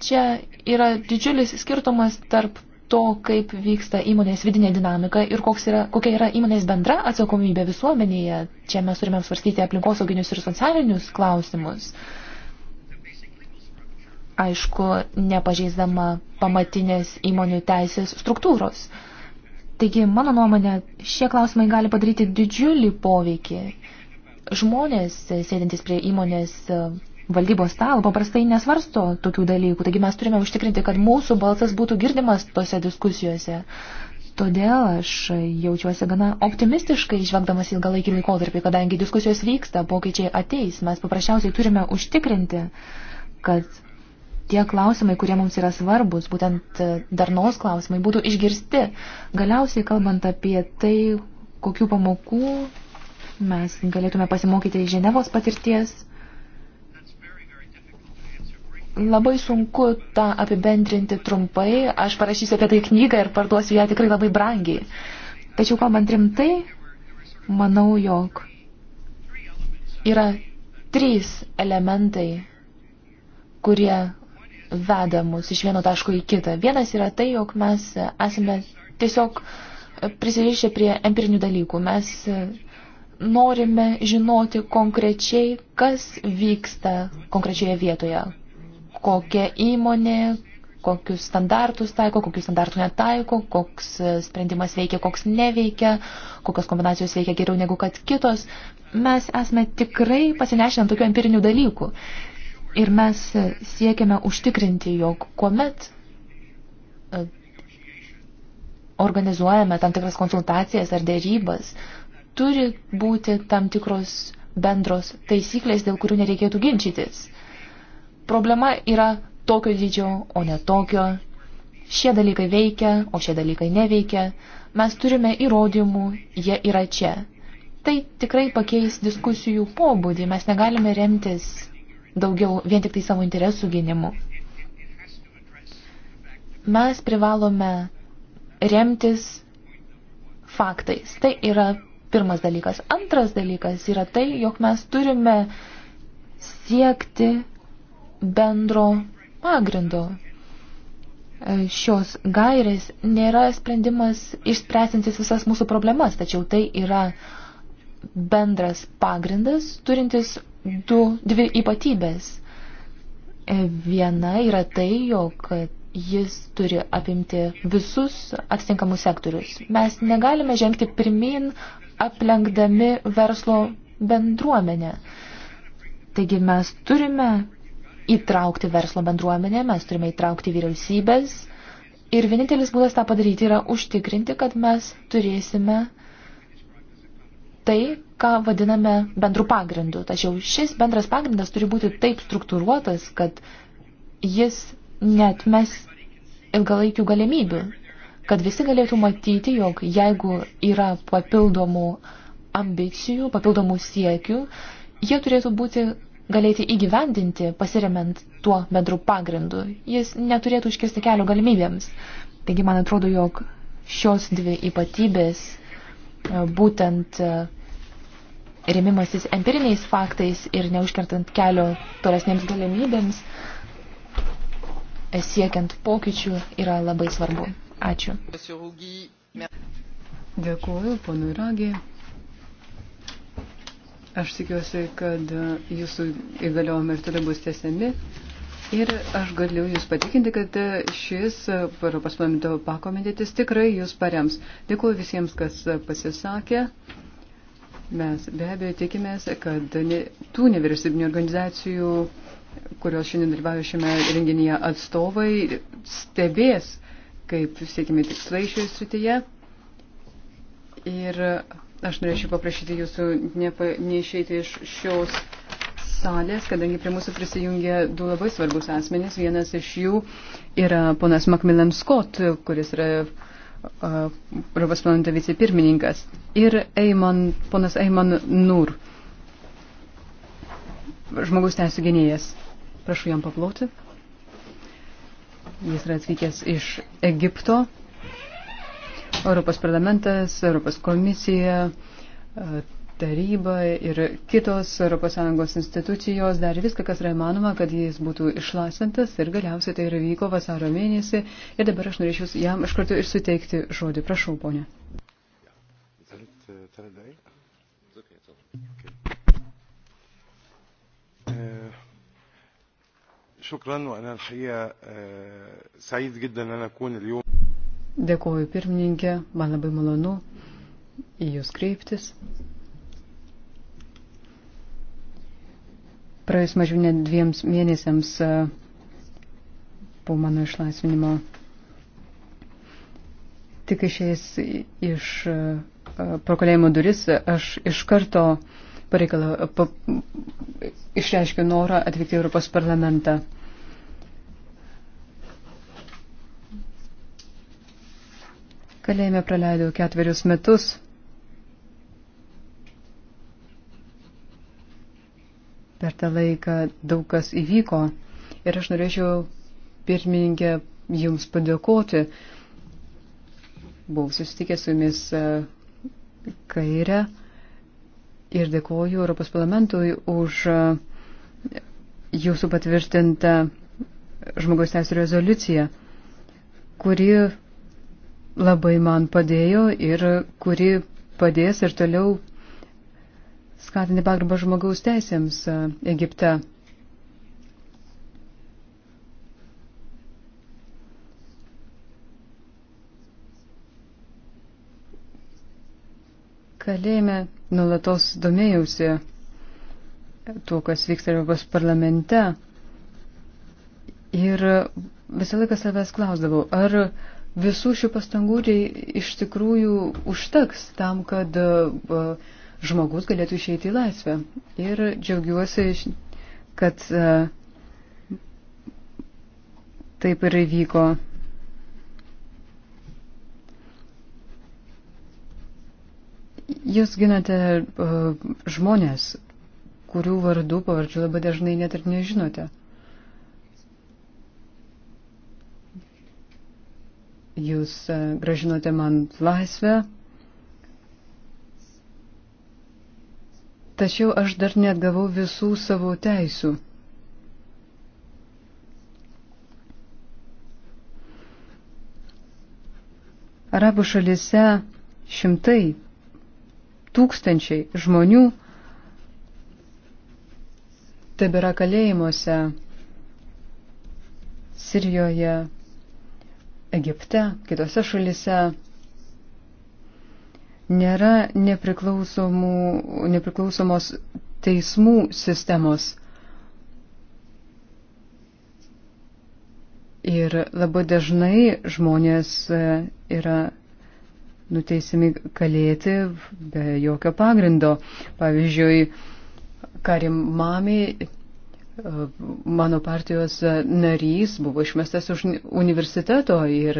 Čia yra didžiulis skirtumas tarp to, kaip vyksta įmonės vidinė dinamika ir koks yra, kokia yra įmonės bendra atsakomybė visuomenėje. Čia mes turime svarstyti aplinkosauginius ir socialinius klausimus. Aišku, nepažeisdama pamatinės įmonių teisės struktūros. Uh, Taigi, mano nuomonė, šie klausimai gali padaryti didžiulį poveikį. Žmonės, e, sėdintys prie įmonės e, valdybos stalo, paprastai nesvarsto tokių dalykų. Taigi mes turime užtikrinti, kad mūsų balsas būtų girdimas tose diskusijose. Todėl aš jaučiuosi gana optimistiškai žvelgdamas ilgalaikį laikotarpį, kadangi diskusijos vyksta, pokyčiai ateis. Mes paprasčiausiai turime užtikrinti, kad tie klausimai, kurie mums yra svarbus, būtent e, darnos klausimai, būtų išgirsti. Galiausiai kalbant apie tai, kokių pamokų mes galėtume pasimokyti iš Ženevos patirties, labai sunku tą apibendrinti trumpai. Aš parašysiu apie tai knygą ir parduosiu ją tikrai labai brangiai. Tačiau kalbant rimtai, manau, jog yra trys elementai, kurie veda mus iš vieno taško į kitą. Vienas yra tai, jog mes esame tiesiog prisirišę prie empirinių dalykų. Mes norime žinoti konkrečiai, kas vyksta konkrečioje vietoje, kokia įmonė, kokius standartus taiko, kokius standartų netaiko, koks sprendimas veikia, koks neveikia, kokios kombinacijos veikia geriau negu kad kitos. Mes esame tikrai pasinešę ant tokių empirinių dalykų. Ir mes siekiame užtikrinti, jog kuomet e, organizuojame tam tikras konsultacijas ar dėrybas, turi būti tam tikros bendros taisyklės, dėl kurių nereikėtų ginčytis. Problema yra tokio dydžio, o ne tokio. Šie dalykai veikia, o šie dalykai neveikia. Mes turime įrodymų, jie yra čia. Tai tikrai pakeis diskusijų pobūdį. Mes negalime remtis daugiau vien tik tai savo interesų gynimu. Mes privalome remtis faktais. Tai yra pirmas dalykas. Antras dalykas yra tai, jog mes turime siekti bendro pagrindo. Šios gairės nėra sprendimas išspręsintis visas mūsų problemas, tačiau tai yra bendras pagrindas, turintis du, dvi ypatybės. Viena yra tai, jog jis turi apimti visus atitinkamus sektorius. Mes negalime žengti pirmin, aplenkdami verslo bendruomenę. Taigi mes turime įtraukti verslo bendruomenę, mes turime įtraukti vyriausybės ir vienintelis būdas tą padaryti yra užtikrinti, kad mes turėsime uh, tai, ką vadiname bendrų pagrindų. Tačiau šis bendras pagrindas turi būti taip struktūruotas, kad jis netmes ilgalaikių galimybių, kad visi galėtų matyti, jog jeigu yra papildomų ambicijų, papildomų siekių, jie turėtų būti galėti įgyvendinti pasiremiant tuo bendru pagrindu. Jis neturėtų iškirsti kelio galimybėms. Taigi man atrodo, jog šios dvi ypatybės E, būtent e, remimasis empiriniais faktais ir neužkertant kelio tolesnėms galimybėms, e, siekiant pokyčių yra labai svarbu. Ačiū. Dėkuoju, ponui Ragė. Aš tikiuosi, kad jūsų įgaliojimai ir toliau bus tiesiami. Ir aš galiu Jūs patikinti, kad šis e, Europos parlamento pakomitetis tikrai Jūs parems. Dėkuoju visiems, kas pasisakė. Mes be abejo tikimės, kad ne, tų nevyriausybinių organizacijų, kurios šiandien dalyvauja šiame renginyje atstovai, stebės, kaip siekime tikslai šioje srityje. Ir aš norėčiau paprašyti Jūsų nepa, neišeiti iš šios salės, kadangi prie mūsų prisijungė du labai svarbus asmenys. Vienas iš jų yra ponas Macmillan Scott, kuris yra Europos parlamento vicepirmininkas, ir Eiman, ponas Eiman Nur, žmogus teisų gynėjas. Prašau jam paplauti. Jis yra atvykęs iš Egipto. Europos parlamentas, Europos komisija, taryba ir kitos ES institucijos darė viską, kas yra įmanoma, kad jis būtų išlaisvintas ir galiausiai tai ir vyko vasaro mėnesį. Ir dabar aš norėčiau jam iš karto ir suteikti žodį. Prašau, ponė. شكرا وانا الحقيقه سعيد جدا ان انا اكون اليوم Dėkuoju pirmininkė, man labai malonu į Jūs kreiptis. praėjus mažiau net dviems mėnesiams e, po mano išlaisvinimo. Tik išėjęs iš e, prokalėjimo duris, aš iš karto pareikalau, pa, išreiškiau norą atvykti į Europos parlamentą. Kalėjime praleidau ketverius metus. Per tą laiką daug kas įvyko ir aš norėčiau pirmininkė Jums padėkoti. Buvau susitikęs su Jumis e, kairę ir dėkoju Europos parlamentui už e, Jūsų patvirtintą žmogaus teisų rezoliuciją, kuri labai man padėjo ir kuri padės ir toliau skatinti pagarbą žmogaus teisėms e, Egipte. Kalėjime nulatos domėjausi tuo, kas vyksta Europos parlamente. Ir visą laiką savęs klausdavau, ar visų šių pastangų iš tikrųjų užteks tam, kad uh, žmogus galėtų išeiti į laisvę. Ir džiaugiuosi, kad e, taip ir įvyko. Jūs ginate uh, žmonės, kurių vardų pavardžių labai dažnai net ir nežinote. Jūs uh, gražinote man laisvę, Tačiau aš dar net gavau visų savo teisų. Arabų šalise šimtai, tūkstančiai žmonių tebėra kalėjimuose Sirijoje, Egipte, kitose šalise nėra nepriklausomos teismų sistemos. Ir labai dažnai žmonės e, yra nuteisimi kalėti be jokio pagrindo. Pavyzdžiui, Karim Mami mano partijos narys buvo išmestas už universiteto ir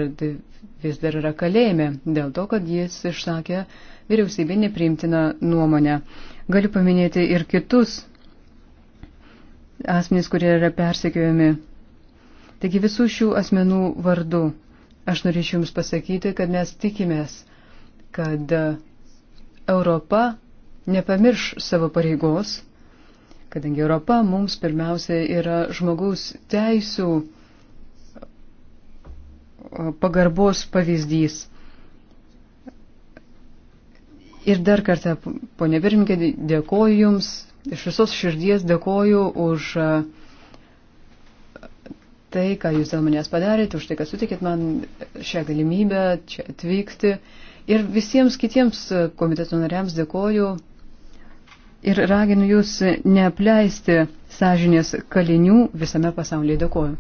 vis dar yra kalėjime dėl to, kad jis išsakė vyriausybė nepriimtiną nuomonę. Galiu paminėti ir kitus asmenys, kurie yra persekiojami. Taigi visų šių asmenų vardu aš norėčiau Jums pasakyti, kad mes tikimės, kad Europa nepamirš savo pareigos kadangi Europa mums pirmiausia yra žmogaus teisų pagarbos pavyzdys. Ir dar kartą, ponė Birminkė, dėkoju Jums, iš visos širdies dėkoju už tai, ką Jūs dėl manęs padarėte, už tai, kad sutikėt man šią galimybę čia atvykti. Ir visiems kitiems komiteto nariams dėkoju ir raginu jūs neapleisti sąžinės kalinių visame pasaulyje. Dėkuoju.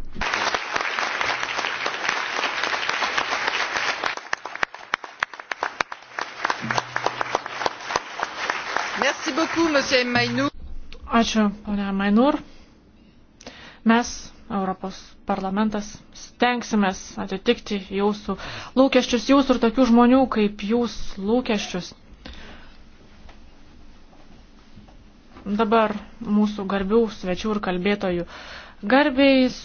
Ačiū, ponia Mainur. Mes, Europos parlamentas, stengsimės atitikti jūsų lūkesčius, jūsų ir tokių žmonių kaip jūs lūkesčius. Dabar mūsų garbių svečių ir kalbėtojų garbiais.